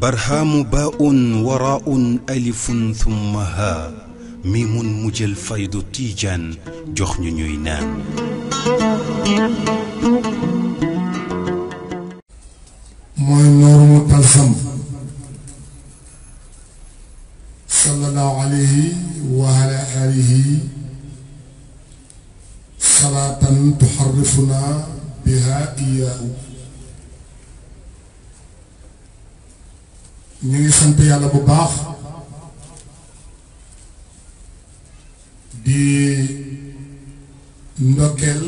برهام باء وراء ألف ثم ها ميم مجل فيض تيجان جخن يوينان موي نور متلسم صلى الله عليه وعلى آله صلاة تحرفنا biha iyaahu ñu ngi sant yàlla bu baax di ndokkeel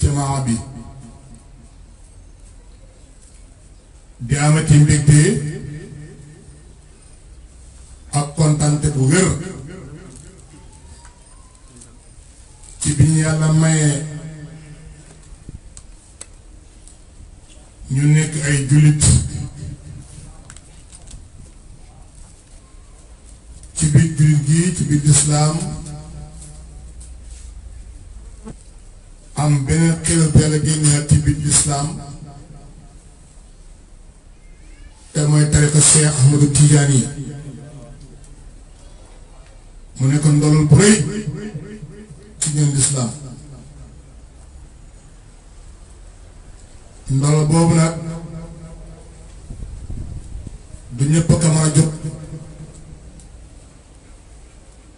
jamaa bi di amati mbégte ak kontante bu wér ci bi ñu yàlla mayee ñu nekk ay jullit ci biir jullit gi ci biir islaam am beneen xelal yàlla génnewaat ci biir islaam te mooy tariqa Cheikh Ahmadou Tidiane yi mu nekk ndolol bu rëy ci lislaam ndolo boobu nag du ñëpp ka a jóg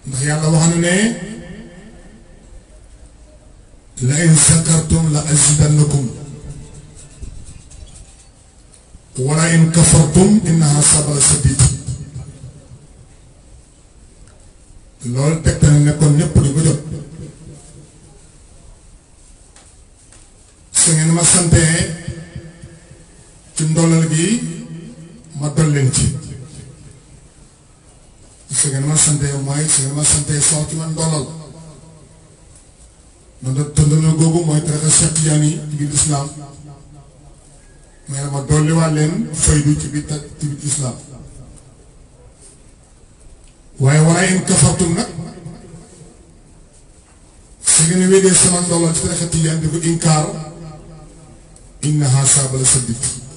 ndax yàlla wax na ne la in sakartum la azidannakum wala in kafartum inna sabala sadid loolu teg na ne kon ñëpp ko jóg su ma santee ci ndollal gi ma dol leen ci su ngeen ma sante mooy su ngeen ma sante soo ci man ndollal noonu te ndollal googu mooy traité Cheikh Tidiane yi ci biir islam mais ma dolliwaat leen faydu ci biir ci biir islam waaye war a yéen kafartum nag di ko inkaar innaha saabala sa dikk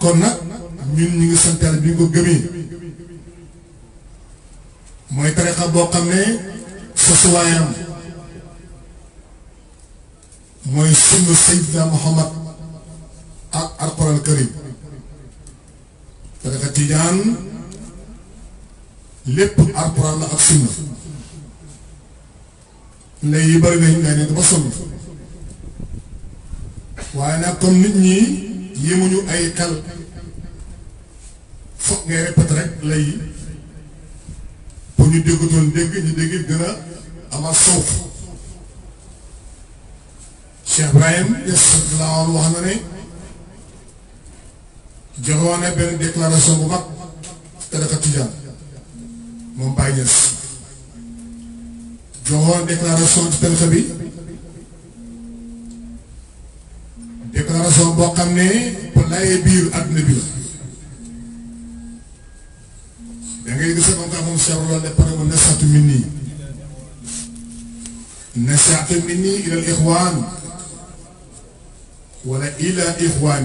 kon nag ñun ñu ngi sant bi ñu ko gëmee mooy tarixa boo xam ne sosuwaayam mooy sunna Seydina Muhammad ak alquran karim tarixa tijaan lépp alquran la ak sunna léegi yi bëri nañ ngay nekk ba sonn waaye nag comme nit ñi yemuñu ay kal foog ngay répété rek lay yi pour ñu déggutoon dégg ñu dégg gën a amaat soof cheikh ibrahim yasalaam wax na ne joxoon na benn déclaration bu mag tariqa tijaan moom bàyyi ñes joxoon déclaration ci tariqa bi déclaration boo xam ne pour laayee biir àdduna bi la da ngay gis moom tax moom Cheikh loolu de pare mu nasatu min nii nasatu ilal ixwaan wala ila ixwaan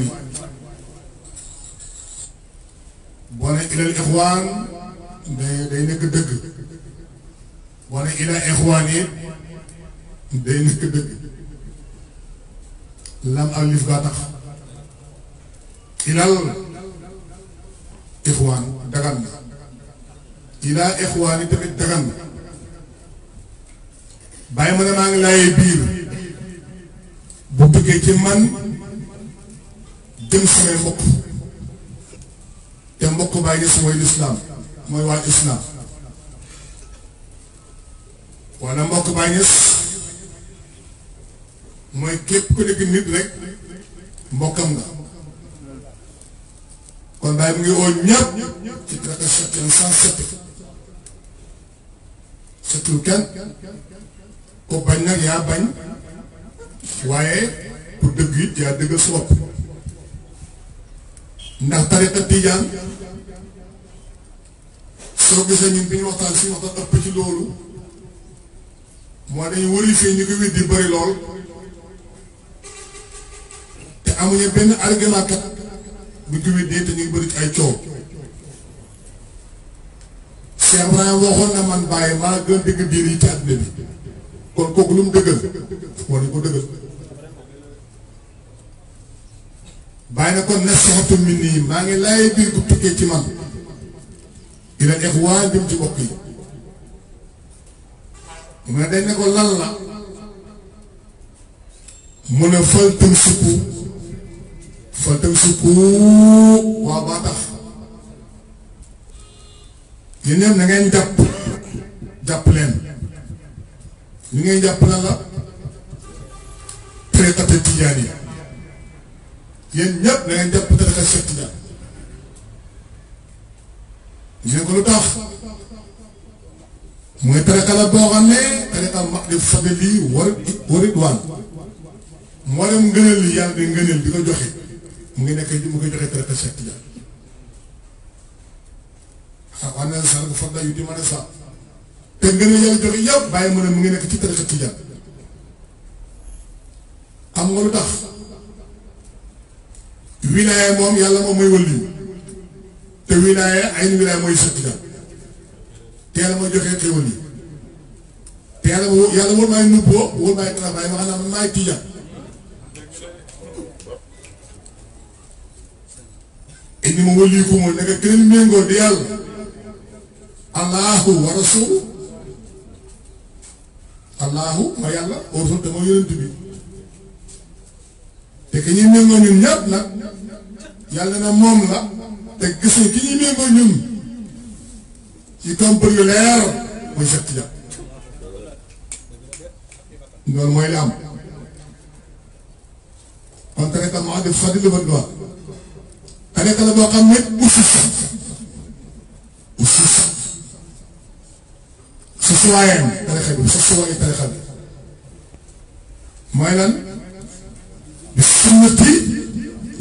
boo ne ilal ixwaan day day nekk dëgg boo ne ila ixwaan yi day nekk dëgg lam alif gaa tax ilal ixwaan dagan na ilaa ixwaan yi tamit dagan na bàyyi ma ne maa ngi laayee biir bu duggee ci man jëm samay mbokk te mbokk bàyyi des mooy lislaam mooy waa islam wala mbokk bàyyi des moy képp ko nekk nit rek mbokam nga kon bay mu ngi o ñëpp ci traité chrétien sans sept setul kenn ku bañ nak ya bañ waye pour deug yi ya deug sopp ndax tariqa tijaan soo gisee ñun bi ñu waxtaan si waxtaan ëpp ci loolu moo dañu wëri fii ñu ko weddi bëri lool amuñu benn argument kat bu ko weddee te ñu ngi ay coow. Cheikh waxoon na man bàyyi maa gën dëgg biir yi ci àddina bi kon kooku lu mu dëggal war nañu ko dëggal. bàyyi na kon nasihatu minni maa ngi laay biir bu tukkee ci man ila ixwaan jëm ci mbokk yi. mu ne ne ko lan la. mu ne fal tumsiku foto suku wabata, baa tax na ngeen japp japp len li ngeen japp la la tariqata tijaan tiyani yéen ñep na ngeen da ko lu tax tara kala bo tara ne tariqa maqdi fadli war waridwaan moo dem ngëneel yàlla di ngëneel joxe mu ngi nekk mu ngi joxe traité Cheikh Tidiane ah waa Nel Sall bu foog daa yu di mën a saal te ngeen di yàlla joxe bàyyi mu mu ngi nekk ci traité Tidiane xam nga lu tax wilaya moom yàlla moom mooy wëlliw te wilaya ay wilaya mooy Cheikh Tidiane te yàlla mooy joxe xéwal yi te yàlla moom yàlla wóor maay nubboo wóor maay travail wax naa man maay Tidiane. inni ma wëlliikumul nekk ak keneen di yàlla allahu wa rasulu allahu ma yàlla wa rasul te mooy yonent bi te ki ñuy ñun ñépp nag yàlla na moom la te gis nga ki ñun ci compër leer mooy Cheikh Tidiane loolu mooy li kon tamit am na wax dëgg lu bëgg tariqa la boo xam ne usus usus sa suwaayam tariqa bi sa suwaay tariqa bi mooy lan bi sunnati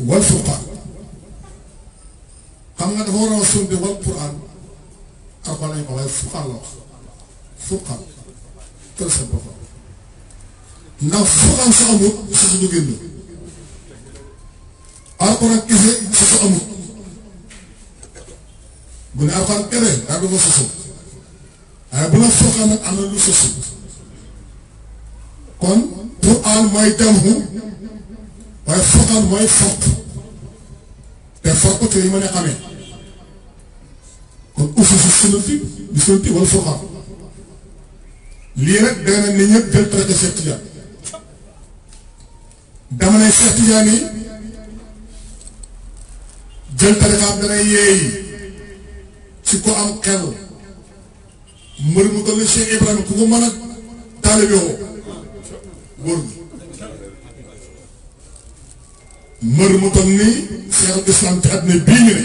wal furqaan xam nga dafa waroon sunna wal quraan alxuraan lañ ko waaye furqaan la wax furqaan tëral seen boppam ndax furqaan su amul su su du génn alxuraan kese soso amul bu ne alxuraan kese daa doon soso waaye bu la soxla nag am na lu soso kon quraan mooy damxu waaye furqaan mooy fokk te fokk te yi mën a xamee kon usu si sunnati bi sunnati wala furqaan lii rek dana ne ñëpp jël traité Cheikh dama ne Cheikh yi jël tarixaam dana yeey ci ko am xel mbër mu toll Cheikh Ibrahima ku ko mën a taalib yow wër mbër mu toll nii Cheikh Islam ci àddina bii ñu ne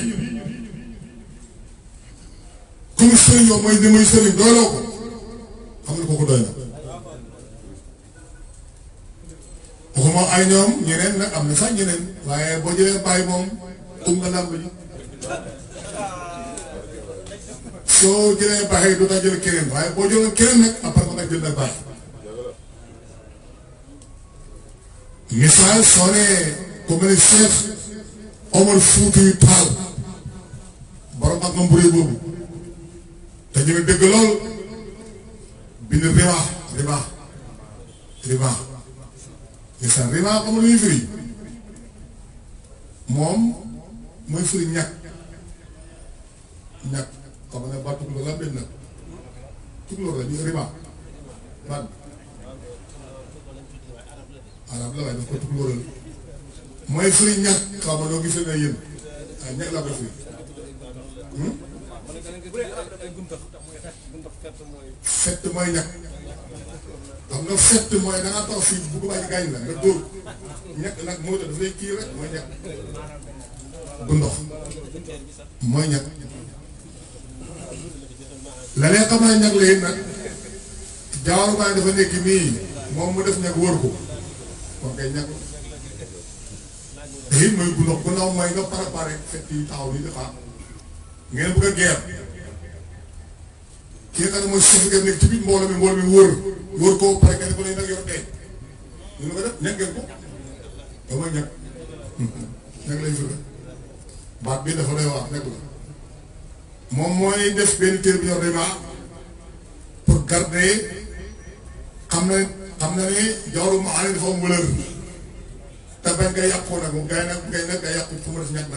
comme sëriñ yow mooy ni muy sëriñ doyloo ko xam nga kooku doy na waxuma ay ñoom ñeneen nag am na sax ñeneen waaye boo jëlee bàyyi moom tuñ ma làmb ji soo jëlee baax yi dootoo jël keneen waaye boo jëloon keneen nag après nga jël nag baax misaal soo nee ku mel ne Cheikh Omar Foutiyou Tall borom ak mburu boobu te ñu ngi dégg lool bind riba riba riba misaal riba amul lu ñu firi moom. mooy firi ñàkk ñàkk xam nga ne baat tukulóor la benn tukulóor la ñu la waaye daf ko tukulóoral mooy firi ñàkk ne yéen waaye ah, ñàkk laa koy firi hmm? fett mooy ñàkk xam nga fett mooy da ngaa tax fii bu ko bàyyi gaañ la nga dóor ñàkk nag moo tax daf lay kii rek mooy ñàkk bu ndox mooy ñag la leen xamaa ñag la yit nag jaawaru baa dafa nekk nii moom mu def ñag wër ko kon kay ñag te it mooy bu taxaw ni dafa ngeen bëgg a geer kii nga mooy suuf ngeen nekk ci biir mbooloo mi mbooloo mi wër wër ko pare nga def ko nag yor dee ñu ne ko def ñag ngeen ko damay ñag ñag lay jóge baat bi dafa doy waar nekkul moom mooy def benn téere bi ñor day pour garder xam ne xam na ni jawru maani dafa am wëlër te nga yàqu nag mu gay nag gay nag nga yàqu fu mu nag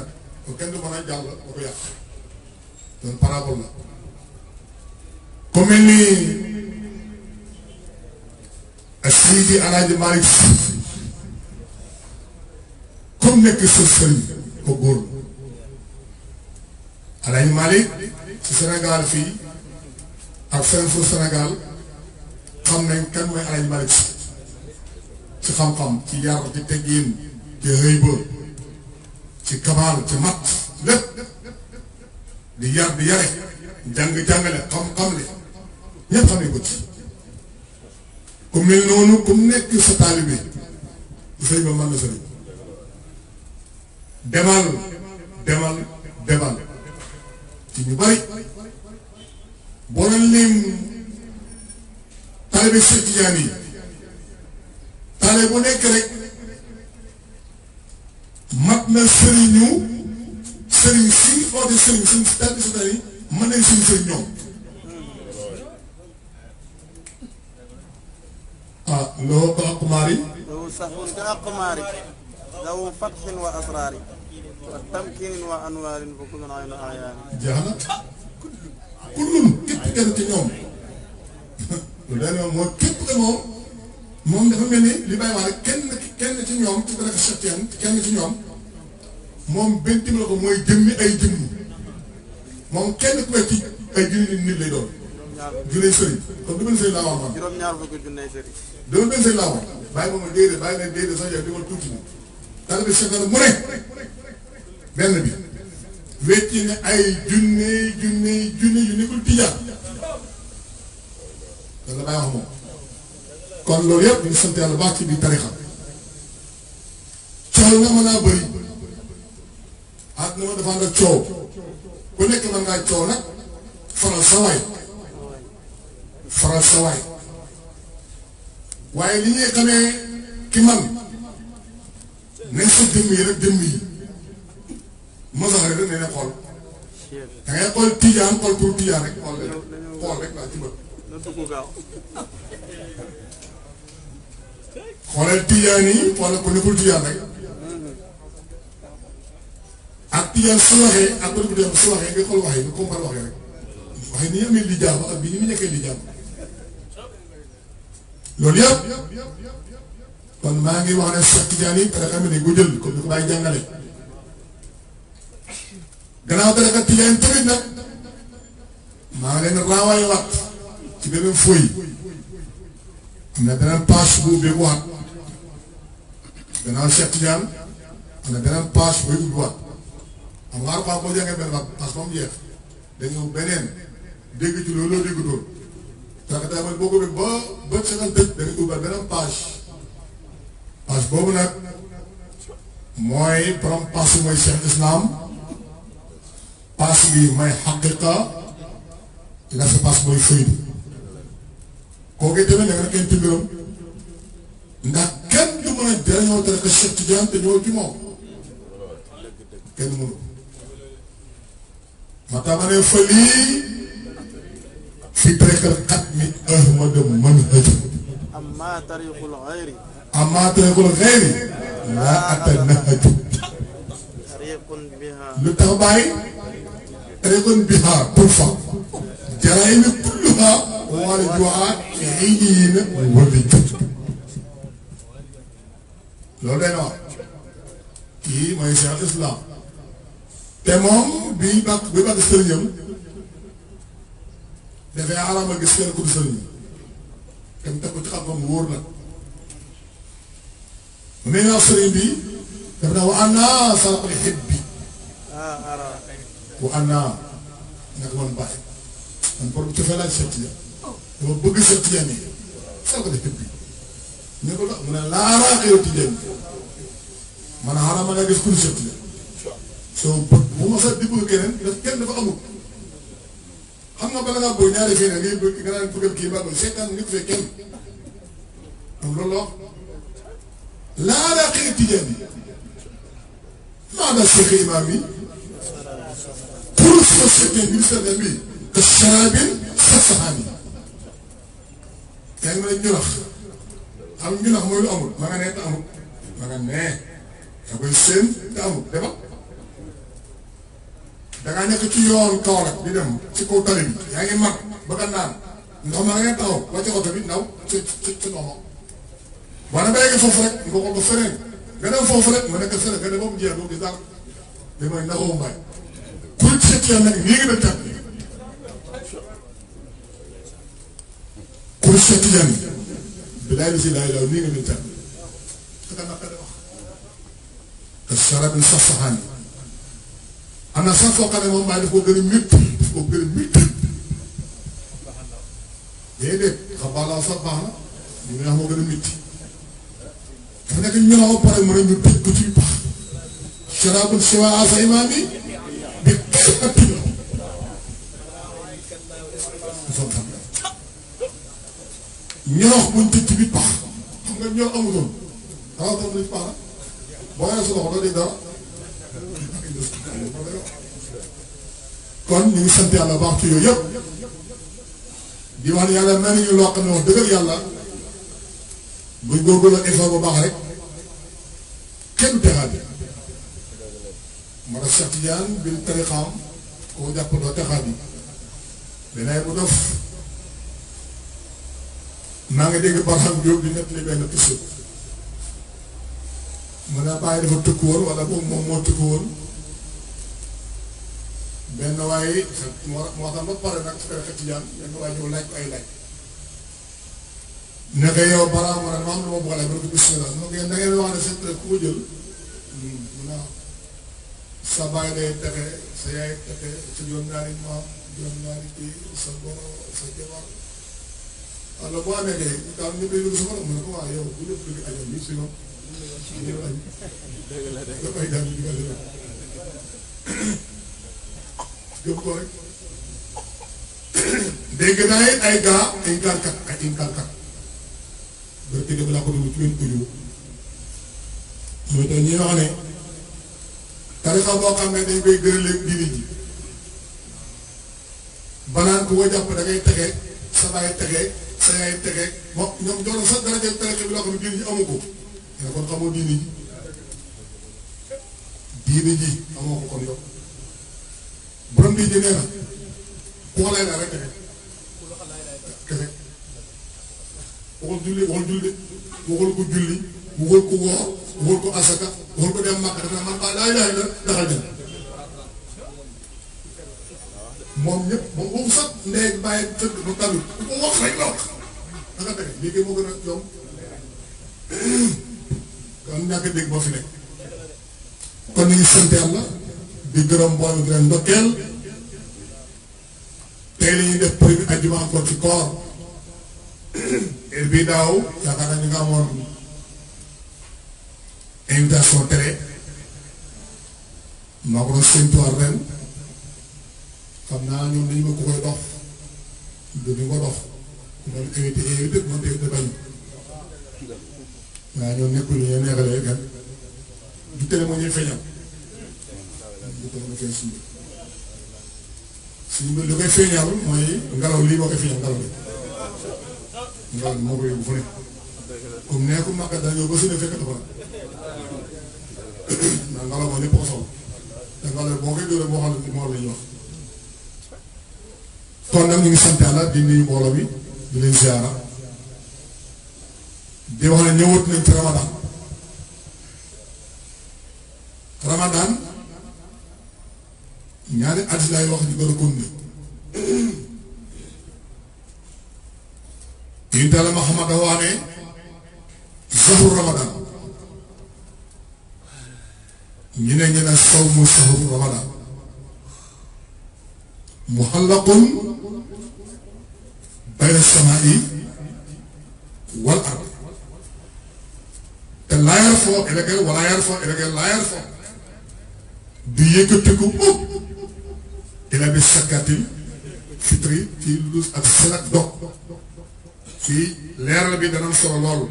kon kenn du mën a jàll ba ko yàq doon parabole la ku mel ni Seydi Alaaji Malick comme nekk sa sëriñ ko góor Alaaji Malick ci Sénégal fii ak fenn Sénégal xam nañ kan mooy Alaaji Malick ci xam-xam ci yar ci teggin ci rëy ci kabaal ci mat lépp di yar di jàng-jàngale xam-xam le ñépp xam ne ko ci ku mel noonu ku nekk sa taalibe sëñ ba mën na sëriñ demal demal demal ñu bëri boo nekk rek mat na sëriñu sëriñ si oote sëriñ suñ si taalibe si taalibe mën nañ suñ sëriñ ñoom ah loo ko aqmaari. loo saxun ka aqmaari. daw fatxin wa asraari. tamkiin wa anwaarin fa kullun aynu ci ñoom lu day moom moo képp dem moom moom dafa mel ni li bàyyi wax rek kenn kenn ci ñoom ci dara sëcceen kenn ci ñoom moom benn jëm la ko mooy jëmmi ay jëmm moom kenn ku nekk ci ay junni nit lay doon junni sëriñ comme du benn sëriñ laa waxoon juróom-ñaar fukki junni sëriñ du benn sëriñ laa waxoon bàyyi moom déedéet bàyyi leen déedéet sax yow di ma tuuti moom taalibe mu ne benn bi wecci ne ay junne junne junne yu nekkul tijaan loolu la may wax kon loolu yëpp ñu sant yàlla baax ci biir tarixa coow nga mën a bëri ak nu dafa ànd coow ku nekk mën ngaa coow nag faral sa waay faral sa waay waaye li ñuy xamee ki man ne sa jëmm rek jëmm mosax rek dañ leen a xool da xool tijaan xool pour tijaan rek xool rek laa ci bët xoolal tijaan yi xoolal ko nekkul tijaan rek ak tijaan su waxee ak ko nekkul tijaan su waxee nga xool wax yi nga comparer wax yi rek wax yi ni ñu amee li jàmm kon maa ngi wax ne sax tijaan yi dara xam ne dañ ko jël comme jàngale gannaaw tariqa tijaan tamit nag maa leen raawaay wat ci beneen foy am na beneen paas bu ubbeeku waat gannaaw Cheikh Tijaan pas na beneen paas buy ubbi waat xam nga arfaa boo jàngee benn waat paas ba mu jeex dañoo beneen dégg ci loolu loo dégg doon tariqa tijaan mooy boo paas bi may xaqiqa nga si paas mooy fëy bi kooku tamit nga kenn ci kenn du mën a jëriñoo te rek Cheikh Tidiane te ñëw ci kenn mënu ma tamanee fa lii fi tarixal laa atta nahaj lu tax bàyyi ايضا بها كلفه جرائم كلها والدعاء عينين والرجل لو لنا كي إيه، ما يشاء الاسلام تمام بيبقى بيبقى السريم ده في عالم الجسر كل سريم كم تكون تخاف من غورنا من السريم بي كم نوع الناس على حبي آه أرى آه. bu ànd naa nekk man bàyyi man borom cofee laaj Cheikh Tidiane dama bëgg Cheikh Tidiane yi sal ko def bi ñu ko dox mu ne laala yow Tidiane man xanaa ma nga gis ku Cheikh Tidiane soo bu ma sax di bëgg keneen daf kenn dafa amul xam nga bala ngaa bëgg ñaari fii ne ngay bëgg nga naan bëggal kii mbaa bëgg seetaan nit fee kenn donc loolu la wax laala xëy Tidiane yi maa da Cheikh Imaam yi pour société bi ministère bi te saa bi sa saxaam yi. yaa ngi mel ni ñunax xam ñunax mooy lu amul ma nga ne te amul ma nga ne da koy séen te amul dafa da ngaa nekk ci yoon Kaolack di dem ci kaw tali bi yaa ngi mar bëgg a naan ndox ma nga taxaw ba ci oto bi ndaw ci ci ci ndox ma. wala nga yegg foofu rek nga ko ko feneen nga dem foofu rek nga nekk feneen nga dem ba mu jeex doo gis dara li mooy ndaxawu mbay. kuréel seet yàlla ngi léegi nag tànn kuréel seet yàlla bilaay la si laay law nii nga mel tànn wax te sarabin sax saxaan am na sax foo moom maa daf ko gën a métti daf ko gën a métti baax laa sax baax na ñu ne moo gën a métti dafa nekk ñu ne pare mën a ñu tëj ko ci pax asa imaam yi ñorox buñ tëj ci biir pax xam nga ñor amutoon daal tam lañ pax boo yoree sa dara kon ñu ngi sant yàlla baax ci yooyu yëpp di yàlla mel nañu loo xam ne wax dëgg yàlla buñ góorgóorlu effort bu baax rek kenn texaat bi moo tax Cheikh Tidiane bi tarixaam koo jàpp doo taxaab yi dinañ bu dof maa ngi dégg Barham Diop di nettali benn piste mu ne bàyyi dafa tukk woon boobu moom moo tukk benn waaye moo moo tax ba pare nag su fekkee Tidiane benn waaye ñëw laaj ay laaj ne yow Barham mu ne maam a laaj ba ko bisimilah mu ne da ngeen wax ne seen ku ko jël. sa baay day texe sa yaay texe sa juróom-ñaari maam juróom-ñaari kii sa goro sa jabar alors boo amee kay daal ñu koy dugg mu ne ko waaw yow bu ñëpp daal di dugal jóg ko rek ay gaa ay gàlkat ay gàlkat laa ko dugg ci benn kujoo mooy tax ñuy wax ne tarixa boo xam ne dañ koy gërëleeg diine ji banaan ku ko jàpp da ngay texe sa baay moom ñoom doon sax daraja tarixa bi loo xam ne diine ji amu ko nga kon xamoo ji diine ji ko kon yow ko lay laa rek julli waxul julli waxul ko julli wóor ko woor wóor ko asaka wóor ko dem màkk dafa man maa laa yaay la daxal jël moom ñëpp moom sax ndey bàyyi tëdd ba tawul ku ko wax rek wax da nga tege liggéey moo gën a yomb kon ñàkk dégg boo fi nekk gërëm mbooloo di ndokkeel tey la def premier ajjuma encore ci koor heure bii daaw yaakaar naa ñu amoon invitation télé maa ko doon séntuwaat ren xam naa ñoom dañu ma ko koy dox duñu ko dox ku doon invité invité bu ma dégg da bañ waaye ñoom nekkul ñu neexalee du télé moo ñuy feeñal suñu suñu li koy feeñal mooy ngelaw lii moo koy feeñal ngelaw li ngelaw li moo koy yóbbu fu ne comme nekkul màggat daa ñëw ba suñu fekk dafa la ndax ngelaw ba ñëpp a sol te boo koy dóoree boo xam ne moom la wax. kon nag ñu ngi sant yàlla di nuyu bi di leen ziara di wax ne ñëwut nañ ci ramadan ramadan ñaari at lay wax ñu gën a yu dara ma xam ne dafa wax شهر رمضان ñu ne ñu ne sawmu shahru ramadan muhallaqun bayna samaa'i wal ard te laa yarfoo ilaka wala yarfoo ilaka laa yarfoo du yëkkatiku mukk ila bi sakkatil fitri ci lu ak salat dog fii leeral bi dana solo loolu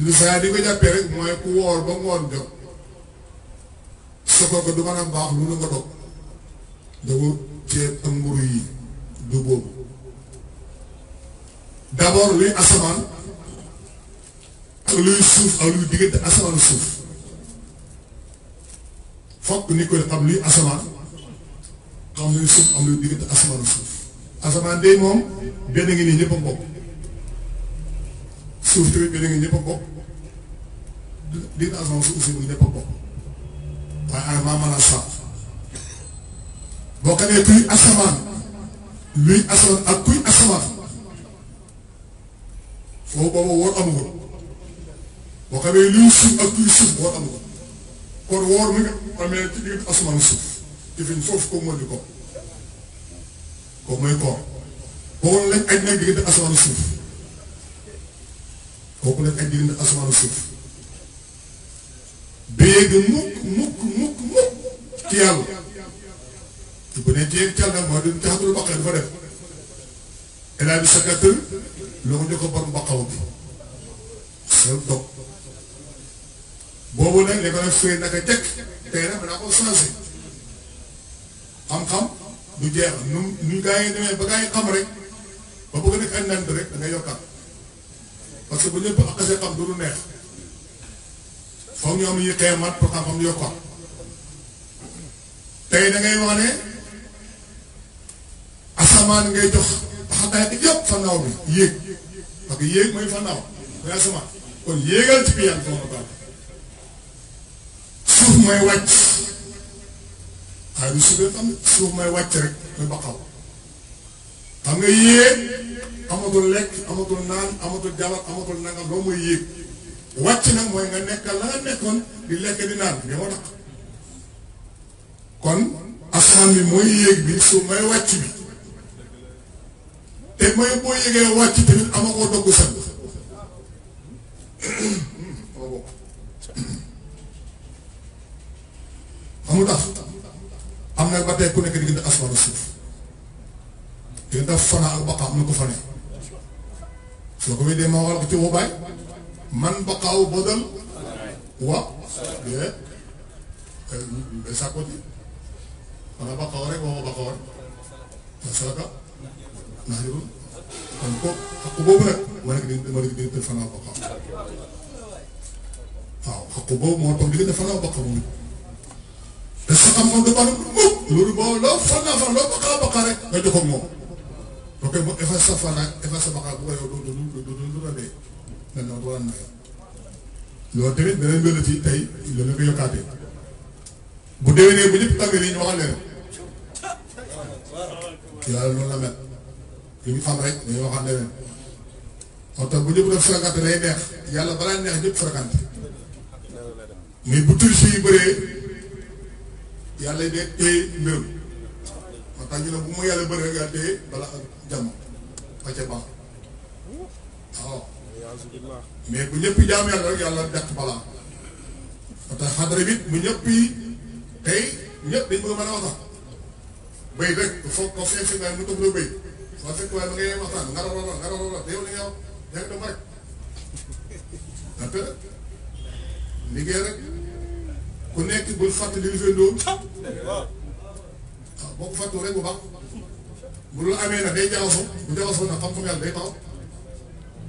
li saa di ko jàppee rek mooy ku woor ba ngoon jot sa kooku du mën a baax lu nu nga dog dafa ceeb ak mburu yi du boobu d'abord luy asamaan ak luy suuf ak luy diggante asamaan fok fokk ni ko xam luy asamaan xam luy suuf am luy diggante asamaan suuf asamaan day moom benn ngi nii ñëpp a suuf tamit benn nga ñëpp a bokk a bokk waaye asamaan suuf ak kuy suuf woor amul ci diggante asamaan ko moo di ko ko mooy koor boobu lañ aj nekk diggante asamaan suuf kooku nag ay diggante asamaanu suuf béyeg mukk mukk mukk mukk ci yàlla bu ne ci cal nag mooy duñ taxatul baqe dafa def énaa bi sakkatul loo ko jox borom baqaw bi seen toog boobu nag dañ ko def fee naka jëkk tey nag mën naa ko changé xam-xam du jeex nu nu gaa yi demee ba gaa yi xam rek ba bëgg nag ay nant rek da ngay yokkaat. parce que bu ñëpp ak xasee xam du lu neex foog ñoom ñu xeemat pour xam-xam tey da wax ne asamaan ngay jox xaqaay yëpp fannaaw bi yéeg parce que yéeg suuf mooy wàcc waaye du suufee xam suuf mooy wàcc rek mooy baqaw xam nga yéeg amatul lekk amatul naan amatul jabar amatul nangam doo mooy yéeg wàcc nag mooy nga nekkal la nga nekkoon di lekk di naan nga ma tax kon asamaan bi mooy yéeg bi su may wàcc bi te mooy boo yéegee wàcc tamit ama koo dogg sax xamu tax am na ba tey ku nekk diggante asamaan suuf يدفن على بقى مكفني فلو دي ما غلق باي من بقى بدل و بسا كوتي انا بقى غريب وهو بقى غريب فسلقا نهيرون فنكو حقوبو بلك ولك دي ملك دي تفن على بقى حقوبو مورتون دي تفن على بقى مولي بس كم مرة بقى مولي لوري بقى لا فنا فنا لا بقى بقى رك نجكم مولي oke mo Eva safana efa sabaka buka yo dudu dudu dudu rabe na na bulan na lo tebe bere bere ti tay lo ne yo kate bu dewe ne bu ñep tamé ni waxal leen ya lo la met li xam rek ni waxal leen auto bu ñep def sakat lay neex yalla bala neex ñep frekante mais bu tur ci bëré yalla de tay mbir ma tañu na bu mo yalla bala jàmm ba ca baax waaw mais bu ñëpp jaam yàlla rek yàlla dàq balaa ba tax xadara bi bu ñëpp yi tey ñëpp dañ bëgg mën a waxtaan béy rek foog ko fekk waaye mu tëb la béy waa fekk waaye ma ngay waxtaan nga roro nga roro te yow li nga wax yaa ngi dem rek ndaxte rek liggéey rek ku nekk bul fàttali li fi doon waaw ah, boo ko fàttoo rek bu baax bu dul amee nag day jaxasoo bu jaxasoo nag xam-xam yàlla day taw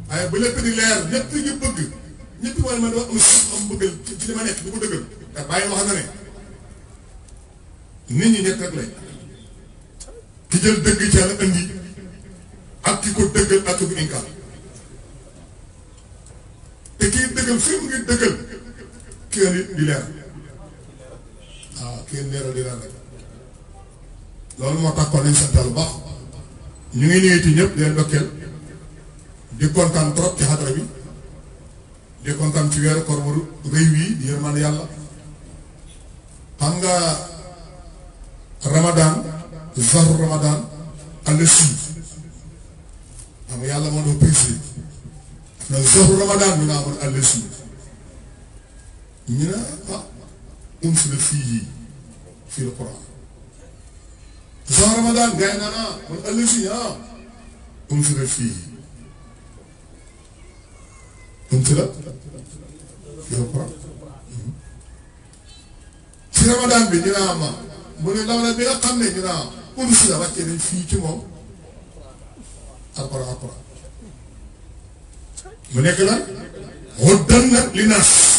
waaye ba lépp di leer ñëpp ñu bëgg ñëpp mooy man dama am xam bëggal ci li ma nekk ñu ko dëggal te bàyyi loolu moo tax kon nañ santal bu baax ñu ngi nuyu ñëpp di leen dokkeel di kontaan trop ci xadra bi di kontaan ci weeru koor bu rëy wii di yërmaan yàlla xam nga Ramadan zahru Ramadan alësi xam nga yàlla moo doon précisé na zahru Ramadan bi naa amoon alësi ñu ne ah unzila fiihi fil Qur'an sans Ramadan gaay naa naa man ëllëg si ah. um si la fii si la yow quoi. si bi dina am ah mu ne ndaw bi nga xam ne dina si la wàccee fii ci moom alquran alquran mu nekk lan. wut dan nag li naas.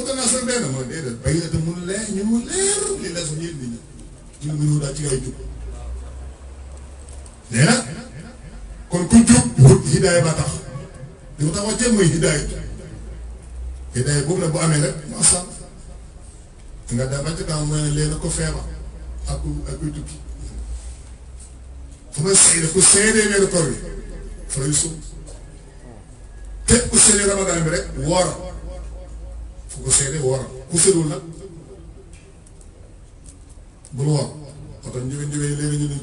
pourtant naa seen benn mooy kon ku jub wut hidaaya ba tax nga dafa ci tam mooy ne ko feebar ak ak kuy tukki fu ma seede ku seedee weeru koor bi fa lay sum te ku seedee ramadan bi rek woor ku seede woor ku seedul nag bul woor oto njëwe njëwe léegi ñu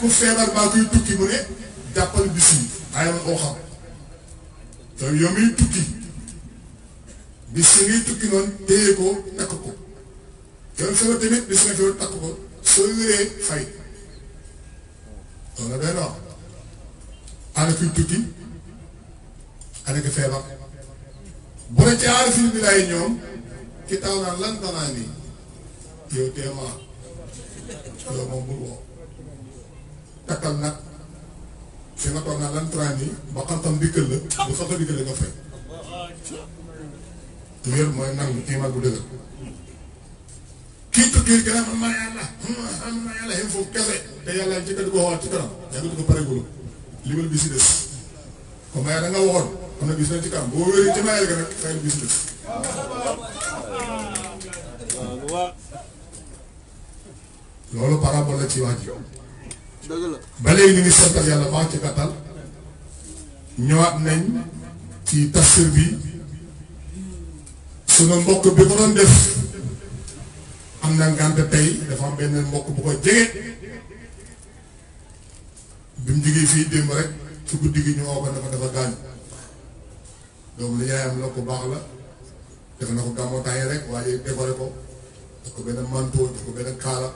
ku feebar baa kuy tukki mu ne jàppal bis yi ayam koo xam te yow miy tukki bis yi ngay tukki noonu téye ko takk ko yoon sama tamit bis na ko takk ko soo wéree fay loolu doy na wax ana kuy tukki ana ku feebar bu la ci aarifin bi laay ñoom ki taw naan lan danaa yow teema takkal nag fi nga toog naan lan ba xam-xam dikkal la bu soxla dikkal la nga fay wér mooy nangu iman bu dëgër kita kiir gi man maa yàlla man maa yàlla yem foofu kese te yàlla ci kër goo xawaat ci kanam yaa ngi ko pareegul limal bi si des comme yaa nga waxoon am na ci kanam boo wéeree ci mayal ga nag xayal bis des loolu parabole ci santal ci nañ ci tafsir bi mbokk bi ko def am na ngànt tey dafa am benn mbokk bu ko jege bi mu jógee fii démb rek ci guddi gi ñu woo ko dafa dafa gaañu doom lu yaayam la ko baax la def na ko gàmmoo temps rek waaye décoré ko def ko benn manteau def ko benn kaala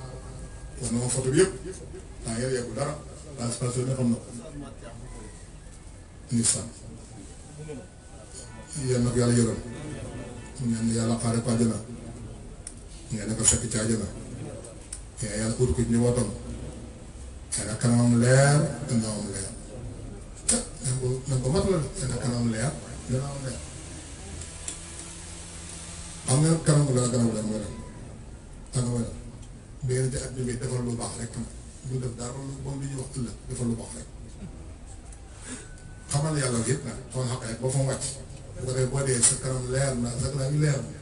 wax na ma photo bi yëpp temps yii dara la station ne na ko ndeysaan yal na ko yàlla yërëm ñaan yàlla xaare ko àjjana yàlla ko fekk ci àjjana yàlla ut ko njabootam yàlla kanamam leer gannaawam leer nan ko nan ko matal la yàlla kanamam leer gannaawam leer xam nga kanam la kanam la mooy lan ak mooy lan bi ngeen di àdduna bi defal lu baax rek bu def dara lu bon lu ñuy wax ëllëg defal lu baax rek xamal yàlla yëpp nag xamal xaq rek ba fa wàcc bu ko defee boo dee sa kanam leer na sa kanam leer na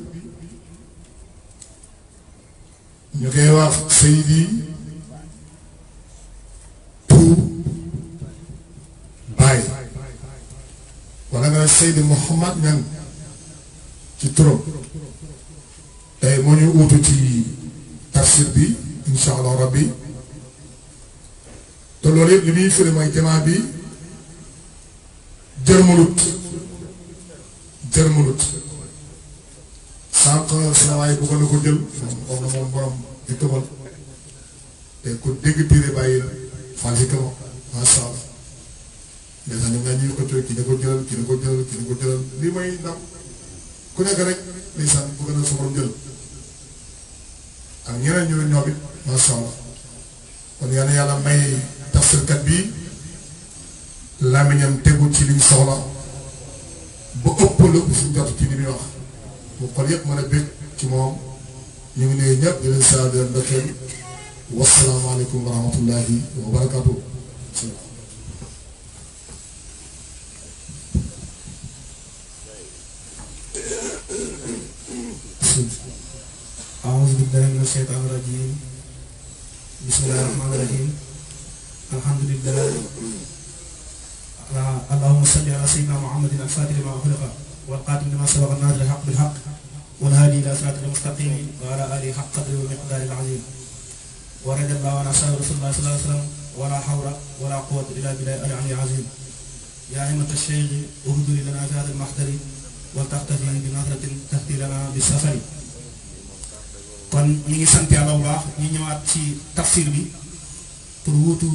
ñu koy wax Seydi Pou Baye wala nga Seydi Mouhamad Niang ci turam tey moo ñu uutu ci tafsir bi insha allah rabbi te yëpp li muy firi jamaa bi jërmalut jërmalut sànq sa waay bëggoon na ko jël moom moom borom di tëbal te ku dégg téere bàyyi la si kawam macha allah mais sax ñoom ñoo ñuy xëccoo kii da ko jëlal ko jëlal kii da ko jëlal lii may ndam ku nekk rek ndeysaan bëgg na ne ñoom kon yal yàlla may tafsirkat bi làmmiñam tegu ci liñ soxla ba ëpp la ko jot ci li muy wax. mu من البيت كمام يمني نب ci moom ñu ngi nuyu ñëpp di leen أعوذ بالله من الشيطان الرجيم بسم الله الرحمن الرحيم الحمد لله اللهم صل على سيدنا محمد الفاتح لما أخلق والقادم لما سبق النادر الحق بالحق والهادي الى صراط المستقيم وعلى اله حق قدره ومقداره العظيم ورد الله على اصحاب رسول الله صلى الله عليه وسلم ولا حول ولا قوه الا بالله العلي العظيم يا ائمه الشيخ اهدوا لنا في هذا المحضر waltaxtafi bi nasratin taxtilana bi safari kon ñu ngi sant yàlla bu baax ñu ñëwaat ci tafsir bi pour wuutu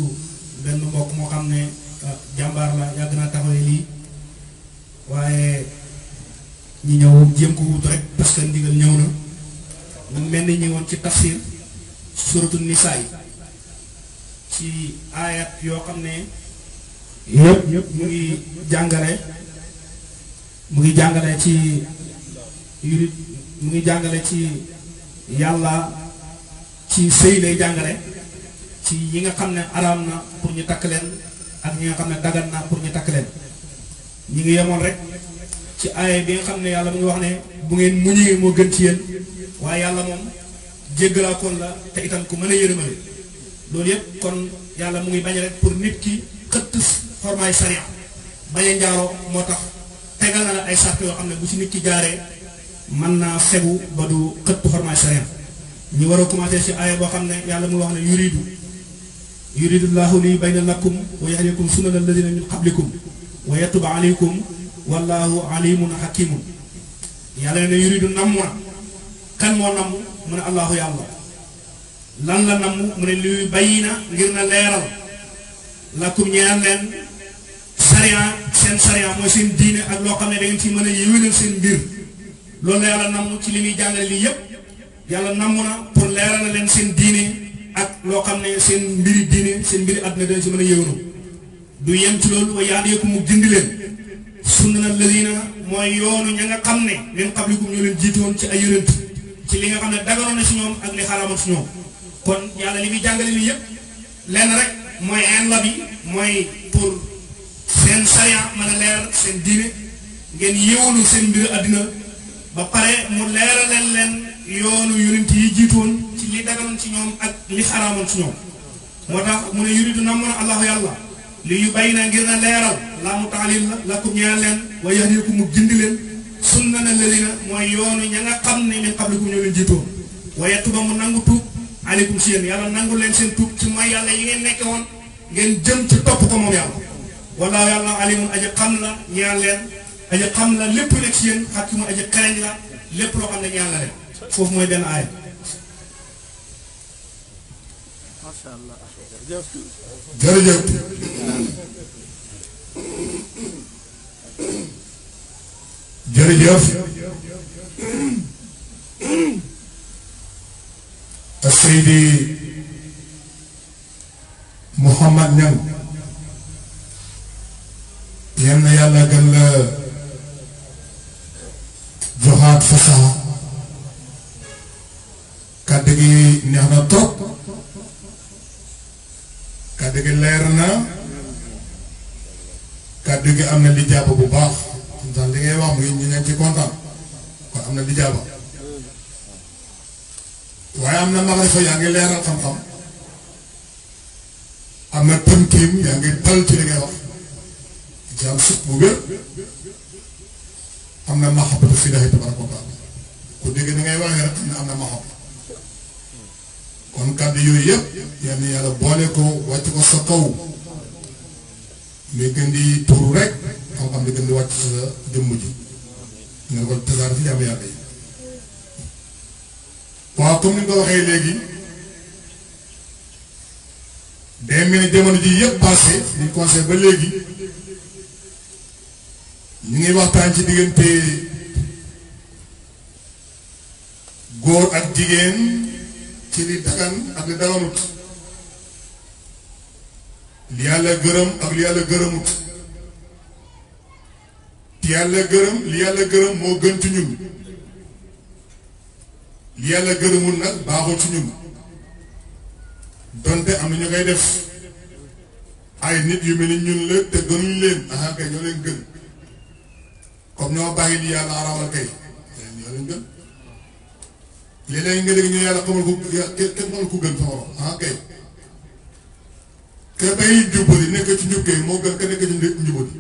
benn mbokk moo xam ne jàmbaar la yàgg naa taxawee lii waaye ñu ñëw jéem ko wut rek parce que ndigal ñëw na mu mel ni ñu ci tafsir suratu nisaa yi ci aayat yoo xam ne yëpp yëpp mu ngi jàngale mu ngi jàngale ci mu ngi jàngale ci yàlla ci sëy lay jàngale ci yi nga xam ne araam na pour ñu takk leen ak ñi nga xam ne dagan na pour ñu takk leen ñu ngi yemoon rek ci aaya bi nga xam ne yàlla mu ngi wax ne bu ngeen muñee moo gën ci yéen waaye yàlla moom jéggalaakoon la te itam ku mën a yërëmale loolu yëpp kon yàlla mu ngi bañ rek pour nit ki xëtt xormaay sariya bañ a njaaroo moo tax tegal na la ay sàrt yoo xam ne bu si nit ki jaaree man naa fegu ba du xëtt xormaay sariya ñu war a commencé ci aaya boo xam ne yàlla mu wax ne yuridu yuridu llahu li bayna lakum wa yahdikum sunana alladina min qablikum wa yatuba alaykum wallaahu alimun hakimun yàlla ne yuridu namm na kan moo namm mu ne allahu yàlla lan la namm mu ne luy bàyyi na ngir na leeral lakum ñeel leen sariya seen sariya mooy seen diine ak loo xam ne da ngeen ci mën a yéwénal seen mbir loolu la yàlla ci li muy jàngale lii yépp na pour leeral na seen diine ak loo xam ne seen mbiri diine seen mbiri àdduna dañ ci mën a yéwénal du yem ci loolu wa yaat yëpp mu jënd leen sunna alladina mooy yoonu ñu nga xam ne min qablikum ñoo leen jiitoon ci ay yonent ci li nga xam ne daganoon na si ñoom ak li xaraamoon si ñoom kon yàlla li muy jàngale yëpp lenn rek mooy en la mooy pour seen sariya leer seen diine ngeen yeewalu seen àddina ba pare mu leeral leen leen yoonu yonent yi ci li ak li xaraamoon si ñoom moo tax mu ne yuridu na mën a allahu yàlla li yu bay naa ngir na leeral laa mu taalim la lakum ñaan leen wa yahdikum mu gindi leen sunna na ladina mooy yoonu ña nga xam ne min qablikum ñoo leen jiitoo wa yatuba mu nangu tuub aleykum si yéen yàlla nangu leen seen tuub ci mooy yàlla yi ngeen nekke woon ngeen jëm ci topp ko moom yàlla wallaahu yàlla alimun aji xam la ñaan leen aji xam la lépp nekk si yéen xakimu aji xereñ la lépp loo xam ne ñaan la leen foofu mooy benn aaya jërëjëf jërëjëf Seydi Mouhamad Niang yal na yàlla gën la joxaat fasaxa kàddu gi neex na toog kàddu gi leer na kàddu gi am na li jàpp bu baax ndax li ngay wax muy ñu ne ci kontaan kon am na li jàpp waaye am na magarifa yaa ngi leeral xam-xam am na tënkim yaa ngi dal ci li wax ci sut bu wér am na maxabatu fi daxi tabaraka am na am kon kàddu yooyu yëpp yal na yàlla boole ko wàcc ko sa kaw muy gën di tuuru rek xam-xam di gën di wàcc sa jëmm ji ñu ne ko tasaare fi yàlla yi waaw comme ni nga waxee léegi day mel ni ji yëpp passé ñu conseil ba léegi ñu ngi waxtaan ci diggante góor ak jigéen ci li dagan ak li daganut li yàlla gërëm ak li yàlla gërëmut li yàlla gërëm li yàlla gërëm moo gën ci ñun li yàlla gërëmul nag baaxul ci ñun donte am na ñu koy def ay nit yu mel ni ñun la te gënuñ leen aha kay ñoo leen gën comme ñoo bàyyi yàlla araamal kay léeg-léeg nga dégg ñu yàlla xamal ko kenn xamal ko gën sa morom ah kay ka bay jubbali nekk ci njub kay moo gën ka nekk ci njubali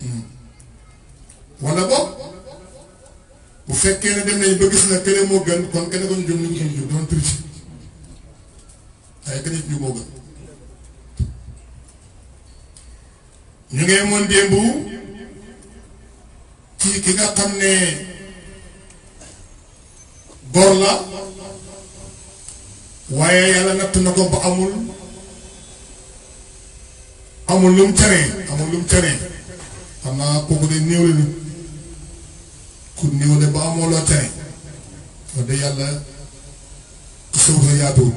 hmm. wala bu fekkee ne dem nañ ba moo gën kon ka ko ñu ni ñu ko doon triche waaye ka ne ci njub moo gën ñu ngay mën démb ci ki nga xam ne xoor la waaye yàlla natt na ko ba amul amul lu mu caree amul lu mu caree xam naa kooku de néew la nit ku néew de ba amoo loo caree wax dëgg yàlla suuf la yaatuwul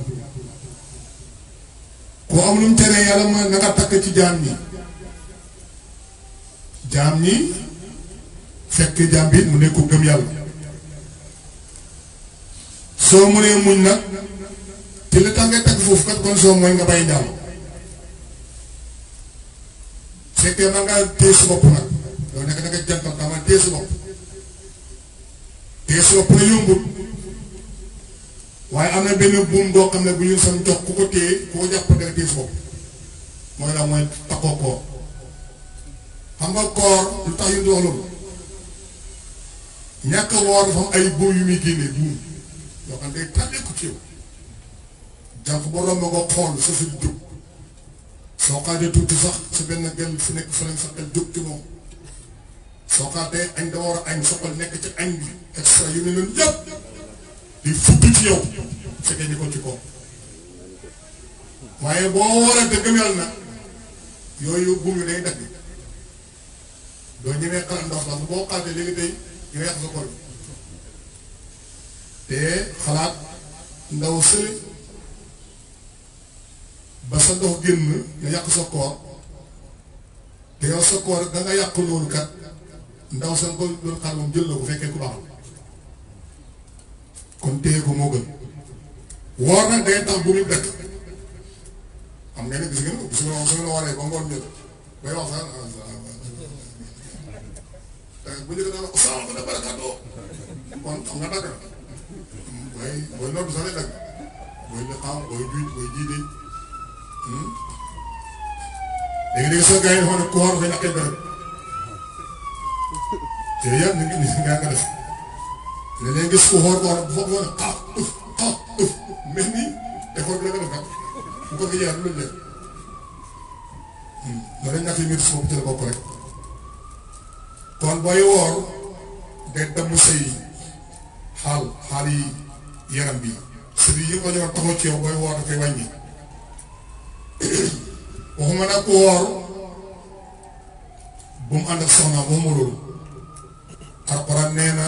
koo am lu mu yàlla mooy takk ci jaam ñi jaam yi fekk jaam bi mu nekku gëm yàlla soo mënee muñ nag te li tax nga takk foofu kat kon soo mooy nga bay ndaam fekkee man ngaa téye bopp nag doo nekk da nga jantam dama bopp téye sa bopp waaye am na benn buum boo xam ne bu ñu sam jox ku ko téye ku ko jàpp da nga bopp mooy la mooy takkoo koor xam nga koor lu tax yu dox loolu ñàkk woor dafa ay buum yu muy génnee buum yoo xam ne day tànneeku ci yow jànq boo romb nga xool sa fit jóg soo xaatee tuuti sax sa benn gel fu nekk feneen sa del jóg ci moom soo xaatee añ da war a añ soxal nekk ci añ bi extra yu ne leen yëpp di fudd ci yow fekkee ñu ko ci kaw waaye boo war a dëgg mel na yooyu buum day dagg doo ñemee xalam ndox la boo xaatee léegi tey ñu yàq xol te xalaat ndaw sële ba sa dox génn nga yàq sa te yow sa koor yàq loolu kat ndaw sa ko doon xaar moom jël la ko fekkee nga ne gis ngoon jot xam nga dàgg na mooy mooy nodd sax day dagg mooy liqaam mooy juuj mooy jiite hmm? léegi-léegi soo gars yi dafa ne koor dañ koy bëri te yàlla na ngi ni ngaa nga def léeg-léeg nga gis ko xool koor bu foog nga ne xaaf ah, ëf xaaf ah, ëf mel ni effort bi la nga def bu ko gëjee lu leen hmm, loolu dañ ñàkk a yëngatu si moom ci la bokk rek kon booy woor day damm say xaal xaal yi. yaram bi sëriñ baju la ñu war taxaw ci yow booy woor dafay wàññi waxuma nag ku woor bu mu ànd ak soxna bu mu loolu alquran nee na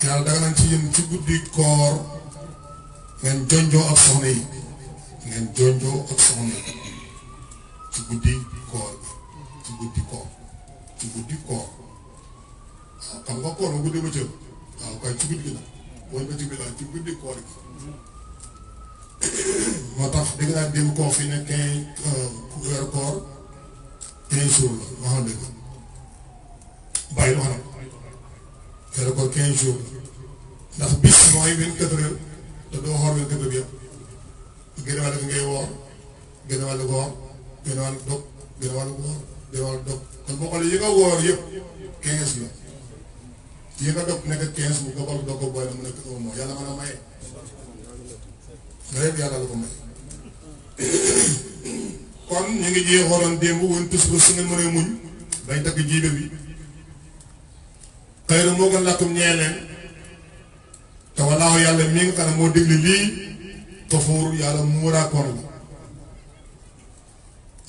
yàlla daga nañ ci yéen ci guddi koor ngeen jonjoo ak soxna yi ngeen jonjoo ak soxna ci guddi koor ci guddi koor ci guddi koor xam nga koor guddi waaw kay ci guddi wëlbati bi la ci guddi koor gi moo tax dégg naa démb confiné quinze euh, weer koor quinze jours la waxoon dëgg bàyyi wax na weer koor quinze jours ndax bis mooy vingt quatre te doo xool vingt quatre yëpp gën a ngay woor gën a woor gën dog gën a woor gën dog kon boo xoolee yi nga woor yëpp quinze la yi a dog nekk quinze bu nga bal dog ko boole mu nekk un mois yàlla mën a maye nga yàlla la ko may kon ñu ngi jeexoon démb woon tus ba su ngeen mënee muñ dañ takk jiibe bi xëy na moo gën làkkum ñee leen yàlla mi nga xam ne moo déglu lii kafuur yàlla la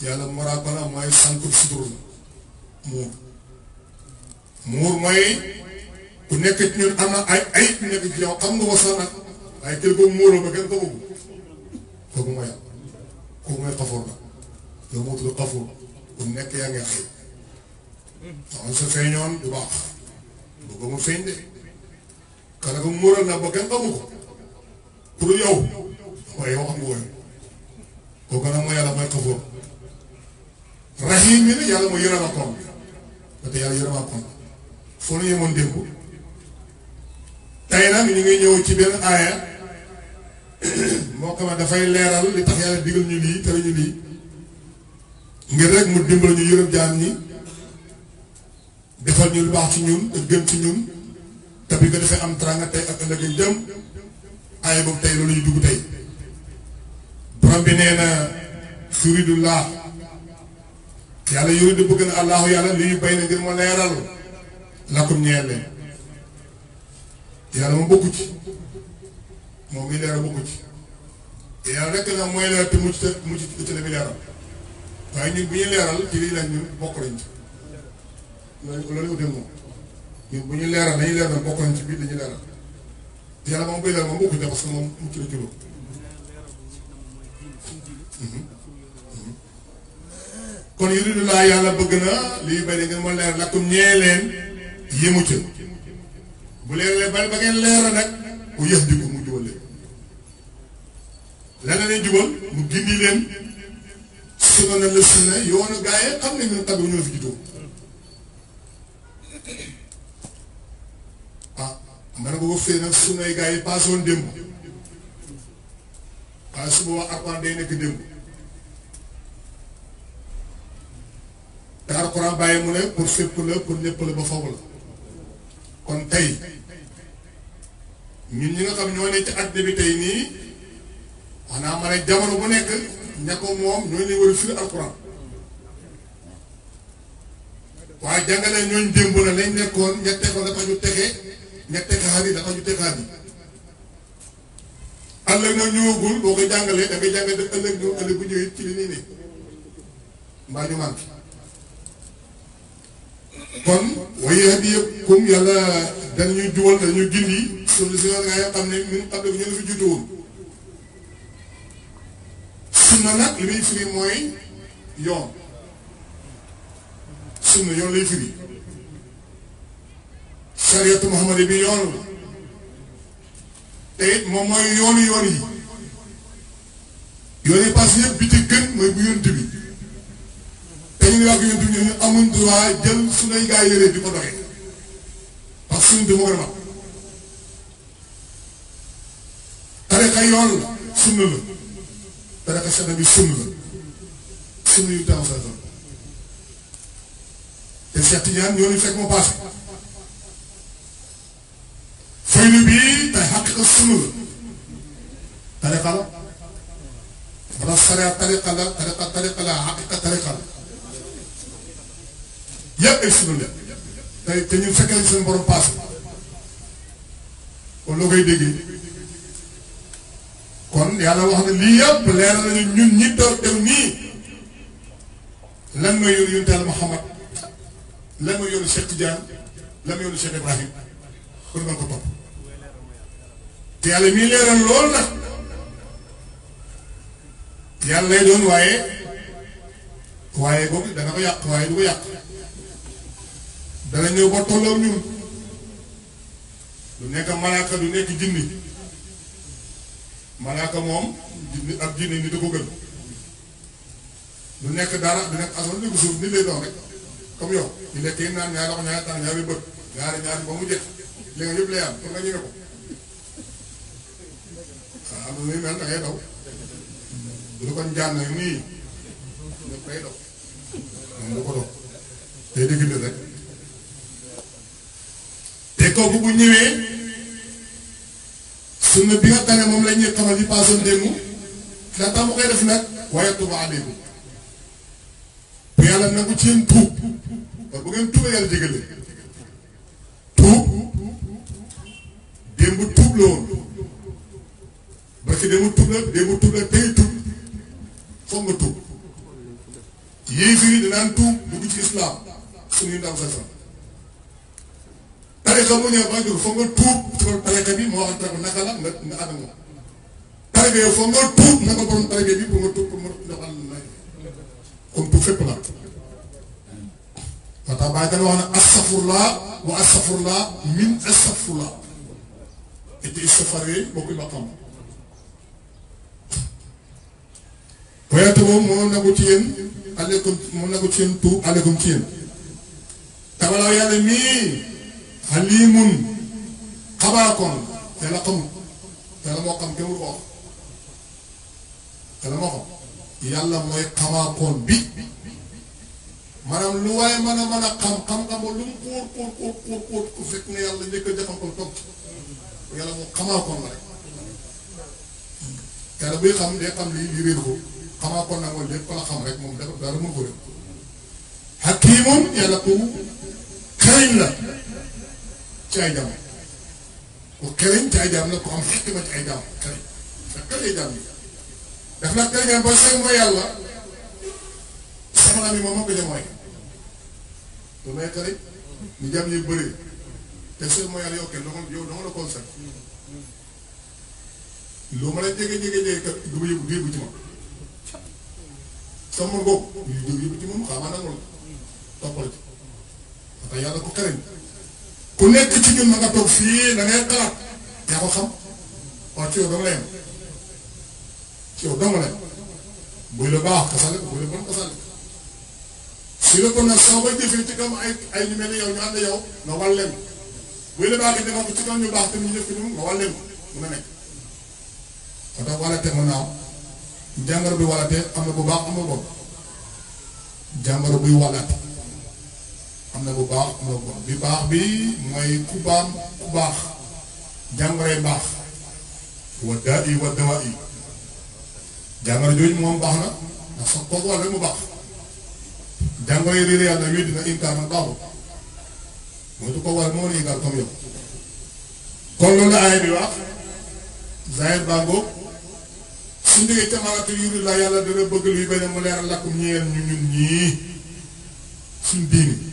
yàlla muur muur mooy ku nekk ci ñun am na ay ayib yu nekk ci yow am nga wasoo nag waaye kër ko bëgg kooku mooy ba yow moo tudd xafoor ku nekk yaa ko mu feeñ de kala ko muural na ba kenn xamu ko pour nag mooy yàlla mooy xafoor rahim mi ne yàlla mooy yërëm ak koom ba tey tey nag ñu ngi ñëw ci benn aaya moo xam ne dafay leeral li tax yàlla digal ñu lii tere ñu lii ngir rek mu dimbal ñu yërëm jaam ñi defal ñu lu baax ci ñun te gën ci ñun te bi nga defee am teraanga tey ak ëllëg ak jëm aaya boobu tey loolu ñu dugg tey borom bi nee na suridullah yàlla yuridu bëgg na allahu yàlla li ñu bay na ngir ma leeral lakum ñeel leen yàlla ma bokku ci moom mi leeral bokku ci yàlla rek nag mooy leeral te mucc te te dafay ci lii lañ bokk ci loolu loolu utee moom ñun bu ñu leeral dañuy leeral bokk lañ ci biir dañuy leeral te yàlla moom buy leeral moom bokku ci parce que moom mucc la juróom kon yuridu laa yàlla bëgg na liy bari ngeen ma leer lakum ñee leen yéemu ca bu leen leen ba ngeen leera nag ku yëf di ko mu jubal leen la nga leen jubal mu gindi leen su na la sunna yoonu gaa yi xam ne ñun tabi ñoo fi juddoo ah man boobu fee nag sunnay gaa yi paasoon démb waaye su boobaa Alxuraan day nekk démb te bàyyi mu ne pour fépp la pour ñëpp la ba faw la kon tey ñun ñi nga xam ñoo ne ci àddina bi tey nii xanaa ma ne jamono bu nekk ña ko moom ñoo ne war a firi waaye jàngale ñooñ démb na lañ nekkoon ña teg ko dafa ñu tege ña teg xaar yi dafa yi ëllëg na ñëwagul boo ko jàngalee da ngay jàngale ëllëg ñëw ëllëg bu ñëwee ci li nii ne mbaa ñu mànk kon waye way yahdiyakum yàlla dañu juwal dañu gindi sunu si nga yoo xam ne ñun ñu fi juddu woon suma nag li muy firi mooy yoon sunna yoon lay firi sariyatu muhammad bi yoon te mo moy mooy yoonu yoon yi yoon yi pass yëpp bi ci gën moy bu yoon bi te ñu ngi wax yonent bi ñu amuñ droit jël suñuy gaa yére di ko la sunna la tarixa sene bi sunna la la tarixa la wala la tarixa tarixa la yëpp egsi nañ la te te ñun seen borom paase kon loo koy déggee kon yàlla wax na lii yëpp leer nañu ñun ñi doon dem nii lan mooy yoonu yonent Yàlla Muhammad lan mooy yoonu Cheikh Tidiane lan mooy yoonu Ibrahim pour nga ko topp te yàlla mii leeral lool nag yàlla lay doon waaye waaye boobu dana ko yàq waaye du ko yàq. dana ñëw ba tolloog ñun du nekk malaaka du nekk jinni malaaka moom jinni ak jinni ni da ko gën du nekk dara du nekk asamaan nekk suuf nit lay doon rek comme yow ñu lekkee yëpp lay am pour nga ñëwee ko waaw am na mel da ngay daw du ko njàng nii ñëpp day daw moom du ko doon rek. te kooku bu ñëwee sunna bi nga xam ne moom la ñuy xamal paasoon démb la nag waaye tuba aleykum bu yàlla nangu ci yéen tuub ba bu ngeen tuubee yàlla jégale tuub démb tuub la woon parce que démb tuub la démb tuub la tey tuub foog nga tuub yéefar yi danaan tuub dugg ci islaam suñuy ndaw sa tarixa bu ñëw ba jur foog nga tuub ci tarixa bi moo waxante ko naka la nga nga ànd nga tarixa yow foog nga tuub naka borom tarixa bi pour nga tuub pour nga joxal lay kon tuub fépp la moo tax bàyyi dana wax ne astafurlaa wa astafurlaa min astafurlaa et puis istafar yooyu bokkul ba xam wayante boobu moo nagu ci yéen aleykum moo nagu ci yéen tuub aleykum ci yéen tabalaaw yàlla mii xaliimun xabaakoon yàlla xamul yàlla moo xam kenn ko wax yàlla moo xam yàlla mooy xabaakoon bi maanaam lu waaye mën a mën a xam xam-xam lu mu xóot xóot xóot xóot xóot ku fekk ne yàlla njëkk a jaxam ko toog yàlla moom xamaakoon la rek yàlla buy xam day xam lii lii réer ko xamaakoon nag mooy lépp la xam rek moom dafa dara mën ko rek hakiimun yàlla ku xëy la ci ay jaam ku këriñ ci ay jaam la ku am xikma ci ay jaam këriñ ak këriñ jaam yi daf la te sooy mooy yàlla yow kenn yow dama la conseil loo mën a jege jege jege kat du ma yóbbu du yóbbu ci ma sama mbokk yu yóbbu ci moom xaamaa nangul toppal ci parce que yàlla ko këriñ bu nekk ci ñun ma nga toog fii la ngay yaa ko xam waaw ci yow dama lay am ci buy la baax kasale buy la bon kasale si la kon nag soo koy jëfee ci kam ay ay buy la baax dina ko ci baax nga nekk kon tax wala te mën naa jàngoro bi wala te am na bu baax am na boobu jàngoro buy walaate am na bu baax am na bu baax bi baax bi mooy ku baam ku baax jàngoree baax wa daa i wa dawaa i jàngoro jooju moom baax na ndax sax kooku wàll mu baax jàngoro yi yàlla wéy dina inkaar baaxul mooy du ko war moo la inkaar comme yow kon loolu la aaya bi wax zahir bango suñ jógee camaraate yuri la yàlla dana bëgg luy benn mu leeral lakkum ñeen ñu ñun ñii suñ diini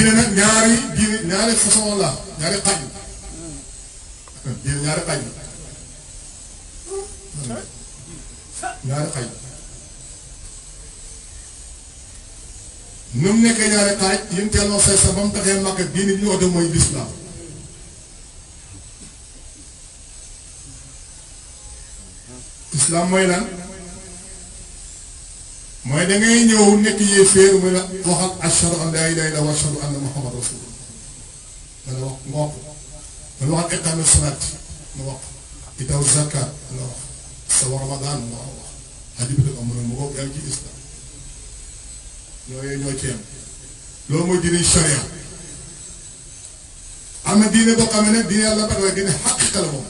diine nag ñaari diine ñaari façon la ñaari xaj la ñaari xaj la ñaari xaj nu mu nekkee ñaari xaaj yéen teel wax say sa ba mu taxee màkk diine bi ñu wax mooy lislaam islaam mooy lan mooy da ngay ñëw nekk yéeféer mu ne wax ak ashadu an laa ilaaha illallaah wa ashadu anna muhammad rasulullah nga wax nga wax nga wax iqaame salaat nga wax itaw zakat nga wax saw ramadan nga wax xaj bi dafa mën a mu bokk yaa ngi ci islam ñooyee ñoo ci yem loolu mooy diine sharia am na diine boo xam ne diine yàlla bëgg la diine xaqiqa la moom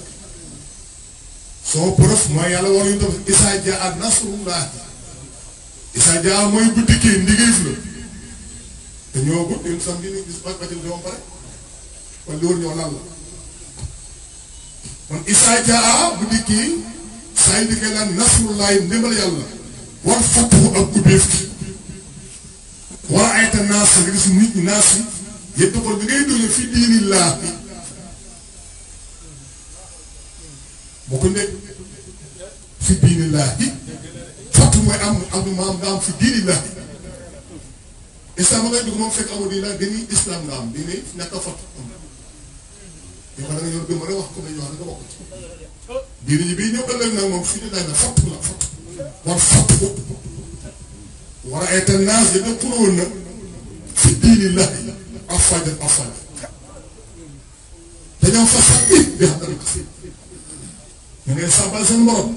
soo preuve mooy yàlla war yu def isaa jaa nasrullaah Issa Dia mooy bu dikkee ndigeef la dañoo gudd ñun samedi ñu pare kon li wër ñoo la bu dikkee saa yu dikkee lan nasrullahi ndimbal yàlla war fatuhu ak ubbeef gi war a ayta naas nga gis nit ñi naas yi yëpp kon bi ngay dugg fi diinillah bi boo ko nekk fi diinillah bi. addu mooy am addu maam nga am fi diini laahi islam ngay dugg moom fekk amul diini laahi dañuy islam nga am diine nekk fa yow da nga ñëw gëm rek wax ko ne ñoo xam ne nga bokk ci diini ñi bii ñëw ëllëg nag moom fii lay na fopp la fopp war fopp ko war a eetal naas yi dëpp woon na fi diini laahi affaajal affaajal dañoo fas it bi xam dara ko si ñu ngay sàbbal seen borom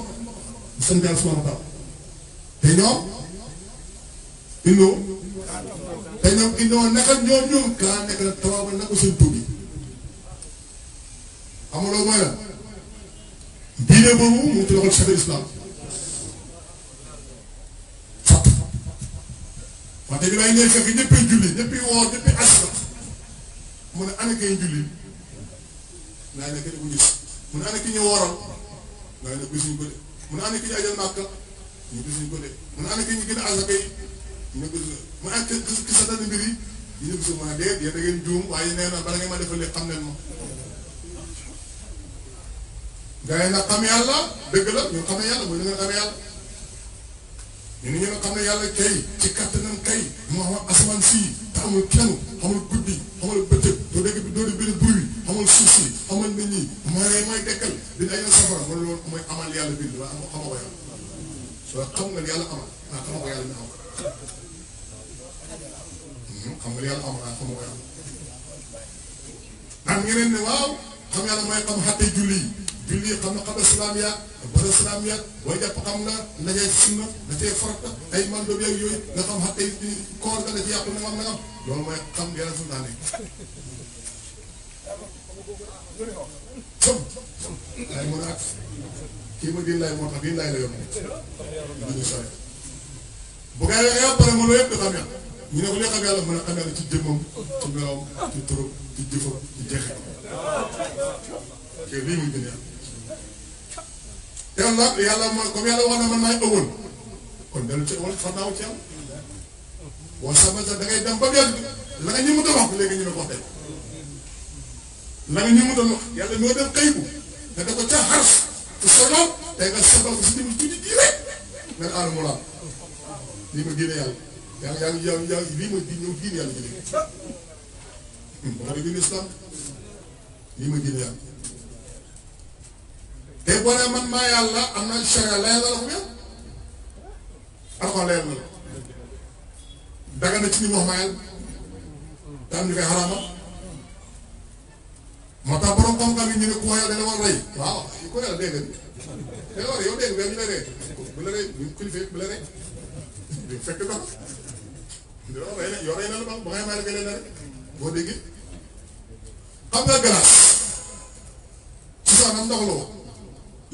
seen benn suma ba te ñoom indoo te ñoom indoo naka ñoom ñoom kaa nekk la tabaab naka suñ tuuti amuloo mooy la diine boobu mu tudd ko ci sabir islam fat wante li may ñëw fekk ñëpp julli ñëpp woor ñëpp asra mu ne ana kay julli naa nekk di ko ki ñu wooral nga ne gisuñ ki ñu ajal màkka ñu gisuñu ko de mun ana ki ñu gën a asaka yi ñu gis mu ak gis sa dana mbir yi ñu gisul ma déet yéen da ngeen na xam leen ma gars yi nag xam xam ne yàlla mooy xam yàlla ñu ne doo dégg doo di benn bruit xamul suuf si xamul nit ñi mooy mooy dekkal bi ay safara man loolu mooy amal yàlla bind waaye am xamoo ko yàlla قوم ديال الامر قوم ديال الامر قوم ديال الامر قوم ديال am ñeneen ne waaw xam yàlla mooy xam xatte julli julli xam na xam islamiya wala islamiya way jàpp xam na ndajee sunna da cee farata ay mando bi ak yooyu nga xam xatte koor ga da ci yàqu na am na am loolu mooy xam yàlla su daane som ay mu naat kii ma diin laay moo tax diin laay la yor moom duñu sore bu gaa yi yow pare mu ne yëpp da xam ñu ne ko li yàlla a xam yàlla ci jëmmam ci melawam ci turam ci jëfam yàlla yàlla yàlla man comme yàlla wax na man maay ëwal kon dellu ci wala far ci yàlla waaw sax man sax dem ba yàgg la nga ñëwut a wax léegi ñu ne ko wax tey la nga ñëwut a wax yàlla ñoo dem xëy ko nga ko caax sagal te nga sagal ko si dimbali tuuti ji rek nga ne aadama laa lii ma génne yàlla yàlla yàlla yàlla ma di yàlla hmm, génne wax dëgg lislaam yàlla te boo nee am na charia la la ko na ci ni wax yàlla te ni koy xaraama moo tax borom xam-xam ñu ne ku ma yàlla dana war a rey waaw ku yàlla dégg nga dana war a dégg nga ñu la rey bu la rey bu kilifa bu la boo déggee xam ndox la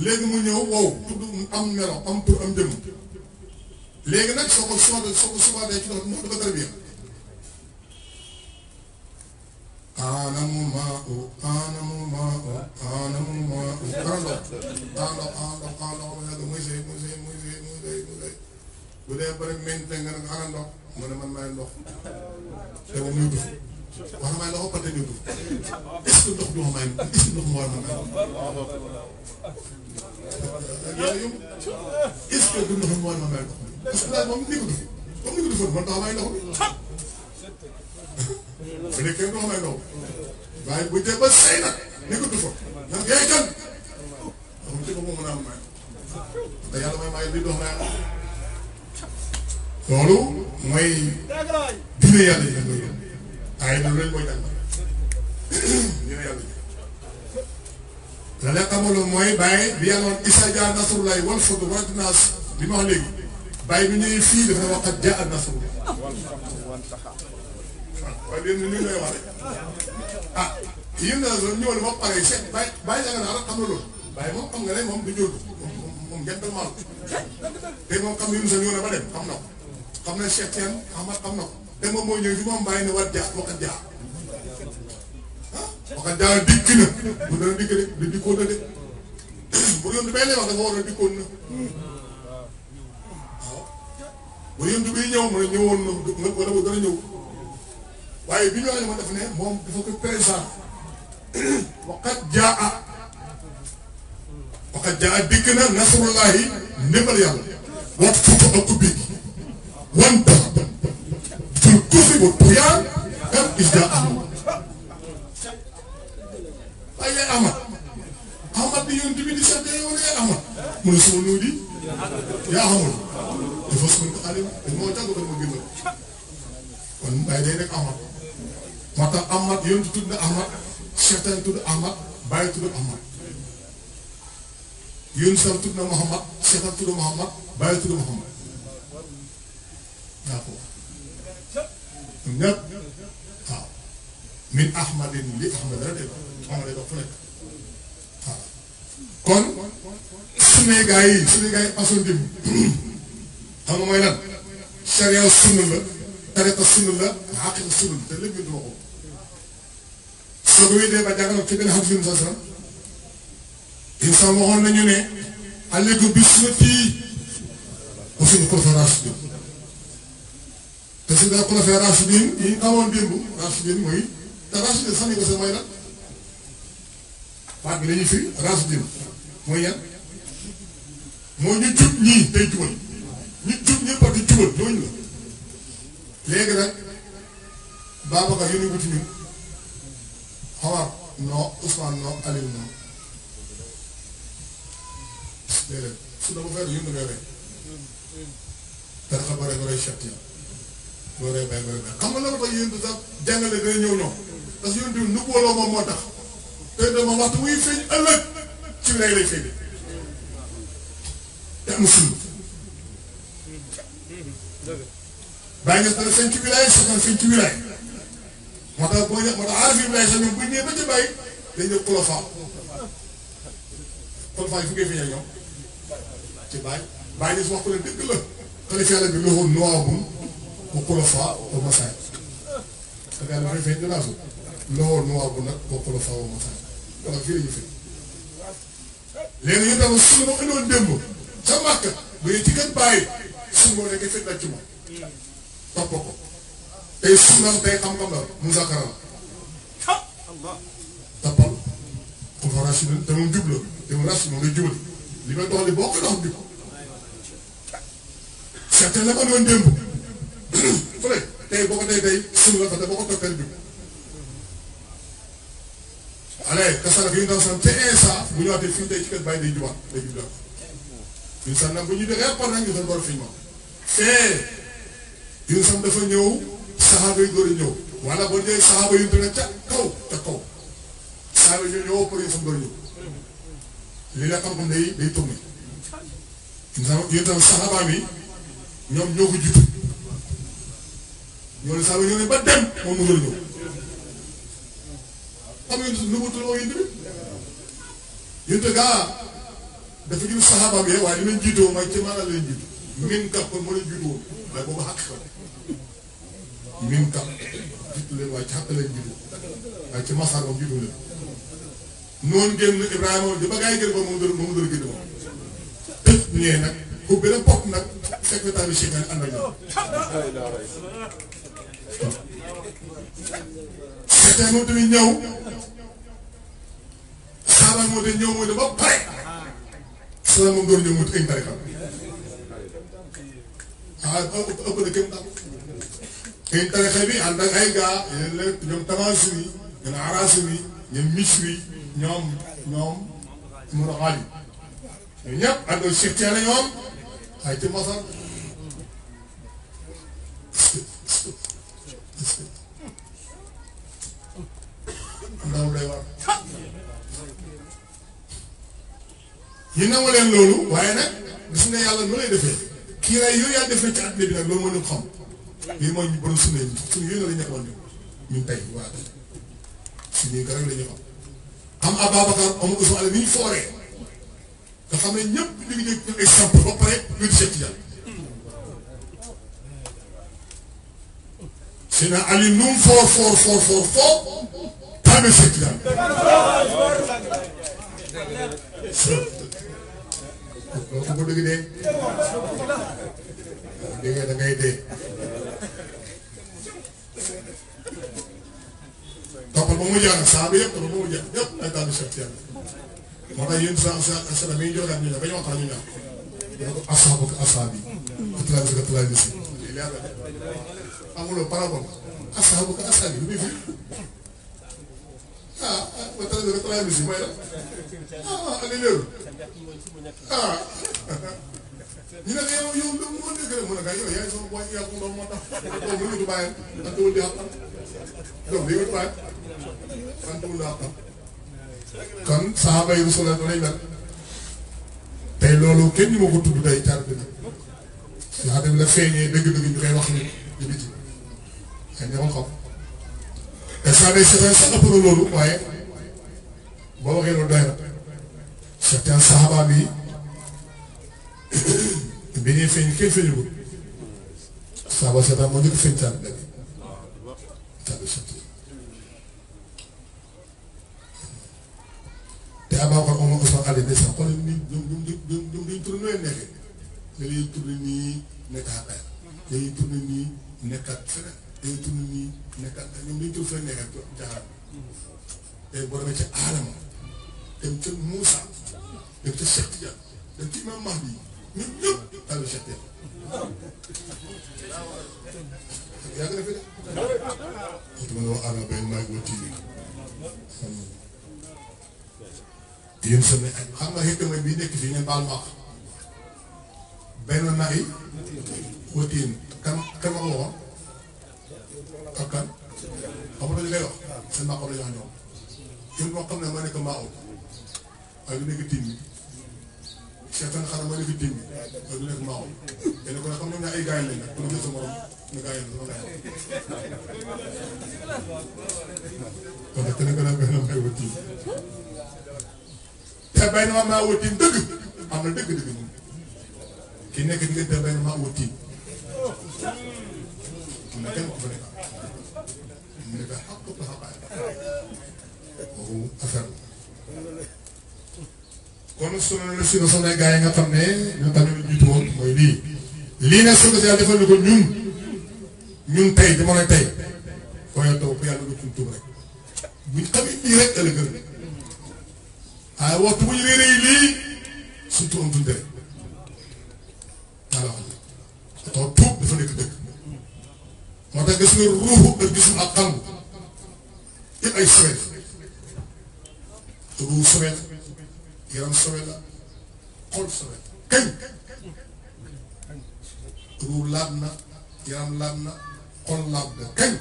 léegi mu ñëw wow tudd am melo am pour am léegi nag soo ko soo soo ko subaatee ci ndox mu ndox dafa tarbiyee أعلم الماء أعلم الماء أعلم الماء تعالوا تعالوا تعالوا تعالوا yàlla muy sëy muy sëy muy sëy muy sëy muy sëy bu dee ba rek meññ te nga ne ana ndox mu ne man maay ndox te moom ñuy def wax maay ndox ba te ñuy def est-ce que ndox du ma may est-ce que ndox moo war ma may est-ce que du ndox moo war ma may ndox parce que daal moom ni ko def comme ni ko defoon man taxawaay ndox bi bu nekkee ndox lay doon waaye bu dee ba sëy nag nekkatu fa ndax yaay kan amul ci ko moom mën a am may te yàlla may may li dox naa loolu mooy ay na loolu mooy jàng dina yàlla yi la leen amaloon mooy bàyyi bi yàlla woon isa jaa nasrullahi wal fatu warat naas bi ma wax léegi bi ñuy fii dafa ne waqat jaa nasrullah waaye léegi nii lay wax rek ah yéen daal loolu ñëwal ba pare seet bàyyi bàyyi na moom xam nga ne moom du nga ñëw na ba xam na ko xam na xam na ko te moom moo ñëw ci moom bàyyi na war jaa waxat jaa ah waxat jaa dikk na bu dana dikk rek dikkoon na de bu doon bay lay a dikkoon na. Ah bu yëndu bi ñëw mu ne ñëwoon na nga wala ñëw waye bi ñu waxee ma def ne moom dafa ko présent waqat jaa waqat jaa nasrullah nebal yalla ndimbal fu ko ko bi won ta ci ko kusi bu tuyaan am isda am waye am am bi yonent bi di sante yow ne am mu ne di ya am dafa suñ ko alim mo ta ko ko dama kon bay day rek ahmad moo tax Ahmad yonent tudd na Ahmad Seytaane tudd Ahmad Baye tudd Ahmad yonent sam tudd na Muhammad Seytaane tudd Muhammad Baye tudd Muhammad daa ko ñëpp nekk kon suñu gaa yi suñu gaa yi xam nga mooy lan sariya sunna la tariqa sunna la xaqiqa sunna la te lépp duma ko su ko wéetee ba jàngal ci benn xam si sa salam in sa waxoon nañu ne alléku bi suuti ba suñu professeur Rafidine te si daa professeur Rafidine yi amoon démb Rafidine mooy te Rafidine sax ni ko sa mooy lan baat bi dañuy firi Rafidine mooy yan moo ñu jub ñii day jubal ñu jub ñëpp ak di jubal léegi nag Babacar yónni ko ci ñun Omar non Ousmane non Aliou non su dama fay yëngu ngay rey dara xam nga rek looy chat yi loo rey bay bay bay xam nga la ko koy yëndu que nu booloo moom moo tax te dama waxtu muy feeñ ëllëg ci lay lay feeñ te am suñu feeñ ci wilaay moo tax boo ñëw moo tax aarif Ibrahima sax ñoom bu ñëwee ba ca bàyyi day ñëw xulafaa xulafaa yi fu ngay feeñee ñoom ci bàyyi bàyyi ne dëgg la xalifa yàlla bi loxo nuwaabun bu xulafaa wa nag bu xulafaa wa masaay wala fii la ñu feeñ léegi ñu démb ca màkk ba ñu ci gën bàyyi suñu moo nekk fekk ci moom topp ko tey suunal tey xam-xam la muzakara la. toppal te moom jub la te mu rachid moom nga ko dox jub seetee la ko tey boo ko dee tey suñu te boo ko toppee jub bi ñu te insa bu ñu waxtee fii tey ci kër bàyyi ñu defee par nag ñu doon war a te ñun sax saxaaba yu góor a ñëw wala boo saxaaba yu dina ca kaw ca kaw saxaaba yu a ñëw li ñoom ñoo ko jiitu ñoo ne saxaaba ñoo ne ba dem moom mu góor a ñëw am yéen nu mu tudd yéen moo leen jiitu woon waaye boobu xàq min kam jiitu leen waaye ci xàq leen jiitu waaye ci masar moom jiitu leen noonu génn Ibrahima di ba gaa yi gën ba moom dër moom dër gën moom tëj ñee nag ku gën a bopp nag secrétaire bi Cheikh ànd ak ñoom secrétaire moom tamit ñëw saabal moo te ñëw moo te ba pare sala moom door ñëw moo te kañ tarixa ah ëpp na kenn daal këy tarixe bi ànd ak ay gaa yeneen la ñoom tamasu yi ñoom arasu yi ñoom misu ñoom ñoom muro ali ñëpp ànd ak Cheikh Thiel ñoom ay ci mosal ndaw day leen loolu waaye nag gis nga yàlla nu lay defee kii ray yooyu yaa defee ci àddina bi nag loolu moo xam lii mooy ñu bon suñu yéen suñu yéen la ñu nekk woon ñun tey waa tey suñuy garab la ñu am. am Ababacar am Ousmane Aliou ni ñu fooree nga xam ne ñëpp ñu exemple ba pare ñu seet yàlla. sëñ dégg nga da ngay dee toppal ba mu jaar saa bi yëpp ba mu jaar yëpp ay tànn chef yàlla moo tax yéen sa sa sa dañuy joxe ak ñu ne ba ñu waxtaan ñu ñaan dina ko asaabu ko asaabi ko traversé ko traversé amuloo parabole asaabu ko asaabi lu muy fi ah ah ba traversé ko traversé mooy la ah ah ah ñu ne yow yow kon saxaaba yi tey loolu kenn ñu ma ko tudd tey car bi nag yaa dem la feeñee dëgg-dëgg ñu koy wax ni ñu ngi sax saxaaba bi bi ñuy feeñ kenn feeñagul saaba seetaan moo njëkk feeñ taabi dëgg taabi sant te Ababacar Omar Ousmane Ali de sax xoolal ni ñoom ñoom ñoom ñoom dañu tourné nooy nekkee dañuy tourné nii nekkaat ay dañuy tourné nii nekkaat feneen dañuy tourné nii nekkaat ay ñoom dañu tourné feneen nekkaat jaxaat tey boo demee ca Aadama dem ca Moussa dem ca Cheikh Tidiane dem ci Imam Mahdi ñun ñëpp taal bi Cheikh Thiel yàgg na fi de. xutuma ne wax Arma Baye maa ngi woon ci lii. yéen sën nañu xam nga xëy na bii nekk fii ngeen baal ma wax benn nax yi. xóotiin kan kan ma ko waxoon ak kan nga dañu koy wax seen maa xam la ñu wax ñoom. yéen moo xam ne ma nekk maa ëpp waaye bu nekk tiim seetaan xanaa maa ngi fi déglu nekk maaw te ne xam ne ay gars yi nag ku nekk nga gars ne nag benn may wutiin te benn maa wutiin dëgg am na dëgg dëgg moom ki nekk diggante benn maa wutiin mun na kenn ku fa nekk mu nekk xaq ko xaqaay boobu affaire la kon solo la si solo gaa yi nga xam ne ñoo mooy lii lii nag soo ko si yàlla ko ñun ñun tey jamono tey nga tuub tuub rek buñ xamee nii rek lii surtout am tuuti rek alors moo tax gis ak ay semaine ruuxu semaine. yaram sowe la xol sowe kañ ruu laab na yaram laab na xol laab na kañ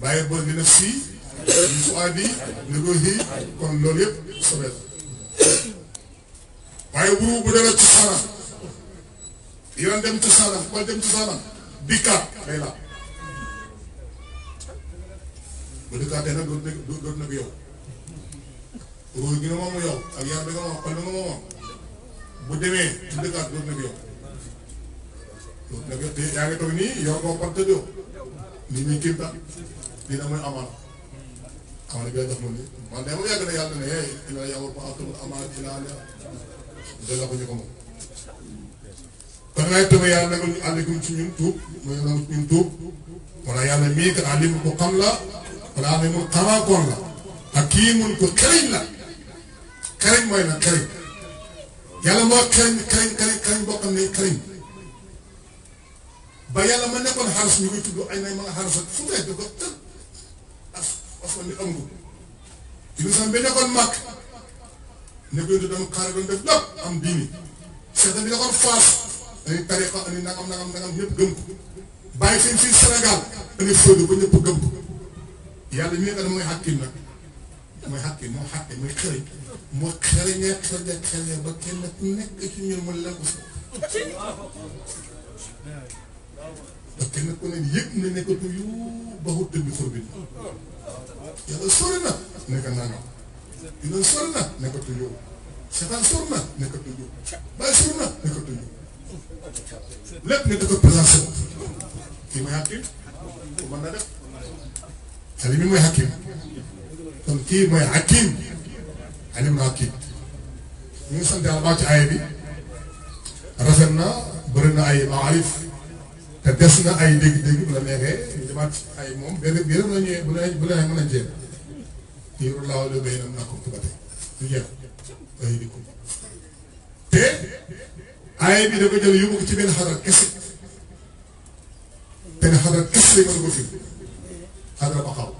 bàyyi ba li def sii li fu addi li ruuxi kon loolu yëpp sobe la waaye wuru bu demee ci saanam yoon dem ci ba dem ci saanam dikkaat day laab bu dëkkaatee nag dootu nekk dootu nekk yow ruuj gi nga moom yow ak yaram moom yaa ngi toog nii yor koo dina mooy amaana amaana bi la jox moom ni man na yàlla ne hey ila la ko ñu ko moom kon ngay tëbe yàlla nag ànd ak ñun ci ñun tuub ñun tuub wala yàlla mii kat àndim ko xam la balaa ne moom tawaakoon la ak kii mun ko këriñ la këriñ mooy lan këriñ yàlla moo këriñ këriñ këriñ boo xam ne këriñ ba yàlla ma nekkoon xaalis ñu koy tudd ay nay ma nga xaalis ak fu ngay dugg ak tëb as asman ni ëmb du doon xaar am diini seetal bi nekkoon faas dañuy tariqa ani nangam nangam nangam ñëpp gëm bàyyi seen fii Sénégal ani fëgg ba ñëpp gëm yàlla mi nga xam ne mooy xàkkim nag mooy xàkkim moo xàkkim mooy xëriñ moo xëriñee xëriñee xëriñee ba kenn ku nekk ci ñun mën leen ko si ba kenn ku ne yëg na nekkatu yu baxut tëbbi xur bi yàlla sori na nekk naa nga yàlla sori na nekkatu yu seetaan sori na nekkatu yu bàyyi sori na nekkatu yu lépp nga da ko présenté kii mooy xàkkim ku mën na def xale mooy hakim kon kii mooy hakim alim naa kii ñu ngi sant yàlla ci aaya bi rafet na bëri na ay maarif te des na ay dégg-dégg bu la neexee ñu demaat ay moom benn a jéem yurullahu la te aaya bi da jël yóbbu ci benn xaral kese benn xaral kese lañ mën ko firi ak la ko xaw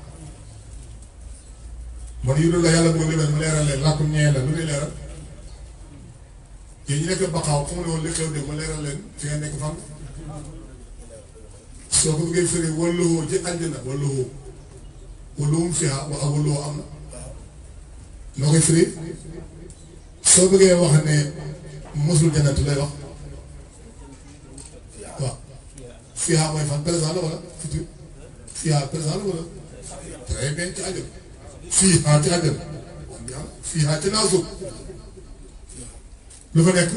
man yu la yàlla boo gënal mu leeral leen làkkum ñee la lu muy leeral yéen ñu nekk baqaaw xamu ne woon li xew de ma leeral leen fi nga nekk fan soo ko bëggee firi walluhoo ci àjjana walluhoo walluhum fiha wa awluhoo am na noo koy firi soo bëggee wax ne mosul jannat lay wax waaw fiha mooy fan présent la wala futur fii à présent la wala ci ajam fii ci ajam fii lu fa nekk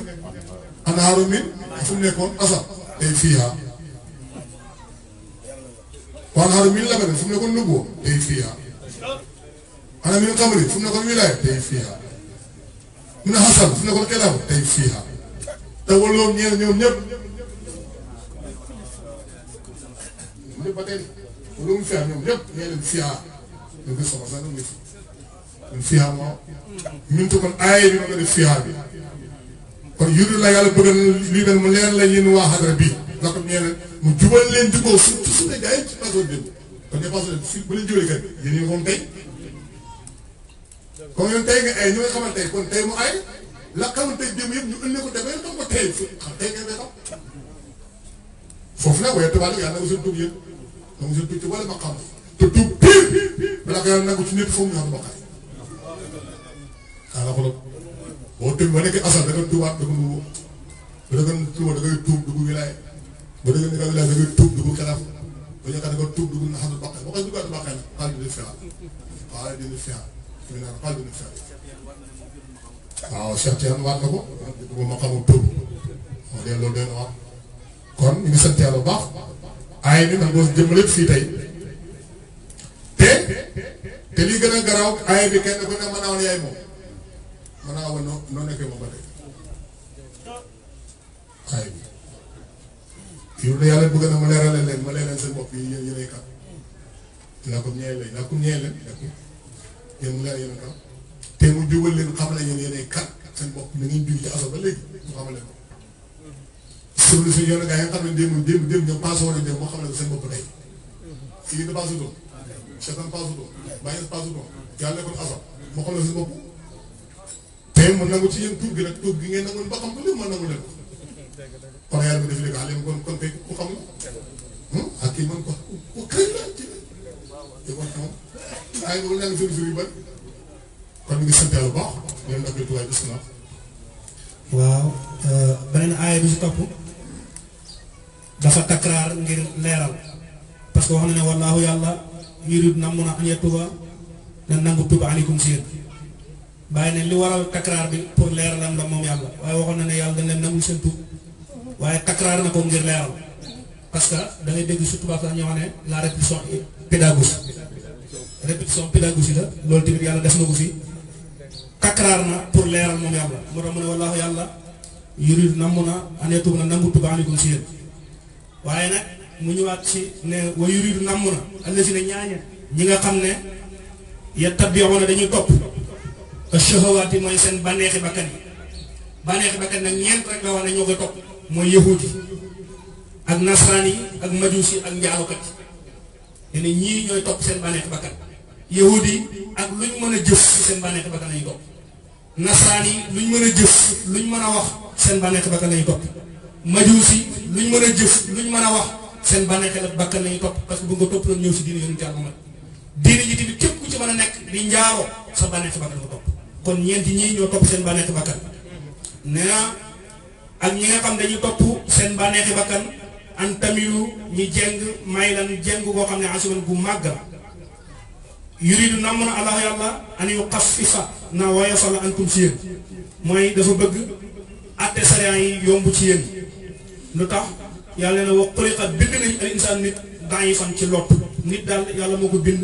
anaaru min fu nekkoon asab day fii à waaw anaaru min fu mu nekkoon nubuwa day fii à ana min xamri fu mu nekkoon wilaaya day fii à mu ne xasan fu mu nekkoon kelaam day fii à te waloom ñeer ñoom ñëpp lu mu feex ñoom ñëpp nee leen fiyaa nga nga kon fiyaa waaw fiyaa bi mu leen la yéen si bu leen jubalee kat yéen ñu moom tey comme yoon tey nga ay ñu nga xamante tey mu la xamante démb yëpp ñu ëndi ko demee ko tey xam tey ngeen may xam foofu tubaab yàlla na ko seen yëpp moom seen picc wala baqaam te tuub pire balaa ko yàlla nangu ci nit foog nga xam ba nekk asal da nga tuubaat dugg mu ba da nga tuuba da ngay tuub dugg wilaay ba ñu xam da nga tuub dugg na xam boo koy duggaat baqaay la xaal dina fi xaal xaal waat na ko dugg ma xamul tuub wax dëgg loolu day na waat kon ñu ngi bu baax aay bi ndax boo si jëmm lépp fii tey te te lii gën a garaaw aay bi kenn ku ne mën naa woon yaay moom mën naa woon noo nekkee moom ba tey aay bi yow yàlla bëgg na ma leeralal leen ma leeral seen bopp yi yéen yéen ay ko ñeel leen laa ko ñeel leen laa ko mu leer yéen a kam te mu jubal leen xam ne yéen yéen seen bopp mi ngi jug ci ba léegi mu xamal leen ko sëñ bi suñu yoon gaa yi nga xam ne démb démb démb ñoom paase woon moo xam ne seen bopp tey si yéen a paase doon seetaan paase doon bàyyi paase doon yàlla nekkoon ci kon yàlla bi nga xam kon kon tey ku hmm? ko ku kër waaw euh, beneen aaya bi si topp dafa takrar ngir leral parce que wax na wallahu yàlla yurid namuna an yatuba dan nangu tuba bani sir bàyyi ne li waral takrar bi pour leeralam la moom yàlla waaye waxoon na ne yàlla dañ len nangul sen tub waye takrar na ngir leral parce que da ngay dégg surtout baax ñoo ne la répétition pédagogique répétition pédagogique la loolu tamit yàlla def na fi takrar na pour leral mom yàlla mu tax mu ne wallahu yàlla yurid namuna an yatuba nangu tuba bani sir waaye nag mu ñëwaat si ne wa yuridu namm na allazina ñaaña ñi nga xam ne yattabi'una dañuy topp ash-shahawaati mooy seen bànneexi bakkan yi bànneexi bakkan nag ñeent rek la wax ne ñoo koy topp mooy yahuud yi ak nasraan yi ak majuus ak njaalukat yi ne ñii ñooy topp seen bànneexi bakkan yahuud yi ak luñ mën a jëf si seen bànneexi bakkan lañuy topp nasraan yi luñ mën a jëf ñu mën a wax seen bànneexi bakkan lañuy topp majuusi luñ mën a jëf luñ mën a wax seen bànneexel ak bakkan nañu topp parce que bu nga topp loolu ñëw si diine yonent yàlla Muhammad diine ji képp ku ci mën a nekk di njaaro sa bànneexi bakkan nga topp kon ñeenti ñii ñoo topp seen bànneexi bakkan nee na ak ñi nga xam dañuy topp seen bànneexi bakkan an tamilu ñi jeng may lan jeng koo xam ne asiman bu màgg la yuridu namm na allah yàlla an yu xafifa na woyofal ankum ci yéen mooy dafa bëgg atte yi yomb ci yéen lu yalla na wax xuliqat bind al insan nit fam ci lott nit dal yalla moko bind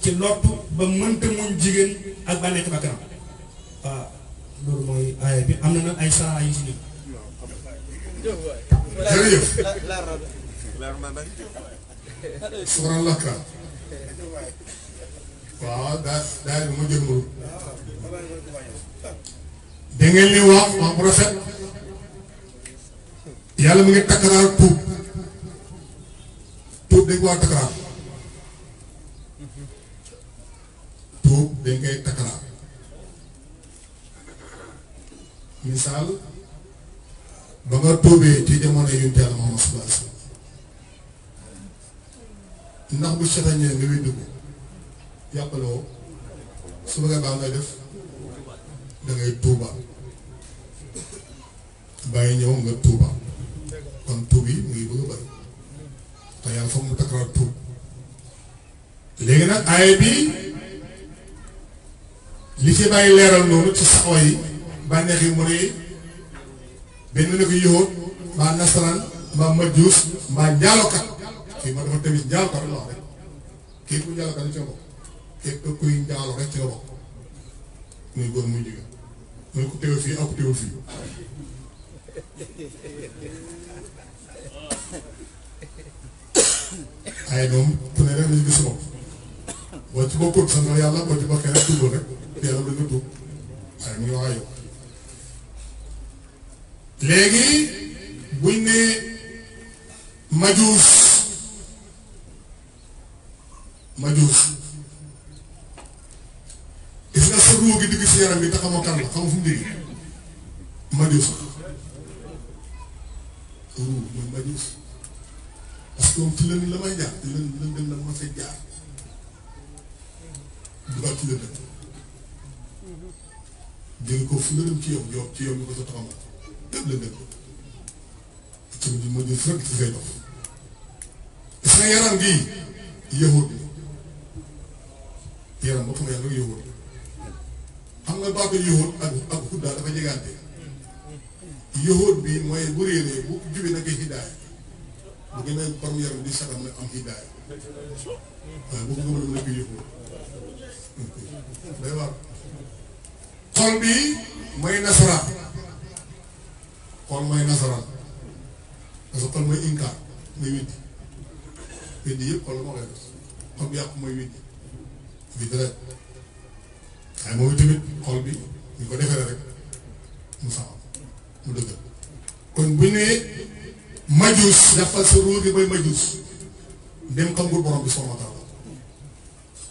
ci lott ba mënta muñ jigen ak ba nek bakaram wa lor moy ay bi amna na ay sa ay si nekk jërëjëf yàlla mi ngi takkaraar tuub tuub dañ ko koy takkaraar misaal ba nga tuubee ci jamono yu jàll moom asalaamaaleykum ndax bu setañee nga wéddi ko yàqaloo su bëggee baax nga def da tuuba bàyyi ñëw nga tuuba. kon tuub yi mu bëgg a bëri te yàlla foog mu takraar tuub léegi nag aaya bi li ci bàyyi leeral noonu ci saxoo yi bànneex yi mu ne benn na ko yóot mbaa nasaraan mbaa majuus mbaa njaalokat kii ma dafa tamit njaalokat la wax rek kii ku la ci la muy góor muy jigéen muy ku teew fii ak ku teewul fii waaye ñoom ku rek ñu gis moom boo ci bokkul sant yàlla boo ci bokkee rek tuubal rek yàlla du ñu tuub waaye mu ngi wax léegi buñ ne majuus majuus gis nga sa ruugi digg si yaram bi te la xamoo fu mu majuus ruug majuus parce que la may jaar te lënd lëndëm nag ma fay jaar dugal ci lëndëm jël ko fu lëndëm ci yow yow ci yow mi ko sa taxamal lépp lëndëm ko ci bi ma jël fëgg ci say dox sa yaram gii yëwut la yaram boppam yàlla rek yëwut la xam nga baatu yëwut ak ak xuddaa dafa jegaante yëwut bi mooy bu réeree bu jubee nag hidaaya bu gën a borom yaram di xol bi mooy nasaraan xol mooy nasaraan parce que xol mooy inkaar mooy weddi weddi yëpp xol moo koy xol bi yàqu mooy weddi weddi rek waaye moom tamit xol bi ñu ko defee rek mu saxam mu dëggal kon bu nee majuus jàppal sa róor bi majus dem ko ngur borom bi subhanahu wa taala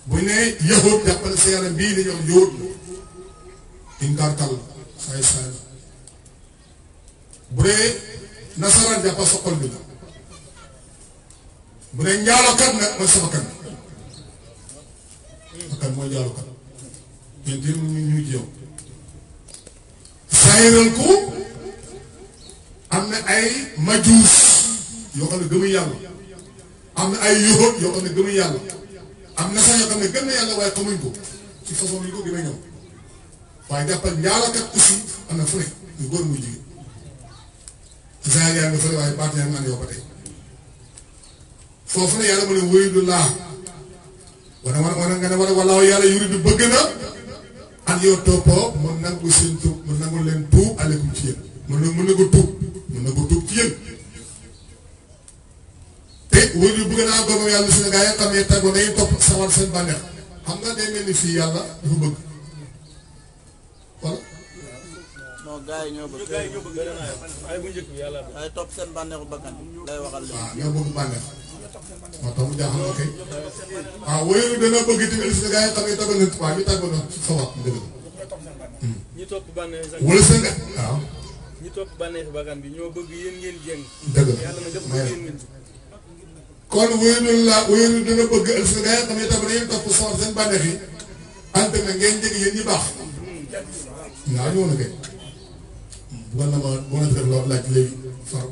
bu ne yahud jàppal sa yaram bi li ñom yahud la inkaar say say bu re nasara jàppal sa xol bi bu bu dee kat na mooy sama kan bakkan mooy njaalokat ñun ñu ñu jiw saayal ko amna ay majus yo xamne ne yalla amna ay yuróot yo xamne ne yalla amna am na sax yoo xam ne gëm na yàlla xamuñ ko ci façon yi ko gëmee way waaye jàppal njaalakat aussi am amna fu ne ñu góor muy jigéen zaal nga fa way baat yaa man yo ba tay fofu ne yalla mo ne wayudu laa wana wana nga wala wala yalla yuridu bëgg na an yow toppoo mu nangu seen mo nangu leen tuub alekum ci mo nangu tu dina ko dugg ci yéen te bëgg naa doom yàlla su ne gaa yi xam ne tàggoo nañu seen bànneex xam nga day mel ni fii yàlla bëgg voilà. non gaa ñoo bëgg. ay bu njëkk yàlla ay topp seen bànneexu bakkan lay waxal waaw ñoo bëgg mu ok dana bëgg xam ñu wala seen ñi topp bahkan bakkan bi ñoo bëgg yéen ngeen jéng dëgg yàlla nag dafa bëgg yéen kon wéyul la wéyul dina bëgg ëlsi gaya tamit tam dañuy topp sama seen bànneex yi ante na ngeen jëg yéen ñi baax ngaa ñëw na kay war ma laaj far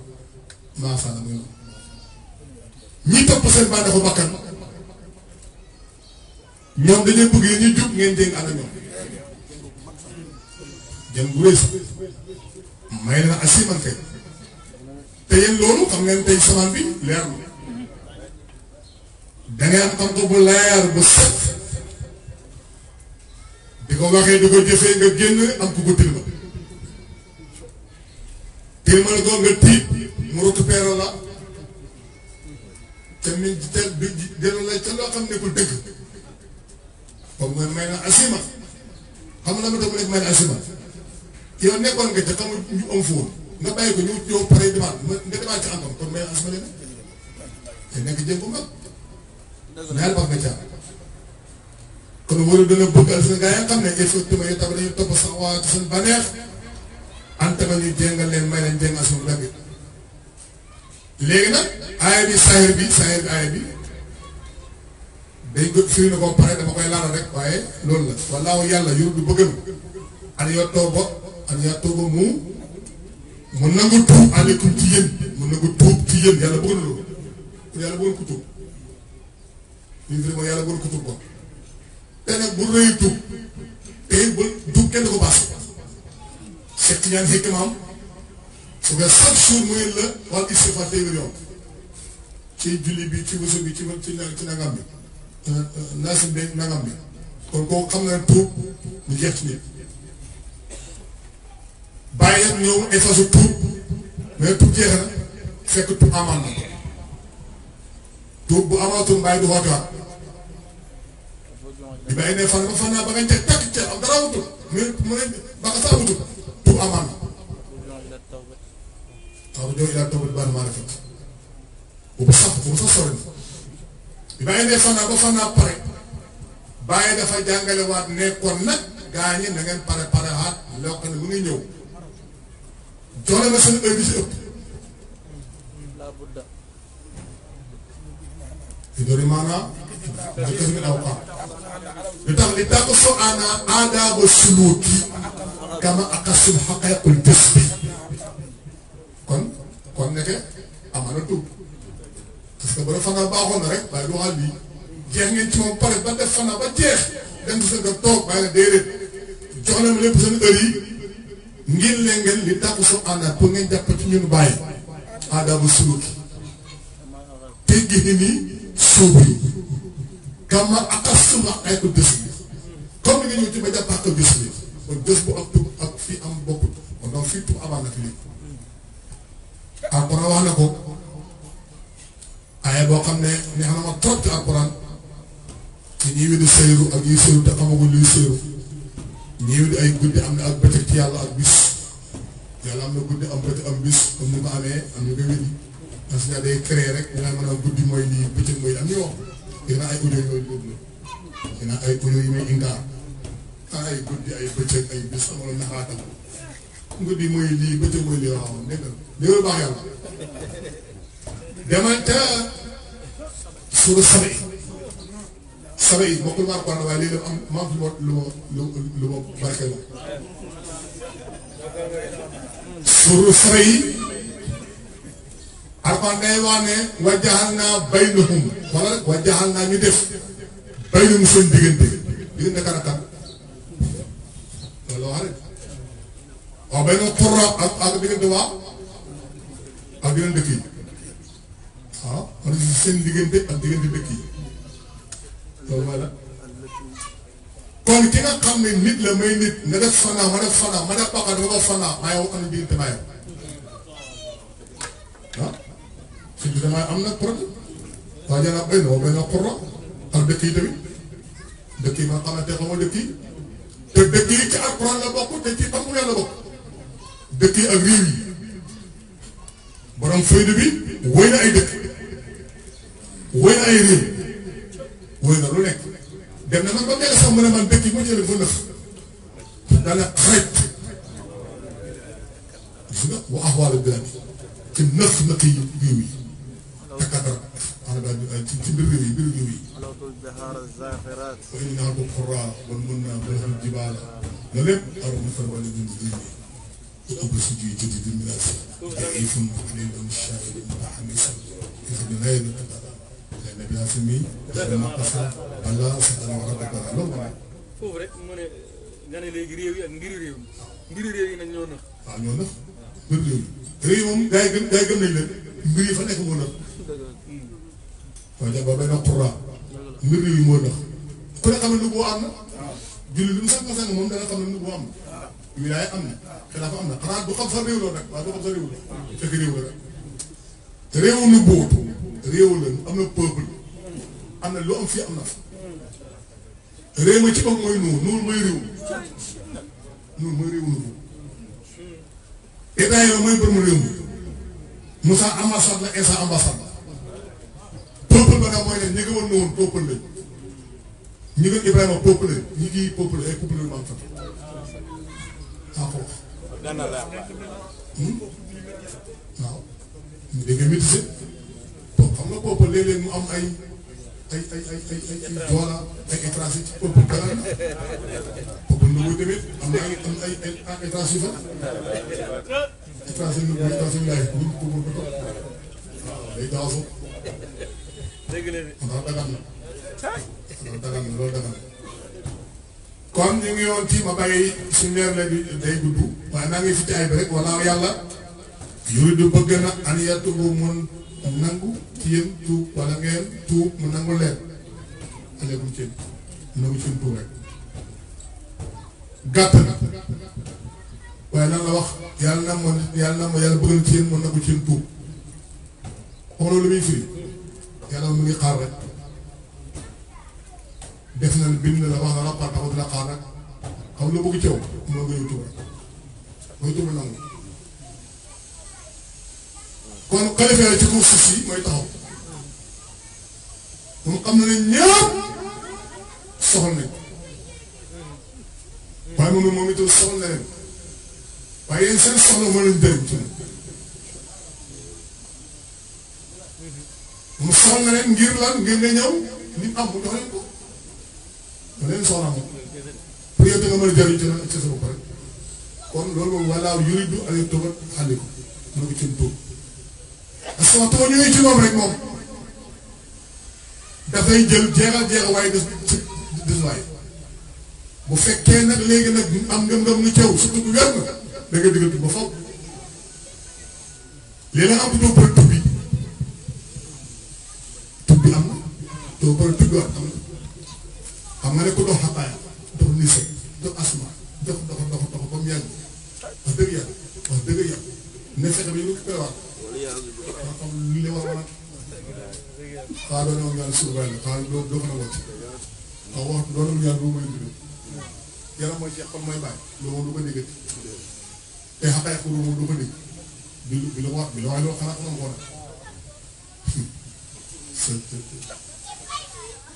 muy ñi seen bëgg ñi ngeen may na asimante te yéen loolu xam ngeen tey semaine bi leer na da am xam ko bu leer bu ko waxee di ko jëfee nga génn am ku ko tiit mu récupéré la te te du dina la ca xam ne ku dëgg may na asima xam na ma dama nekk may na asima yow nekkoon nga ca xamu ñu am fóon nga bàyyi ko ñëw ñëw pare demande ma nga demande ci àndam kon may asma leen te nekk jéem bu mag. ñaari baax nga ca kon wala dana bëggal ne tamit tamit dañuy topp sax waa seen baneex an tamit ñu jéngal leen may leen jéngal suñu dagg léegi nag aaya bi saahir bi saahir bi aaya bi dañ ko firi na ko pare dama koy laal rek waaye loolu la wallaahu yàlla yor du bëggal an yottoo ba. an yaa tooba mu mu nangu tuub aleykum ci yéen mu nangu tuub ci yéen yàlla bëgg na loolu kon yàlla bëggoon ko tuub ñun vraiment yàlla bëggoon ko tuub quoi te nag bu rëy tuub te it ba kenn ko baax Cheikh Tidiane xëkk maam su nga chaque jour mu la wàllu istifaar téeméer yoon ci julli bi ci wëso bi ci ci ci nangam bi euh, euh, naas bi nangam bi kon kooku xam nga tuub mu jeex ci nit bàyyi nag ñëw efface tuub mais tuub jeexal fekk tuub amaan na tuub bu amaatul bàyyi du bàyyi ne fan nga dara wutul mu mu ne ba nga saa wutul tuub amaan mu ngi ñëw doone na seen heure bi ci ëpp. fi doon maanaam ak kër gi daw ko lu tax li tax soo ana aadaaba suluuki bi kon kon nekk amana tuub parce que bu dee fanaan baaxoon na jeex ngeen ci moom pare ba def ba jeex dem sa nga toog waaye déedéet jox leen lépp yi. ngir leen li tàggu su ana ko ngeen japp ci ñun baye adabu suluk teggi ni nii suuf kama akas ay ko bés bi comme nga ñu ci ba japp ak ko bés bi ko bés bu ak ak fi am bokku on do fi tu amana fi lépp alquran wax na ko aaya bo xamne ni neex tok ci alquran ci ñuy ak yi seyru ta amagu lu seyru lii ay guddi am na ak bëccëg ci yàlla ak bis yàlla am na guddi am bëccëg am bis comme ni ko amee am na nga wéddi parce que a guddi mooy lii bëccëg mooy am wax dina ay audio yooyu baax yàlla demal ca suura sori saba yi bokkul maa ko waaye léegi am ma am lu ma lu ma lu ma yi alquran day wax ne wa jaxal naa baynahum wala wa jaxal naa ñu def baynahum seen diggante diggante kan ak kan loolu wax ak ak diggante waa ak diggante dëkk yi waaw seen diggante ak diggante dëkk yi loolu mooy la kon ki nga xam ne nit la may nit nga def fana ma def fana ma def baqat ma def fana maa yow am biir te maa yow ah suñu damaa am nag problème waa jana béy na waa béy na xurra ak dëkk yi tamit dëkk yi ma xamante xamoo dëkk yi te dëkk yi ci alquran la bokk te ci tàmbu yàlla bokk dëkk yi ak réew yi borom fayda bi wéy na ay dëkk wéy na ay réew wër na lu nekk dem na man ba mel sax mu ne man dëkk yi ma jëlee ba lëf dana xarit gis nga wa ahwaal bilad ci nëx nëx yi réew yi takkadar maanaam ci ci mbir réew yi mbir réew yi wa in naa ko xuraa wal mun naa bëxal jibaala la lépp aru na fa wala ñu di وقبل سجي جديد المناسب كيف علينا من الشاعر المتحمس كيف بغير القدر النبي ياسمي المقصة الله سبحانه وتعالى loolu ma foofu rek mu ne nga ne léegi réew yi ak ngiri réew yi ngiri réew yi nag ñoo nëx waaw ah, ñoo nëx ngir réew yi réew yi moom gars yi gëm gars yi gëm nañ leen mbir yi fa nekk moo nëx kon nag ba benn xura mbir réew yi moo nëx ku ne xam ne lu boo am na julli lu mu sànq sànq moom dana xam ne lu boo am na wilaay am na xilaafa am na xanaa du xam sa réew la nag waaye du xam sa réew la fekk réew la nag te réewu nu boobu réew la am na peuple am na loo am fii am na fa réew mi ci bopp mooy nuur nuur mooy réew nuur mooy réew nuur état yooyu mooy bërëmu réew mi Moussa ambassade la Insa ambassade la peuple ba nga mooy ne ñi nga woon na woon peuple lañ ñi gën Ibrahima peuple lañ ñi ngi peuple ay couple lañ manqué ah foofu waaw dégg nga métisé xam nga peuple léeg-léeg mu am ay ay ay ay ay na ay am na ay ay na kon ñu ngi yoon ci ma bàyyi suñu leer la day gudd waaye naa ngi fi ci bi rek wala yàlla yuridu bëgg na an yatubu mun nangu ci yéen tuub wala ngeen tuub mu nangu leen aleegum ci aleegum ci tuub rek gàtt na waaye lan la wax yàlla na ma yàlla na ma yàlla bëgg ci yéen mu nangu ci tuub xam loolu muy firi yàlla mu ngi xaar rek def na bind la wax na rapport taxut la kon xalifa yooyu ci kaw suuf si mooy taxaw moom xam na ne ñëpp soxla nañ waaye moom moom itam soxla na leen waaye yéen seen soxla moo leen jëriñ ci moom soxla na leen ngir lan ngir nga ñëw ni am mu dox leen ko leen soxla moom pour yow da nga mën a jëriñ ci lan ak ci sa bopp rek kon loolu moom wallaahu yuridu an yutubba aleykum mën nga ci tuub soo que waxtu ba ñëwee ci moom rek moom dafay jël jeexal jeexal waaye des bu fekkee nag léegi nag bu wér nga da nga diggante ba faw lii la am doo am na doo bëri tubbiwaat am dox dox dox dox dox dox ba mu yàgg wax dëgg yàlla wax dëgg yàlla ne fexe ko koy a a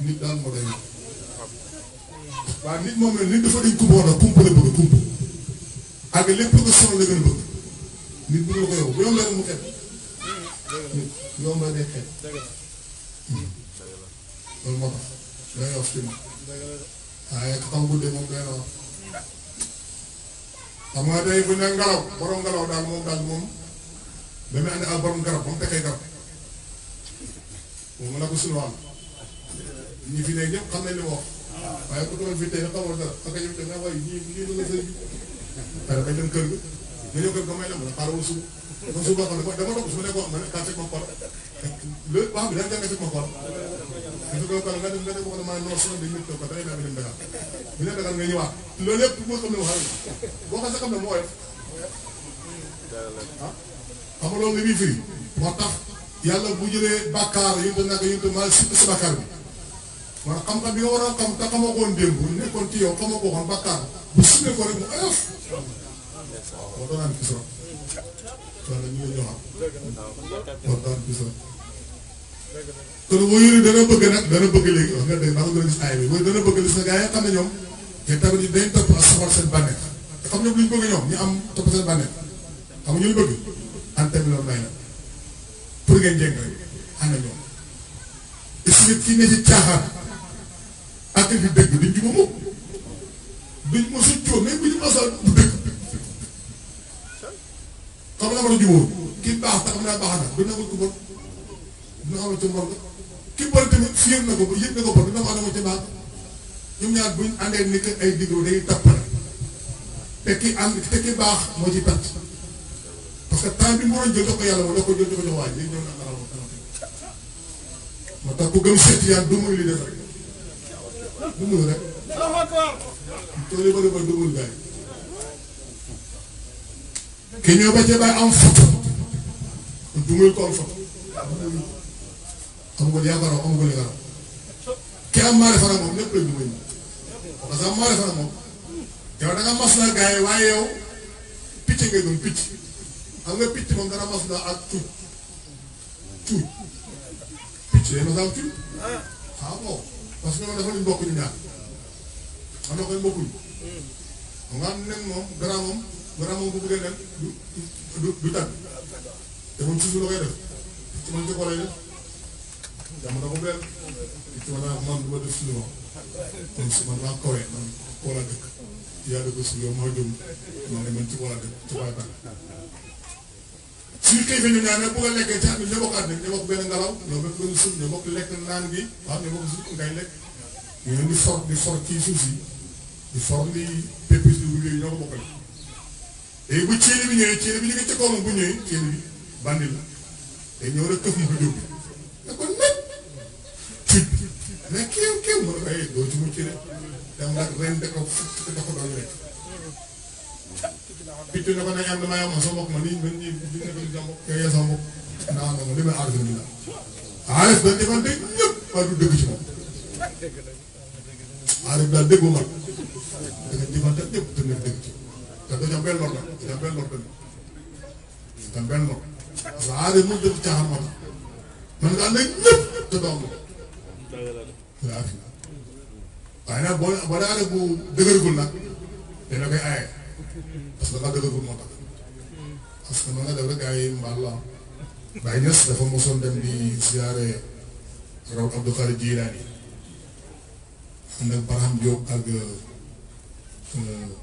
nit daal moo doy waaw nit moom la nit dafa dañ kumpa nag kumpa la bëgg kumpa ak lépp nga sonal la gën a bëgg nit bëgg la ko yow bu yow la mu xet yomb a nekkee loolu moo tax day wax ci moom waaye ku xam guddee moom day wax xam nga day bu ne ngelaw borom ngelaw daal moom daal moom dana andi ak borom garab ba mu tekkee garab moom la ko suñu wàll ñi fi ne ñëpp xam nañ li wax waaye ku doon fi tey xamoo dara ak yow da nga waaye ñii ñii la la sëriñ bi. dem kër ga nga ñëw kër ga may dem la dafa suuf boo xam ne dama dama doon su ma nekkoon ma ne kaa teg ma kor loolu wax bi daal jàng teg ma kor su ko kor nga ne maa noor sonal dañu ko da ngay dem dem Dakar bu ñu nee Dakar nga ñëwaat loolu lépp moo xam ne waxal boo ne li muy firi moo tax yàlla a ko woon démb bu nekkoon ci yow xamoo ko woon bàkkaar bu sumee ko ñu ngi ñëwaat kontaan bi sax kon mooy yooyu dana bëgg nag dana bëgg léegi wax nga dëgg ndax dana bëgg li sa gars yi xam ne ñoom te tamit ñu dañ topp ak soxal seen bànneex bëgg ñoom ñu am nga ñu bëgg en terme may la pour ngeen jeng rek ànd ñoom est-ce que kii ne ci ak fi dëgg duñ ci moom duñ mos a coow bu ñu mos a bu dëgg. xam nga dafa na du nangu ko bon dina xam ne ca mbor la ki bon tamit fiir na ko ba yëg ay digloo day tappale te ki ànd baax moo ci perte parce bi mu waroon jël ko yàlla wala da ko jël da du muy li des rek du muy rek tool yi ke ñëw ba ca bay am photo dungul ko am photo amugul yaakaaroo amugul yaakaaroo ki am maare fana moom lépp lañ dungul parce que am fana moom yow da nga mas la waaye yow picc nga gëm picc xam nga picc moom dana mas la ak tuut tuut picc day mas la ak tuut ah bon parce bokk ñu ñaar xam nga koy bokkuñ xam nga am nen moom dara moom. maanaam moom bu bëggee nag du du du tàgg te moom toujours la koy ko def jamono bu benn su man naa kawee man koo laa dëkk yaa dëkk si yow maa jëm man suuf ñoo bokk lekk naan bi waaw ñoo li ñoo ko bokkale léegi bu ceele bi ñëwee ceele bi ñu ngi ca kawam bu ñëwee ceele bi bandi la te ñëw rek këf yi du dóor da ko nekk tuut mais kéem ne eh, doo ci ne am damaa yamoon sama ma nii man ñii di nekk di jàmbok yow yaa sama mbokk ndax am ma li may la Arif dañ defante ñëpp waaye du dëgg ci moom Arif daal dëggu mag te nekk تتجنبين مرة تتجنبين مرة تتجنبين مرة العادة مدة بتاعها مرة من قال لك نف تدمر لا في يعني أنا بنا على بو دقر قلنا أنا كي آية أصلا ما دقر قلنا أصلا ما دقر قاي مع الله بعدين يصدف مصر دم بزيارة روض عبد القادر الجيلاني عندك برهم جوب أجر آه،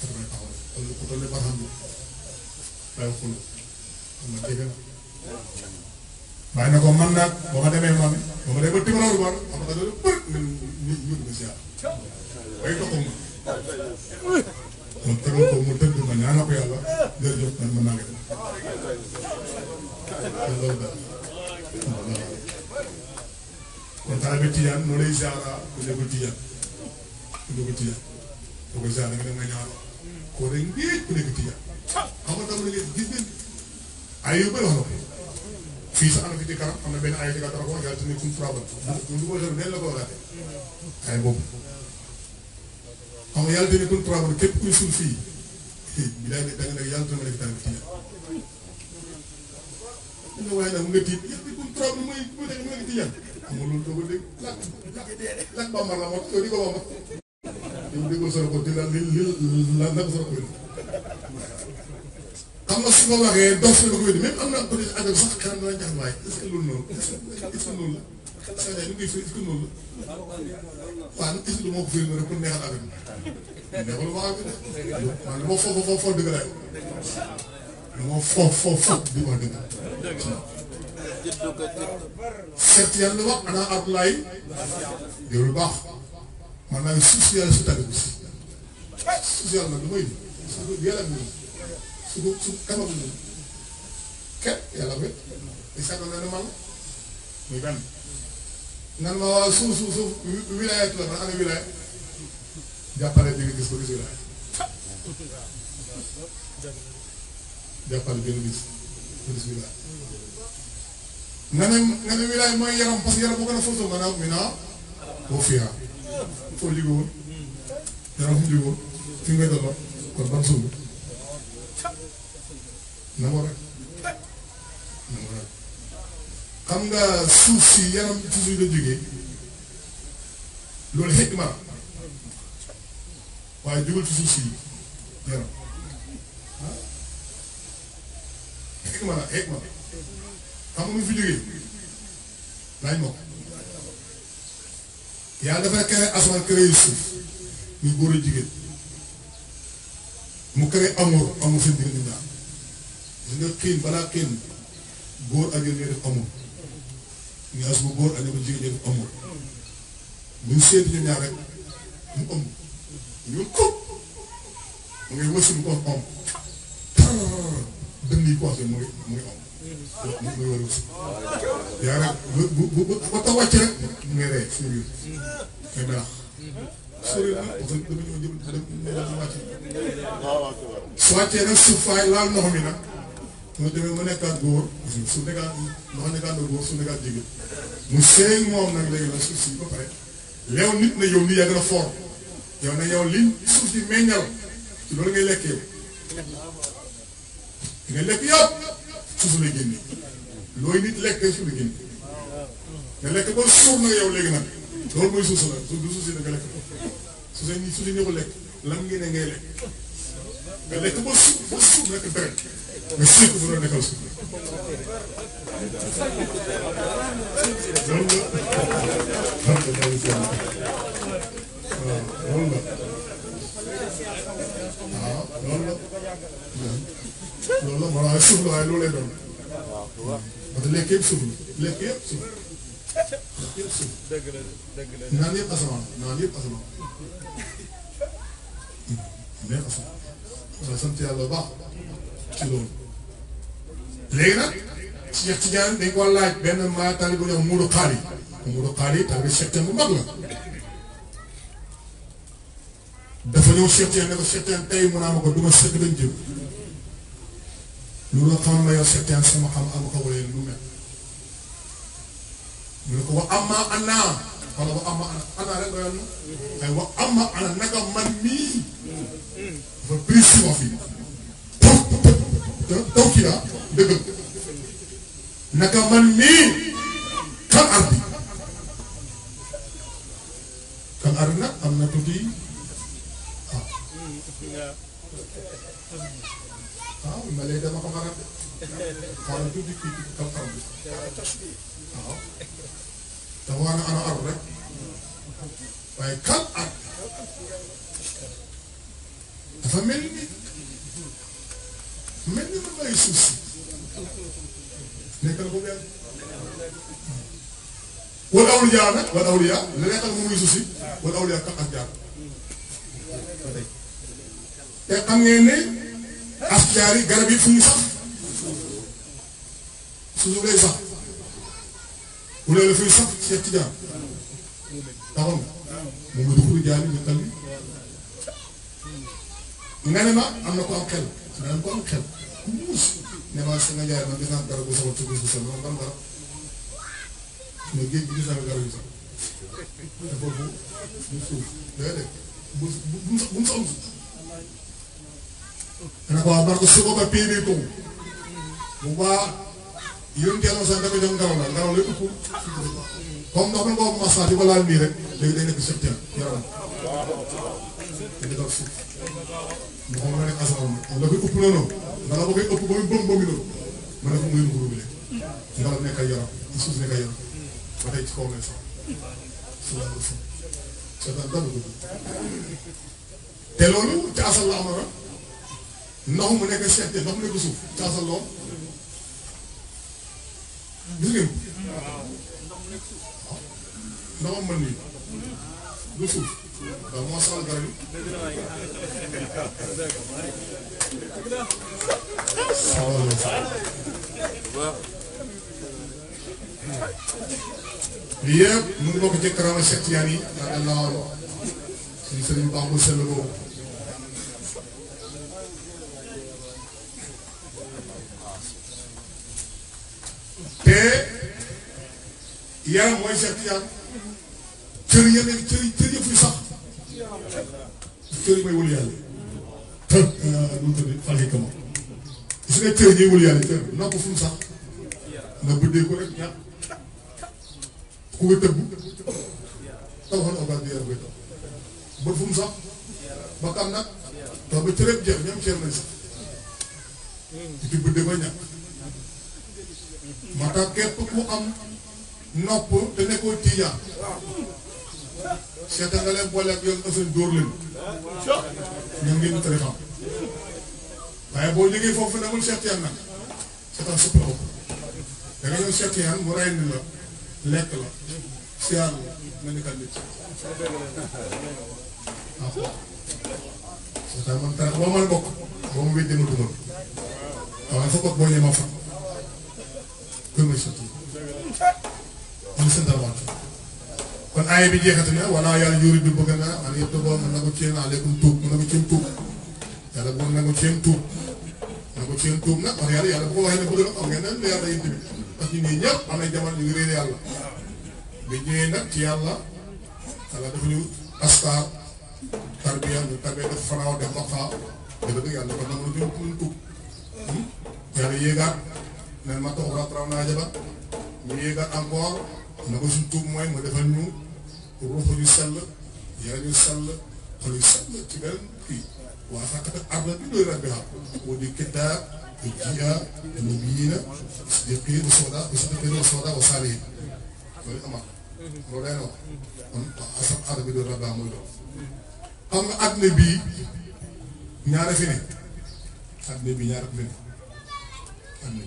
rafet taxawaay loolu ku toll nii Barham bàyyi ko na ko man nag boo ma demee man boo ma demee ba Timbalaour man xam nga loolu bëri nañ ñu ñu ko si ma mu tëdd ma ñaanal ko yàlla jërëjëf man ma nangu ko ziara nga dem nga ñaanal koo day ngéej ku nekk tijaan xam nga dama ne gis ngeen ay yu bëri wax fii sax am na fi ci am na benn ay di nga tax wax yàlla tamit kum problème lu ko def nen la ko waxaate ay boobu xam nga yàlla tamit kum problème képp kuy fii bi daa ngi nag mu nga tiit nekk mu nekk tijaan xam nga loolu doo ko dégg lakk lakk di ko bambara li li la naka xam nga su ma waxee dox si la am naa ko ne ànd ak sax xanaa dana jax waaye est ma ko firi bi neexal ma affaire bi waaw lu wax ana Abdoulaye yow lu baax. man maa ngi su yàlla su tàggu si su yàlla nag yàlla bi su man muy ma waaw suuf suuf suuf wilaayat la man ana wilaay jàppale bi nga gis ko wilaay jàppale bi gis ko gis wilaay nga ne nga ne wilaay mooy yaram parce yaram boo gën a fóotoo nga naan mi naa boo fiyaa foo jógoo yàlla fu jógoo fi ngay daloo kon ban suuf nangu rek nangu rek xam nga suuf si yaram ci suuf si yaram ah xikma la xikma xam nga fi jógee laaj ma yàlla dafay créé asamaan créé suuf muy góor jigéen mu créé amour amour seen diggante ñaar gis xiin balaa xiin góor ak yéen ñooy def amour ñu bu góor ak yéen jigéen ñooy def amour buñ seeti ñu ñaar ngi wëssu mu ko am dënn yi ko waxee mu ngi yàlla bu bu bu oto wàcc rek su wàccee nag suuf faay laal ndox mi nag mu demee mu nekkaat góor su nekkaat ndox nekkaat na su nekkaat jigéen mu seey moom nag léegi la suuf si ba pare leew nit na yow ni yàgg na foor yow nag yow liñ suuf si meññal ci loolu ngay lekk yow nga lekk yëpp suuf la génne looy nit lekk suuf la génne te lekk ba suur nag yow léegi nag loolu mooy suuf la suuf nga lekk su sa su nga lekk suuf ba suuf nga siy a suuf la loolu la waaw loolu la loolu la maraay suuf la waaye loolu lay doon parce que lekk yëpp suuf la lekk yëpp suuf lekk yëpp suuf naan yëpp asamaan naan yëpp asamaan hmm, naan asamaan waaw sant yàlla baax ci loolu léegi nag Cheikh Tidiane dañ ko laaj benn maa tali bu ñuy wax Moudou Khali Moudou Khali tali bi Cheikh Tidiane bu mag la dafa ñëw Cheikh Tidiane ne ko Cheikh Tidiane tey mu naa ma ko du ma sëkk lañ jëm لولا تام ما يسكتين سما كم أبو كوري لوما لولا كوا أما أنا أنا أبو أما أنا أنا رجع له أيوة أما أنا نجا من مي فبريس ما في توكيا بيبل نجا من مي كم أرضي كم أرنا أم نتودي آه. waaw ma dama ko xaral de xaaral waaw dafa a ana aru rek waaye kal at mel ni mel ni lu may suuf si nekkal ko benn wala awliyaa nag wala awliyaa la nekkal mu muy suuf si wala awliyaa kal ak jaar te xam ngeen ne asjaar yi garab yi fu ñu sax suñu lay sax bu loolu fu ñu sax Cheikh Tidiane taxoon moom la dugg jaani ñu tal bi nga ne ma am na ko am xel nga ne ko am xel ku muus ne ma sama jaay man am garab bu sama tudd bu sama man ban garab mais géej gi gis naa garab yi sax bu bu bu mu Anakuwa barko suko ba ko. Muba yun kaya ko masati wala ang mire, lagi din nag-isip yan. Kaya lang. Hindi ka po. Mukhang na nakasawa mo. Ang lagi upo na no. Dala ko kayo upo ko yung bong bong ino. Mana kung ngayon ko rubili. na kaya. ndox mu nekk seet ndox mu nekk suuf caasal lool gis ngeen ndoxam nii du suuf waaw moo soxla garab yi lii mu ngi bokk ci karaama seet yaan yi te yaram mooy seet yaram cër ya nekk cër cër yëpp sax cër yi may wëlu yàlla tër lu euh, mu tëdd fàlle kama gis nga cër ñuy wëlu yàlla cër nopp fu mu sax nga bëddee ko rek ñàkk ku nga tëbb taw xan obaat bi yaram koy taw bët fu mu sax ba kam nag taw ba cër yëpp jeex ñoom cër nañ sax di bëddee ba ñàkk moo tax képp ku am nopp te nekkoo tiijaan seeta nga leen boole ak yoon ëffin dóor leen ñoom ngeen tërixam waaye boo jógee foofu demul seet yan nag seetal supp la ko da nga ñëw seet yan mu rey ni la lekk la siyaar la nga nekkal nit ah, waaw seetal man tarax boo mën bokk boo ma wéddi ma dugal waaye fa bokk boo ñëw ma fa permission am seen dara wàcc kon aaya bi na wala yuri bi bëgg naa man yëpp boo mën na ko ceen aleykum tuub mën na ko ceen tuub yàlla boo na ko ceen tuub mën na ko ceen tuub bu ko waxee ne bëgg am ngeen nan leer day tamit parce que ñun ñëpp am na ñu bi ci dafa ñu tarbiya ñu def def dafa nee na ma taxul ak raw naa jabar ñu a encore na ko suñ tuub mooy mu defal ñu ruux yu sell yaram yu sell xol yu sell ci benn kii waa fàqat ak arna bi doy loolu amaat bi doy rabbi xam mooy loolu bii ñaare fi ne àdduna bii ñaare fi ne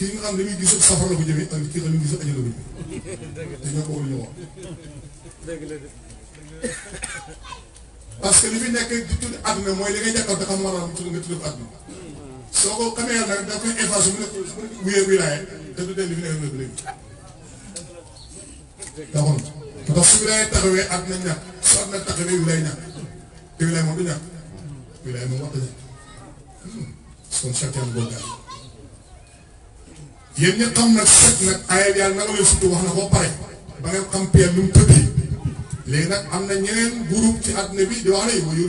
kii nga xam ne dañuy gis safara la ko jëmee ak kii xam ne dañuy gis ajal la ko jëmee te ñoo ko war a ñëwoon parce que li muy nekk di tudd àdduna mooy li nga ñàkkal te xam maanaam tudd nga tudd àdduna soo ko xamee yàlla nag da koy effacé mu nekk wuyee wilaaye te du dellu fi nekk nag léegi d'accord ndax su wilaaye taxawee àdduna ñàkk su àdduna taxawee wilaay ñàkk te wilaay moom du ñàkk wilaay moom waxta ñàkk hmm. kon chacun boo gaal yéen ñi xam nag set nag ayib yàlla na la suttu wax na ko pare ba ngeen xam nu mu tëddee léegi nag am na ñeneen groupe ci àdduna bi di wax ne yow yow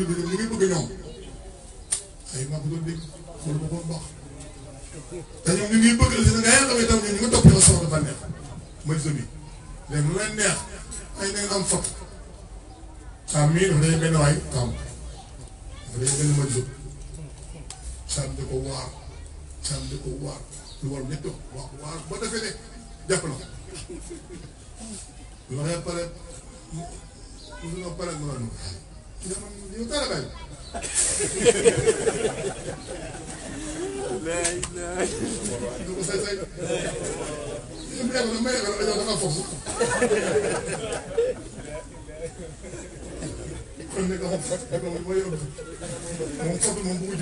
ko baax te ñoom ñu ngi bëgg la si ne nga xam itam ñu ngi topp ci soxla bànneex mooy léegi lu leen neex ay na am fot saa mii dafa day benn waay tam dafa ko waar saa di ko waar. lu war ñett wax waaw boo defee ne jàpp na lu waxee pare mu nga pare mu noonu yow dara bàyyi du ko say say yëpp nekk na may nekk na dañoo da nga foofu kon nag am fot moom nit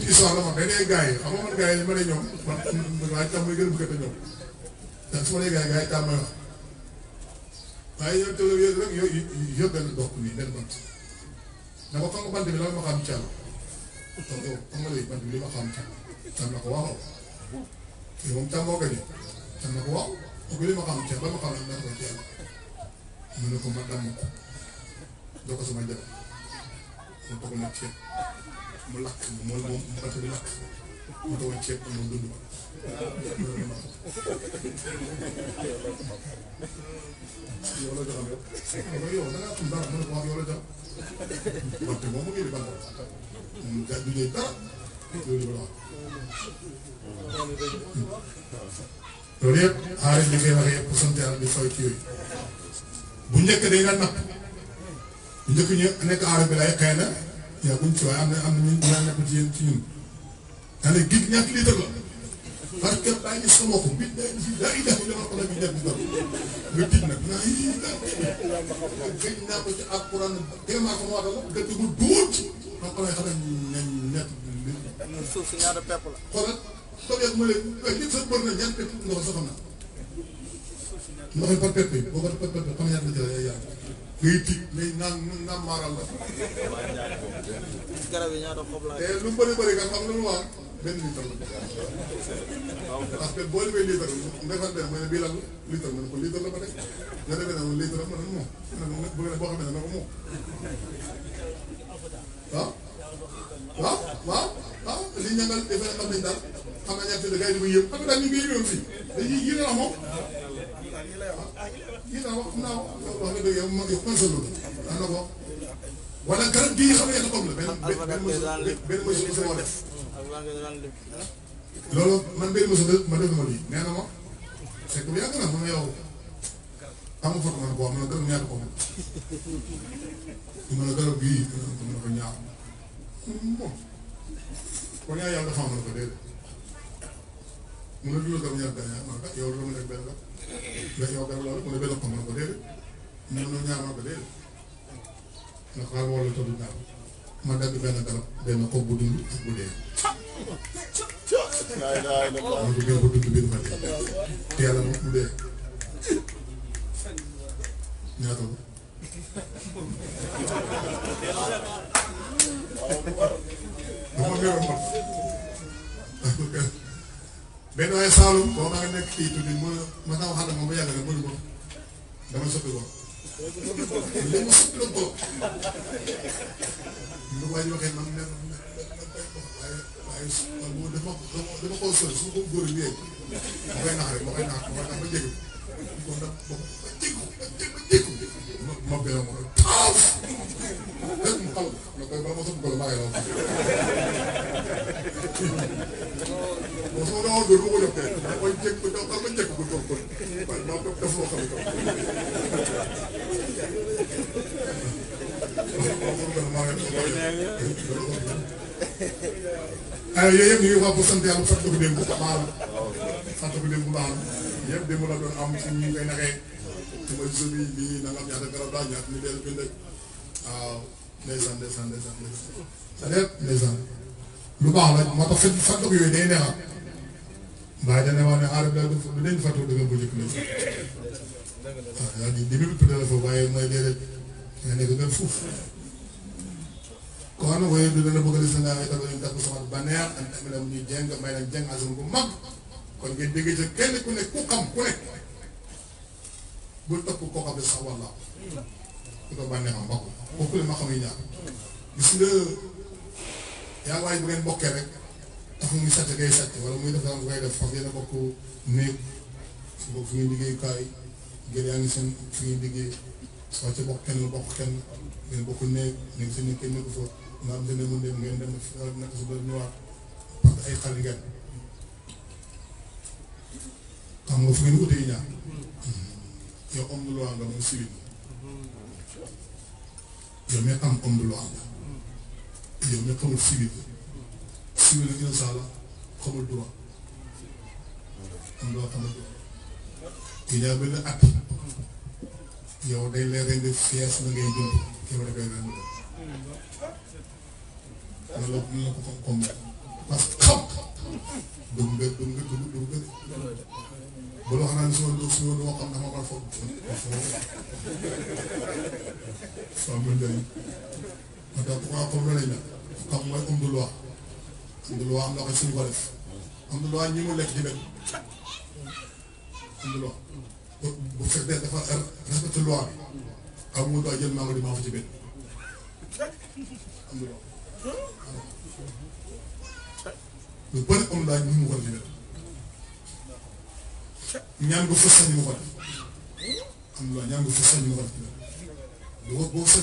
ki soxla nga ne ñoom man waaye tam mooy gën a bëgg a ñoom ma nee gars yi gars yi tam may wax waaye yow te yow rek yow yow benn dox bi benn bant dama ko nga bant bi la ma xam càll to ɓangare bandulima kam tan tanna ko waw e mom tammogani tanna ko waw o golima kam ten ɓama kam annata ko ceela mino ko maɗɗammo ko doko soma jaɓa mo togono ceeb mo lakk mo bato bi lakk mo togon ceeb mo dundu yow la joxam yow yow da ngaa tum dara mu ne ko waaw yow la jox wante moom mu ngi di bànqoo gàddu ne dara loolu la a yëpp aarif li ngay wax yëpp sant bu njëkk dañ la napp bu njëkk nekk aarif bi lay xëy na yaa buñ ci waaye am na am na ñu ñu napp ci yéen ci ñun daanaka gig ñàkk nga dig naa ko ci alquran gën ko moo tax la gëj ko duut ba pare xam nañ nekk bi. suuf si ñaata pepp la. xoolal toog yàgg ma leen waaye ñun sax bëri na ñaar pepp ndox sax xam naa. ndox yi par pepp yi boo ko par pepp xam ñaata la jëlee yaa ngay tiit ngay naan naan maaral la. garab yi ñaata xob laa. lu mu bëri bëri kat xam nga lu mu wax. benn litre la parce que boo defee litre nga defar benn mu ne bii lan la litre ma ne ko litre la ba tey nga defee nag litre la ma ne moom nag bëgg na boo xam ne na ko moom waaw waaw waaw waaw li ñangal defe na xam nañ daal xam nga ñaata gars yi di ko yëpp xam nga daal ñu ngi yëngal fii dañuy yéene wax moom yii daal wax naa wax nga dëgg yow man yow man sa loolu daa na ko wala garab gii xam nga yàlla comme la benn benn benn mesure bu sa war a def loolu man benn mosu de ma déglu ma lii nee na ma bu yàgg na mun na yow amu foto ma ko wax ma ne garab ñaata moom ma ne garab gii ma ko ñaar bon kon yaa yàlla dafa am ko déedéet mu ne dula garab ko yow dama nekk la mais ko ma ne ko déedéet ko ma dagg benn garab benn xob ma dugg benn bu dund bi ma dee. te yàlla dee. ñaata la. mel woon man. benn waaye Saalum. boo maa nekk fii tudd ma ma sama xarit ma ba yàgg rek mënu ma dama soppi ko. li mu tënk lu waay waxee man man man waaye waaye man dama dama koo sori su ma ko góor ñëwee ma koy naax rek ma koy naax ma koy naax ma jégalu kon nag ma ma jégalu ma jégalu ma ma béy ma koy taaw rek mu xaw ma koy bala ma soog góor maa ngi lay wax. ma soog a doon góor ma ko def de ma koy jégalu ma ma jégalu ko toog kon man maa ko def loo xam ne ah yooyu yëpp ñu ngi wax bu sant yàlla sant bu démb bu baax na yëpp démb la doon am ci ñu koy naxee ci ma gisul bi bii am ñaata garab daal ñaata ñu dellu bind ak waaw ndeysaan ndeysaan ndeysaan c'est-à-dire ndeysaan lu baax la moo tax sant sant yooyu day neexal mbaa dana wax ne aar bi daal du leen fàttaliwul dëgg bu njëkk la ah, waaw yaa ngi dinañu tuddee la foofu waaye mooy déedéet. yaa nekk gën fuuf kon waaye du dana bëgg sa ngaa ngay dama ñu dagg soxal ba neex am tamit la jàng may nañ jàng asal bu mag kon ngeen déggee ca kenn ku ne ku xam ku ne bul topp ko xam yi ñaar gis nga yaa waaye bu ngeen bokkee rek tax muy sàcc ngay sàcc wala muy def daan ngay def faf yéen bokk néeg su boobu fu ngeen liggéeyukaay yaa ngi seen fu ngeen liggéey soo ci bokk kenn bokk kenn ngeen bokk néeg ngeen si nekk kenn fa nga am dina mu néeg ngeen dem nekk si ba ñëwaat parce que ay xarit ngeen xam nga fu ngeen ute yi ñaar yow homme de loi nga moom civil yow mi am homme de loi nga loo xamul yow day la rend fees na ngay dund yow da koy rend loolu la ko xam comme parce que xam dum nga dum nga dum dum nga bu loo xam ne soo soo loo xam dama war foog soo mën dañ ma tax ko comme loolu la xam mooy am du loi am du loi am na ko suñu ko def am du loi ñi mu lekk di lekk am du loi bu fekkee dafa respecté loi bi aw mu doon jël mango di maa fa ci lu bëri am daal ñu mu war a jëlee ñaan nga fës sañ ñu ko def am lu ñaan nga fës sañ ñu ko def boo sëñ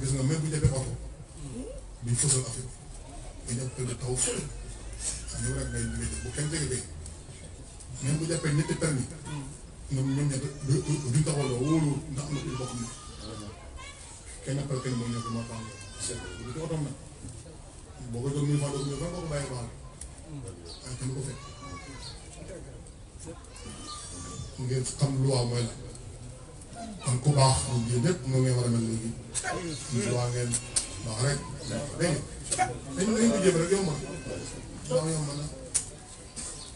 gis nga même bu ñu defee oto bi ñu fësal affaire bi nga def taw yow rek ngay liggéey bu kenn jege-jege même bu jàppee ñetti permis ñoom ñoom ñett du am na kuy bokk nag kenn après kenn mooy ñëw moo tax c'est bu ko doon mille fois doon mille fois boo la waaye ku baax ñun yéen ñëpp ñoo ngi war a mel léegi ñu waa ngeen baax rek dégg rek yow ma naaw yomb na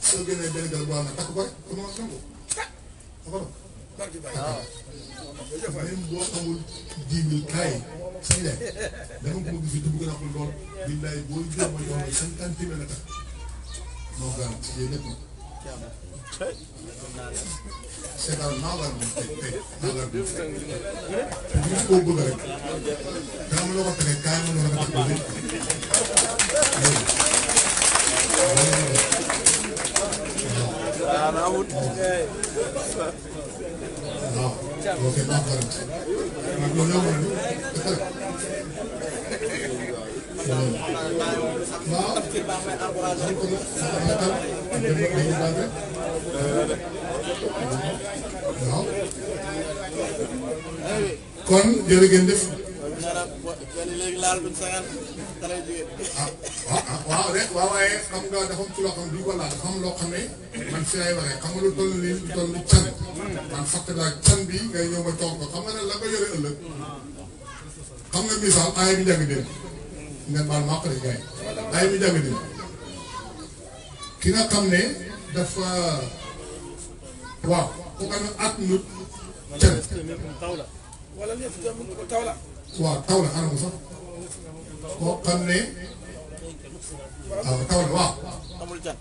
soo génnee benn gàll bu am takk ko rek pour mu wax nangu d'accord. même ko gis dugg naa ko lool billaay boo jëlee ma yoon cinquante mille la tax moo gaaw ci yéen lépp c'est daal nangar bi tey tey nangar bi ñu ko bëgg rek daa ma ko tere kaay ma loo ko tere kon jërë ngeen def Ah, ah, ah waaw rek waaw waaye xam nga dafa am ci loo xam ne duñ ko loo xam ne man si lay waxee xam nga lu toll lu toll can man fàtte naa can bi ngay ñëw ba toog ko xam nga ne la nga yore ëllëg xam nga misaal aaya bi njàng dem ki nga xam ne dafa waaw ku ko ne at nut can waaw taw la xanaa ko sax koo xam ne waaw taw la waaw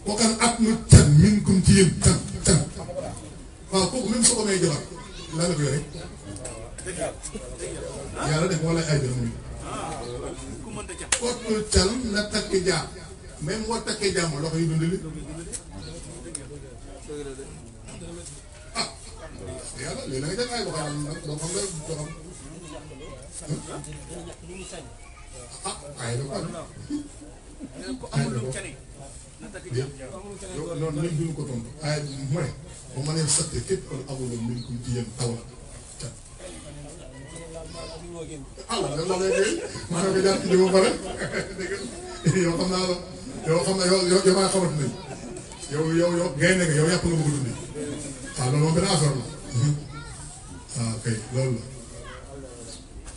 koo xam at mu can min kum ci yéen can can waaw kooku même su ko may jabar lan la ko yore yàlla def wala ay jabar muy kooku can na takk jaam même boo takkee jaam loxo yi dundali ah yàlla léegi da nga jël ay waxaan nag doo xam nga waaye nag kon. waaye nag kon loolu ko tontu waaye mooy ba ma leen sàtte képp kon amuloon mbir ku ci yéen taw la ca. ah waaw lan la lay dégg maanaam nga jaar ci jiwu ba pare dégg yow xam naa la yow xam naa yow yow yow maa xamante ne yow yow yow gaynde nga yow yàpp a dundee waaw loolu moom benn affaire la waaw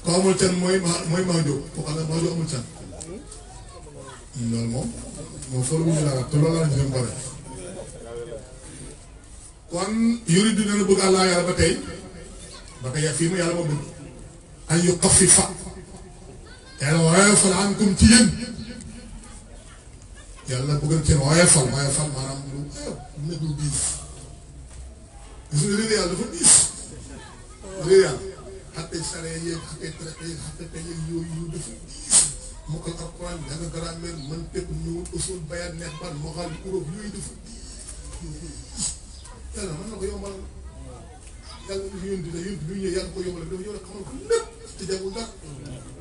ko amul can mooy ma mooy Maodo kooku ànd ak amul can loolu moom moom foofu la mu yàlla ma bëgg na lu eh, nekk lu yàlla dafa diis réer haɓe sareye haɓe traɓe haɓe pelel yo yuɓe fo ɗis mokal alquran daga grammaire man pep ñowol ausul bayan neex ban moxal kurof yoyde fo ɗis yàlla mën na ko yombal yàlla ñu yëndi la yëndi ñu ñëw yàlla ko yombal dafa ñëw rek xamal ko lépp te jagul dara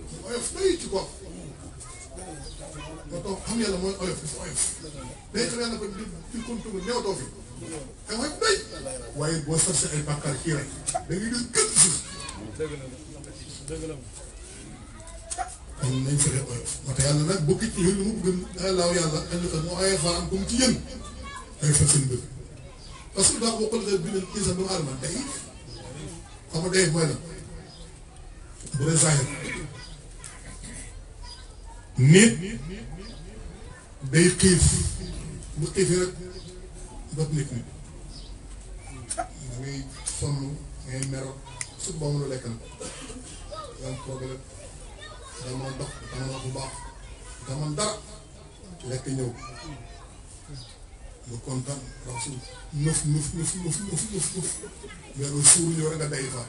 mu oyof bay ci kaw moo tax xam yàlla mooy oyof oyof day xam yàlla ko di di kontumu néew too fi da oyof bay waaye boo sarse ay bàkkaar kii rek da ngay gën gën kon nañ fexe oyof wata yàlla nag bokk ci yooyu mu gën laaw yàlla ëllëg mu ay fa am comme ci yéen day fekk seen bëgg parce que daa ko bokkal nga bindal ci sa doomu aadama day xam nga day mooy la bu dee saa nit day xiif bu xiifee rek dot nit nit da ngay sonn ngay merok su boo mënul lekk nag yow problème dama dox dama wax bu baax dama dara lekk ñëw lu kontaan wax suuf nëf nëf nëf nëf nëf nëf nëf mais lu suur ñëw rek nga day fa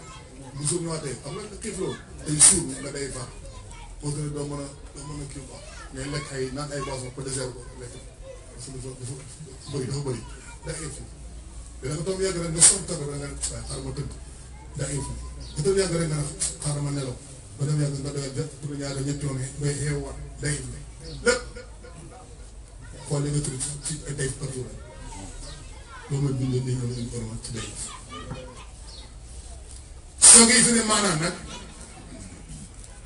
lu suur ñëwaatee xam nga xiif loolu day suur nga day fa pour que doo mën a doo mën a kii quoi mais lekk ay naan ay boisson ko désert ko lekk parce que dafa dafa bëri dafa bëri daa ëpp mais da nga toog yàgg rek nga soog tàggat rek nga xaaral ma tëdd daa ëpp bu doon yàgg rek nga naan xaaral ma nelaw ba dem yàgg ba doyal jot pour ñaar ñetti yoon ngay xeewaat day indi lépp xool li nga tudd ci day partout la loolu mooy bind day ñëw ñu borom ci day soo ngi fi ne maanaam nag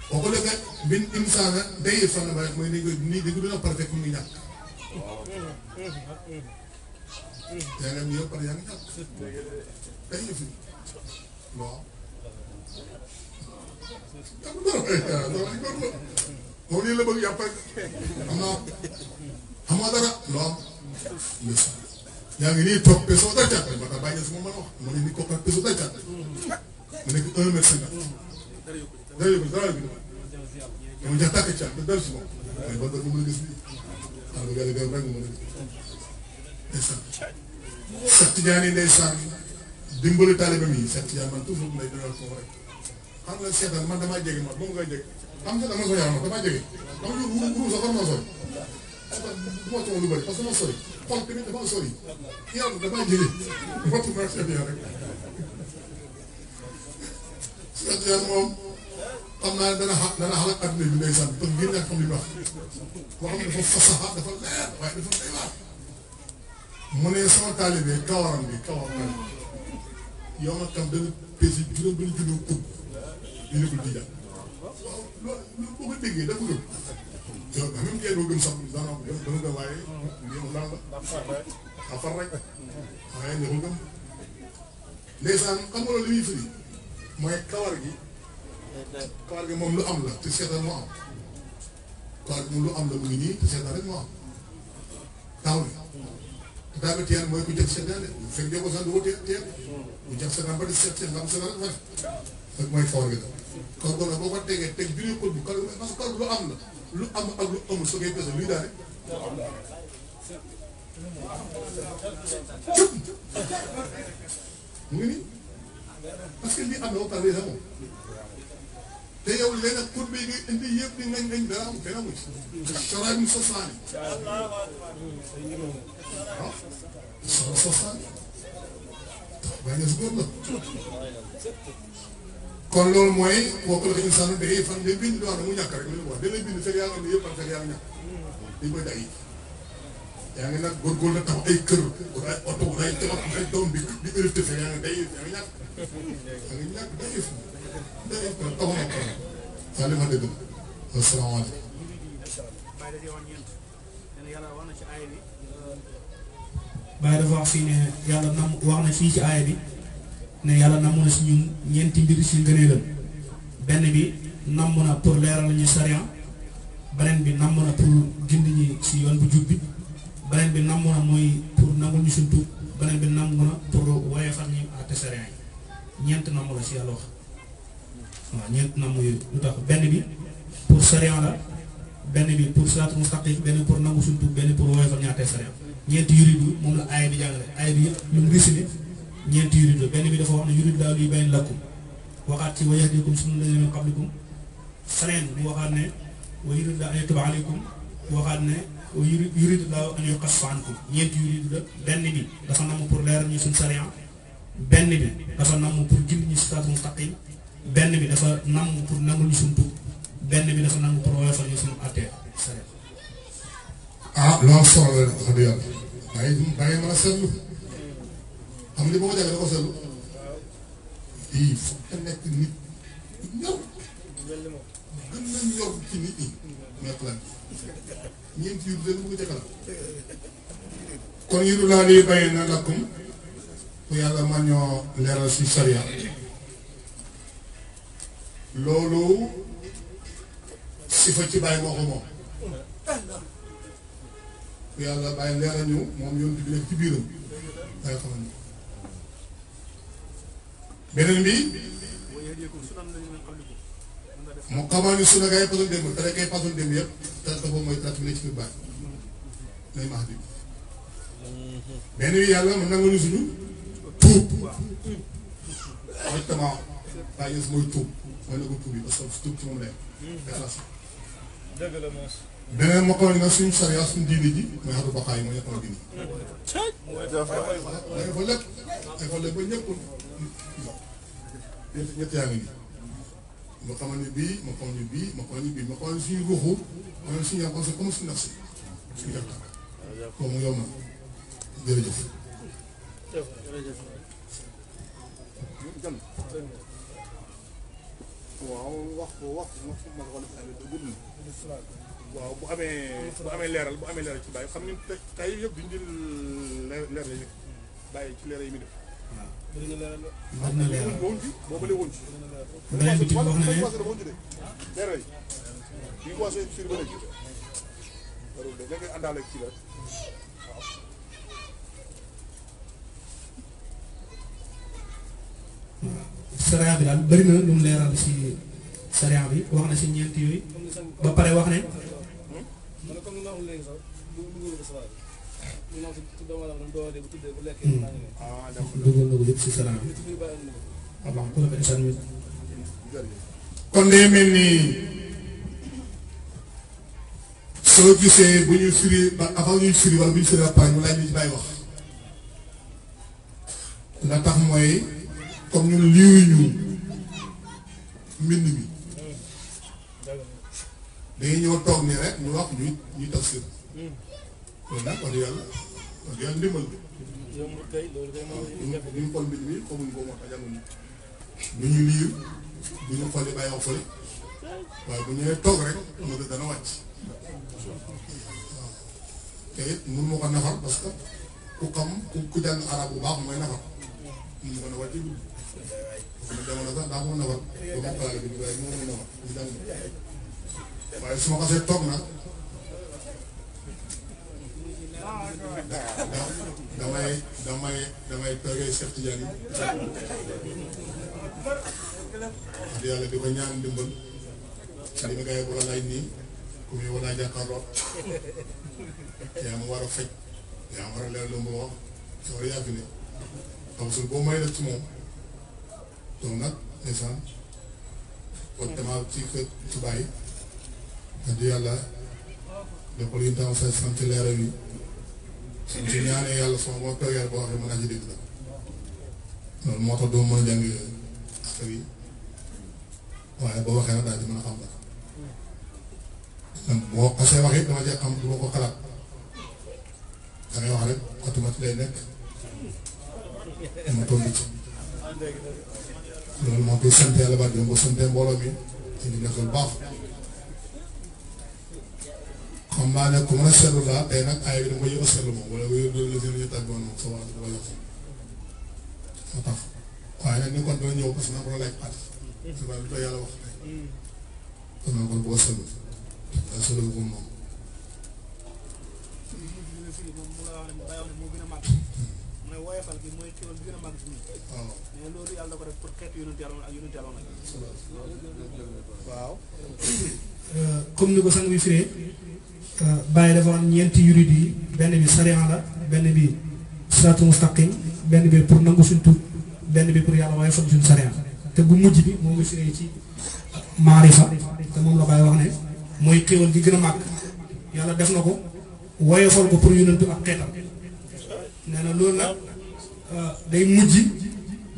boo ko defee bin insaan day yëf sax na ba rek mooy nii nii dañu doon parfait comme ni ñàkk yaa ngi am yëpp pare yaa ngi ñàkk day yëf waaw moom nii la bëgg yàpp rek am naa amoo dara loo am yaa ngi nii toog peso day càtte ba tax bàyyi na su ma mën a wax ma ne nii kooku ak peso day càtte mu nekk un mètre cinquante dara yóbbu dara yóbbu dama jax tàkk ci am dara si moom waaye ba dara mu mën a gis nii waaw ba gàllankoor rek mu mën a gis ndeysaan Cheikh Tidiane ndeysaan dimbali taalibe mi Cheikh Tidiane man toujours mu lay doyal foofu rek xam na seetaan man damaa jege man moom ngay nga dama sooy yaram damaa jege yaram damaa jege mbokk naa seet yaa rek moom xam naa dana xa dana xalaat adduna bi ndeysaan parce que ngeen ñàkk xam li baax boo mu ne sama taalibe kawaram bi kawaram yow nag tam dana peese juróom benn junni ñu nekkul tijaan loo loo boo ko déggee dafa gëm yow même kii doo gëm sax daanaka ko def dama gëm la waaye loolu li gi gi moom lu am la te seetaan moo am kawar gi moom lu am la mu ngi nii te rek moo am taaw li te daa mooy ku jag seetaan ba di seet seet lam seetaan rek mooy kawar gi kon kon nag ko tegee teg biir code bi calcul parce que lu am na lu am ak lu amul soo koy pesee luy daane. cëpp mu ngi nii parce que lii am na ba pare sax moom te yow leneen code bi ngay indi yëpp di ngañ ngañ dara am kenn amu ci. coraay bi sos naa ne ah sos naa ne waaye nag góor kon loolu mooy kooku la ko insaanu day fan day bind doon wax da lay ngi nag góorgóorlu nag bi di ërëfte fekk yaa ngi day yaa ngi yaa ngi ñàkk day yëf day yëf dafa wax fii ne yàlla nam wax na fii ci aaya bi ne yàlla namm na si ñun ñeenti mbir si ngëneelam benn bi namm na pour leeral ñu sariyan bi namm na yoon bu jub bi beneen bi na mooy pour nangul ñu suñ tuub beneen bi na pour woyefal ñu àtte benn bi pour sariyan la benn bi pour nangu suñ tuub benn pour la aaya bi jàngale aaya bi yëpp ñeenti yurid benn bi dafa wax ne yurid laa luy bayn lakkum waxaat ci wa yahdikum sunu lazina min qablikum feneen mu waxaat ne wa an yatuba aleykum waxaat ne wa yurid laa an yuqasfa benn bi dafa namm pour leeral ñu suñ sariya benn bi dafa namm pour gindi benn bi dafa namm pour nangul ñu suñ tuub benn bi dafa nangu pour woyofal ñu suñu àttee ah xam nga li ko jàngee da ko seetlu lii foog nekk nit ñëw gën na ñor ci nit ñi mais plan ñeenti yu bëri mu ko jëkkëral. kon yu dul naa lii béy na lakkum ku yàlla ma ñoo leeral si sariya loolu si fa ci bàyyi moo ko moom ku yàlla bàyyi leeral ñu moom yoon bi nekk ci biiram day xamal beneen bi mu xamal ni suna gaay pasul démb tere kay pasul démb yëpp traite boobu mooy traite bi ne ci biir baat nay max bi benn bi yàlla na nangu ni suñu tuub mooy tamaa bàyyi yës mooy tuub mooy nangu tuub yi parce que tuub ci moom diini ji mooy xaru baqaay mooy ñett ma diini danga lekk danga fa lekk ba ñëpp ñett ñett yaa ngi nii ma xamal ni bii ma xamal ni bii ma xamal ni bii ma xamal ni suñu goxu ma ne suñu yàqoon sa comme suñu suñu yàq waaw wax ko gudd bu amee bu amee leeral bu amee leeral ci bàyyi xam ne tey yëpp duñ di leer bàyyi ci leeral yi muy def war na leeral beneen bi wax daal bëri na leeral si sariya bi wax na si ñeent yooyu ba pare wax ne hmm? ah donc dugal mel ni soo gisee bu ñuy firi ba avant ñuy firi wala bu ñu firi pare ñu laaj ñu ci wax. la tax mooy comme ñun liiwuñu mbind mi dañuy ñëw toog nii rek ñu wax ñuy ñuy tafsir ndax wax dëgg yàlla parce que yàlla ndimbal bi. yombul kay loolu kay moom ñu ñu xool mbind mi xamuñ ko moo tax jànguñu du ñu liir du ñu xolli bàyyi wax fële waaye bu ñëwee toog rek moo gën dana wàcc waaw te it mun ma ko nafar parce que ku xam ku ku jàng arab bu baax mooy nafar mun ma ko nafar ci dugub parce que jamono sax daa moo nafar ba mu xalaat bi waaye moo mun nafar ñu jàng waaye su ma xasee toog nag damay damay damay toogee Cheikh Tidiane di yàlla di ñaan dimbal li ma gaay bu la laaj nii ku muy war a jàkkaarloo yaa ma war a faj yaa ma war a leer lu mu wax yaa war a yàgg ne parce may def ci moom donc nag ndeysaan kon damaa ci kër Tuubaa yi di yàlla def ko li ñu daan fay sant yi su ñaanee yàlla sama boo période boo xam ne mën naa ci dégg la loolu moo tax doo mën a jàng affaire yi waaye boo waxee nag daal di mën a xam dara donc boo xasee wax it dama cee xam du ma ko xalaat da ngay wax rek automatique lay nekk dama toll ci loolu moo koy sant yàlla baal di ko te ñu nekk lu baax. xam naa ne ku mën a seetlu laa tey nag ay bi dama yëg a seetlu moom wala wala wala jërëjëf ñu tàggoon moom sa wàll wala sa moo tax waaye nag ni kon wax tey. kon nag kon mooy xéwal yàlla ko pour xeetu yonent yàlla nag. waaw. comme ni ko sang bi firee. Euh, bàyyi dafa am ñeenti yurid yi benn bi sariya la benn bi siraatul mustaqim benn bi pour nangu suñ tuub benn bi pour yàlla waaye fam suñ sariya te bu mujj bi moo ngi firee ci maarifa te moom la bàyyi wax ne mooy xéewal gi gën a màgg yàlla def na ko woyofal ko pour yonentu ak xeetam nee na loolu nag euh, day mujj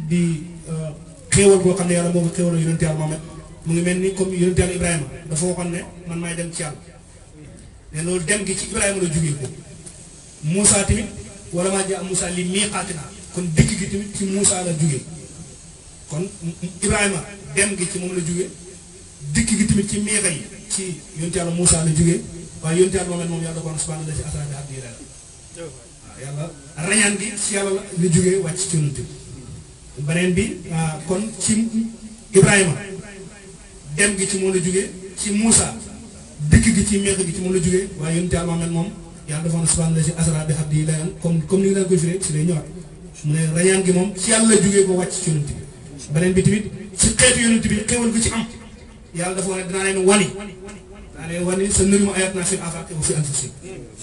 di euh, xéewal boo xam ne yàlla moo ko xéewal yonentu yàlla Muhammad mu ngi mel ni comme yonentu yàlla Ibrahima dafa waxoon ne man maay dem ci yàlla ne loolu dem gi ci Ibrahima la jógee ko Moussa tamit wala maa jaa Moussa li miiqaatina kon dikk gi tamit ci Moussa la jógee kon Ibrahima dem gi ci moom la jógee dikk gi tamit ci miiqa ci yonte yàlla Moussa la jógee waaye yonte yàlla Muhammad moom yàlla ko bi abdihi ci yàlla la jógee ci yonent bi ah, kon ci Ibrahima dem gi ci moom la jógee ci Moussa dëkk gi ci meex gi ci moom la jógee waaye yonent yàlla mel moom yàlla dafa na subhaana la ci asra bi abdi layan comme comme ni nga daan koy firee si lay ñëwaat mu ne rañaan gi moom ci yàlla jógee ko wàcc ci yonent bi beneen bi tamit ci xeetu yonent bi xéwal ko ci am yàlla dafa ne dinaa leen wani dinaa leen wani sa nërimu ayat naa seen affaire ko fi anfusi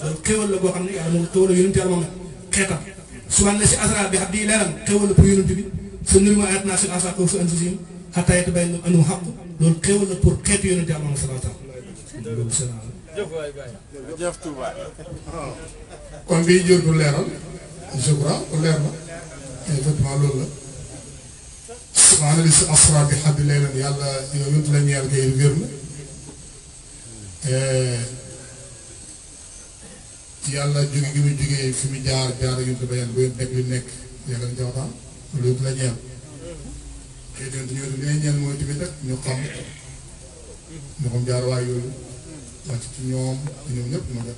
loolu xéwal la boo xam ne yàlla moom xéwal la yonent yàlla Muhammad xeetam subhaana la si asra bi abdi layan xéwal la pour yonent bi sa nërimu ayat naa seen affaire ko fi anfusihim xataa yatabayyana lahum annahu xaq loolu xéwal la pour xeetu yonent yàlla Muhammad salaatu loolu sonal kon bii jur du leeral je crois kon leer na effectivement loolu la subhaana li si asra bi xaddi laylan yàlla yow it la ñeel kay yàlla jóge gi mu jógee fi mu jaar jaar yu ba yan bu nekk yu nekk yàlla na jawataan loolu it la ñeel xëy na ñoo ñu xam ñu jaar waay yooyu wàcc ci ñoom ñoom ñëpp mën hmm. ah, ah,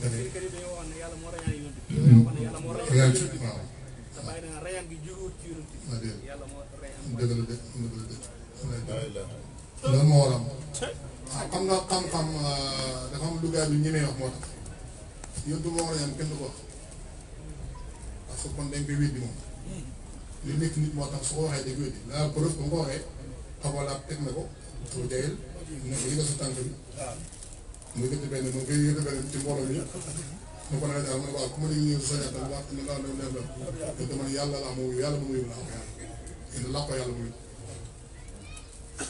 nga ah, lu gars yi ñemee wax hmm. li nekk nit moo tax su ko waxee dañ koy ko waxee xaw ma teg na ko. soo jegeel nekk yëgal sa tànk bi. mu yëkkati benn mu ngi yëkkati benn ci mbooloo mi mu ko nawet daal mu ne waaw ku ma dañuy ñëw sa ñaata mu wax ne laa doon def la te man yàlla laa moom yàlla moom yóbbu laa ko yàlla yéen laa ko yàlla moom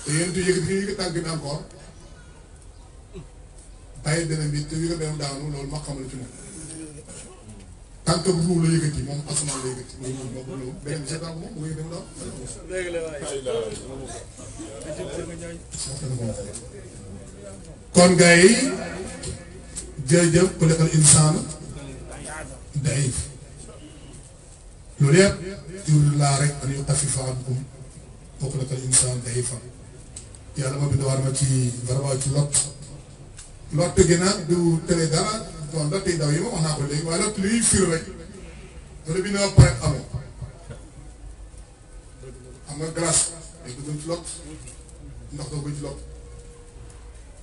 te yéen it yëkkati nga yëkkati tànk bi encore bàyyi beneen bi te yëkkati beneen daanu loolu ma xamal ci moom tànk bu ruur la yëkkati moom asamaan la yëkkati moom moom moom loolu beneen seetaan moom mu yëkkati mu daal. kon gars yi jërëjëf ku nekkal insaan daif loolu yëpp jur laa rek an yuxafifa ankum wa xuliqa al-insaan da'iifan yàlla ma bind waar ma ci vraiment ci lot lot gi nag du tere dara bon lot yi daw yi ma naa ko léegi waaye lot luy firi rek loolu bi ne pare am nga glace day dugg lot ndox doo ci lot.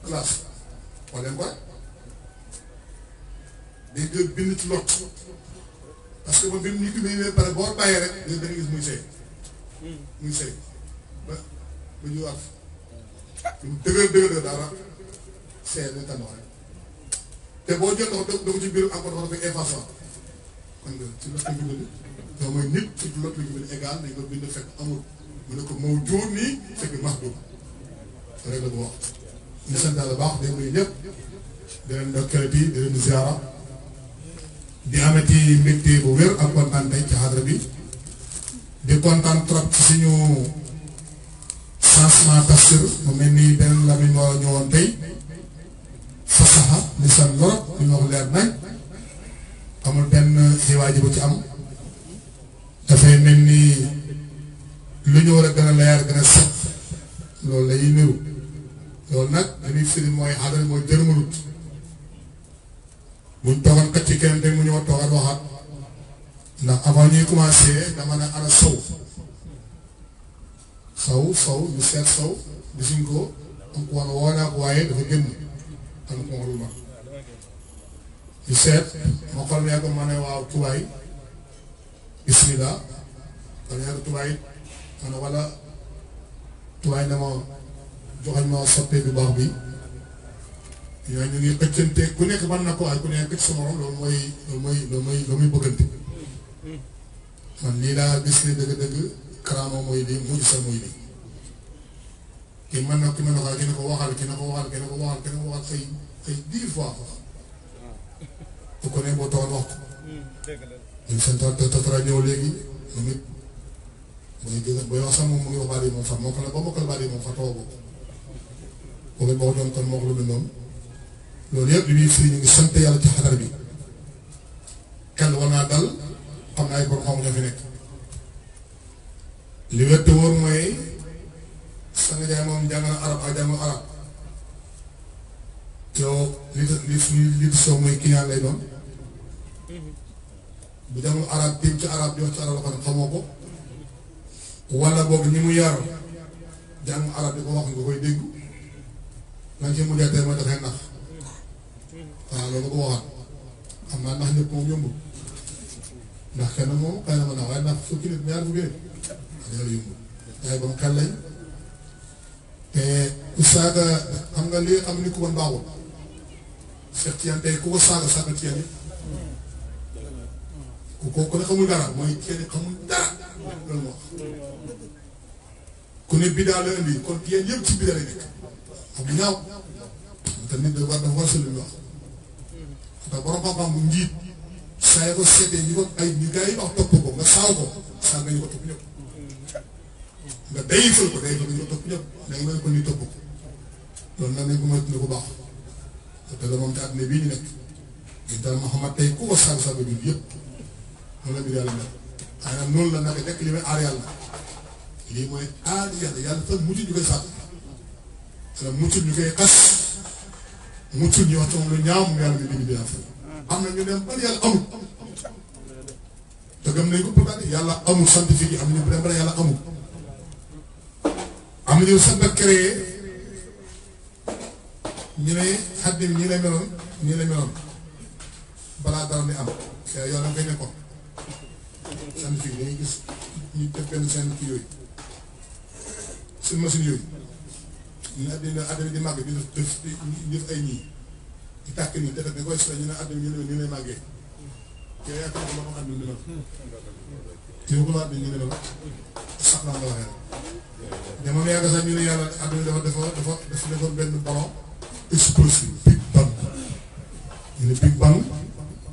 classe wax leen ko dañ bind ci lot parce que moom bi mu ñu ko bindee pare boo bàyyee rek da nga muy sëy muy sëy ba mu dëgër ci biir encore dafa nga ci lot nii fekk max rek la bu wax di sant yàlla baax di nuyu ñëpp di leen ndokkeelati di leen ziara di amati mbégte bu wér ak kontaan tey ci xadra bi di kontaan trop ci suñu changement pasteur mu mel ni benn la ñu war a ñëwoon tey ci am dafay mel ni lu ñu war a gën a leer gën a loolu lay niru. loolu nag dañuy sëriñ mooy xadal mooy jërmalut buñ toogal xëcc kenn te mu ñëw toogal waxaat ndax avant ñuy commencé dama ne ana sow sow sow ñu seet sow gisuñ ko am ko woon woo naa ko waaye dafa génn am ko waxul ma ñu seet ma xool ne ko ma waaw tubaay bismillah kon ne ko tubaay ma ne wala tubaay ne joxal ma soppe bu baax bi yooyu ñu ngi xëccante ku nekk mën na ko ay ku nekk xëcc sa morom loolu mooy loolu mooy loolu mooy loolu mooy bëggante man lii laa gis ne dëgg-dëgg karaama mooy lii mujj sa mooy lii ki mën na ki mën na ko ki ne ko waxal ki ne ko waxal ki ne ko waxal ki ne ko waxal ay ay dix fois wax bu ko nee boo toog wax ko ñun seen tatara ñëw léegi mu ngi mooy gën booy wax sax moom mu ngi wax baal yi moom far mokkal ba mokkal baal yi moom far tawa bokk moom it ma waxoon kon ma wax lu noonu loolu yëpp bi fii ñu ngi sant yàlla ci xadar bi kenn war naa dal xam naa ay borom xam ñoo fi nekk li wér te wóor mooy sanga jaay moom jàng na arab ak jàngu arab yow li li suñu li soo mooy client lay doon bu jàngul arab dem ci arab di wax ci arab la xam xamoo ko wala boobu ñi mu yar jàngu arab di ko wax nga koy dégg lan ci mujjee tey mooy dafay nax waaw loolu ko waxaat xam naa nax ñëpp moom yombul ndax kenn moom xëy na ma nax waaye nax fukki mu xel lañ te ku saaga xam ku ko saaga saaga Tidiane yi ku ko ku ne xamul dara mooy Tidiane xamul dara ku ne bidaa la indi kon Tidiane yëpp ci bidaa la nekk am ñaaw te nit da war dafa war sëli wax ndax borom xam-xam bu njiit saa yoo ko seetee ñu ko ay ñu gars la moom te àddina bii ñu nekk gis daal Mouhamad tey ku ko saag saag a dund yëpp noonu la mbir yàlla mel li may aar yàlla lii mooy aar yàlla yàlla fan mucc ñu koy sàkk wala mucc ñu koy xas mu tudd ñu wax ci lu ñaaw mu yàlla di bi affaire ah. am na ñu dem ban yàlla amul te gëm nañ ko pourtant yàlla amul am nañu dem ba yàlla amul. am nañu sant ak créé ñu ne xaddim ñii la meloon ñii la meloon balaa dara ni am yàlla nga nekkoon scientifique dañuy gis ñu def seen kii yooyu seen machine yooyu. na dina àddina di màgg di def def ay ñii di tàkk nii te da koy sa ñu ne àddina ñu ne nii lay màggee te yaakaar naa ko àddina dina te bu ko àddina ñu ne la dafa dafa dafa dafa ballon explosive big bang ñu big bang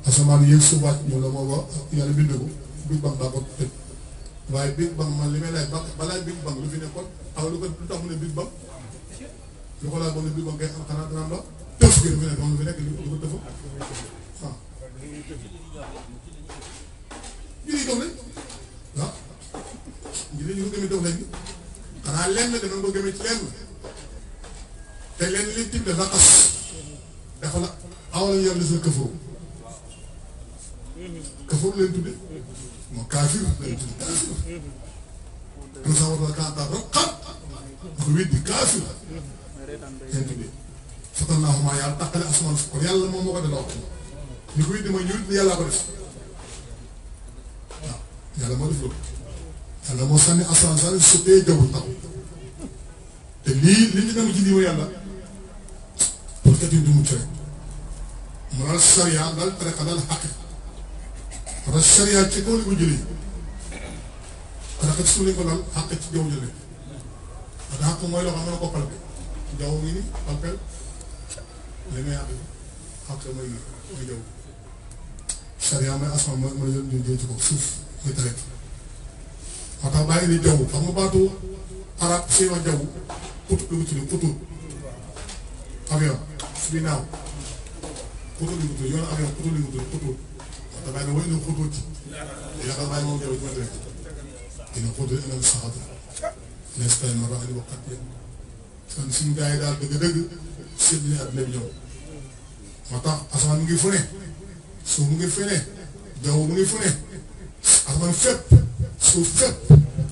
asamaan yëg su wàcc ñu la moo ko big bang daa ko tëj big bang man li may laaj big bang lu fi nekkoon aw lu ko tax ne big bang lu ko laal ba xanaa dana am la tëf gi fi nekk ko tëf waaw. julli dox nañ waaw julli ñu ko ci lenn te lenn li tib dafa xas dafa la aw la yor sa këfoo këfoo leen tudde moo kaafir leen tudde kaafir. am na war na kaa taal rek xam ko weddi kaafir. yent bi satal naa xumaa yàlla taqale asamaan su kon yàlla moom moo ko delloo ñu ko witti mooy ñu def waaw yàlla moo sànni asamaan sànni su dee jaww taw te lii li ñu dem ci diimu yàlla pour que du mucc rek mu daal sariya daal tariqa daal xaqi parce que sariya ci kaw li jëlee tariqa ci suuf lañ ko daal xaq ci ko jaww ngi ni appel li may am ak sama yi mooy jaww sariya may asamaan ma ma leen jël ci ko suuf muy traité moo tax bàyyi ni jaww xam nga baatu arab suy wax jaww utut lu ci lu utut avion suñuy naaw utut lu mu tudd yoonu avion utut lu mu tudd utut moo tax bàyyi ne wëy na utut yaakaar bàyyi moom jaww ji ma traité dina utut dina saxatu. kon suñu gars yi daal dëgg-dëgg séddale àdduna bi ñëw moo tax asamaan mu ngi fu ne suuf mu ngi fu ne jaww mu ngi fu ne asamaan fépp suuf fépp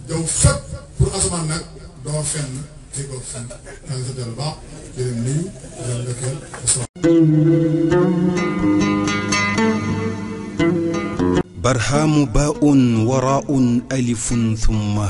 jaww fépp pour asamaan nag doo fenn te doo fenn naa sa dellu baax di leen nuyu di leen dëkkeel barhamu baun waraun alifun thumma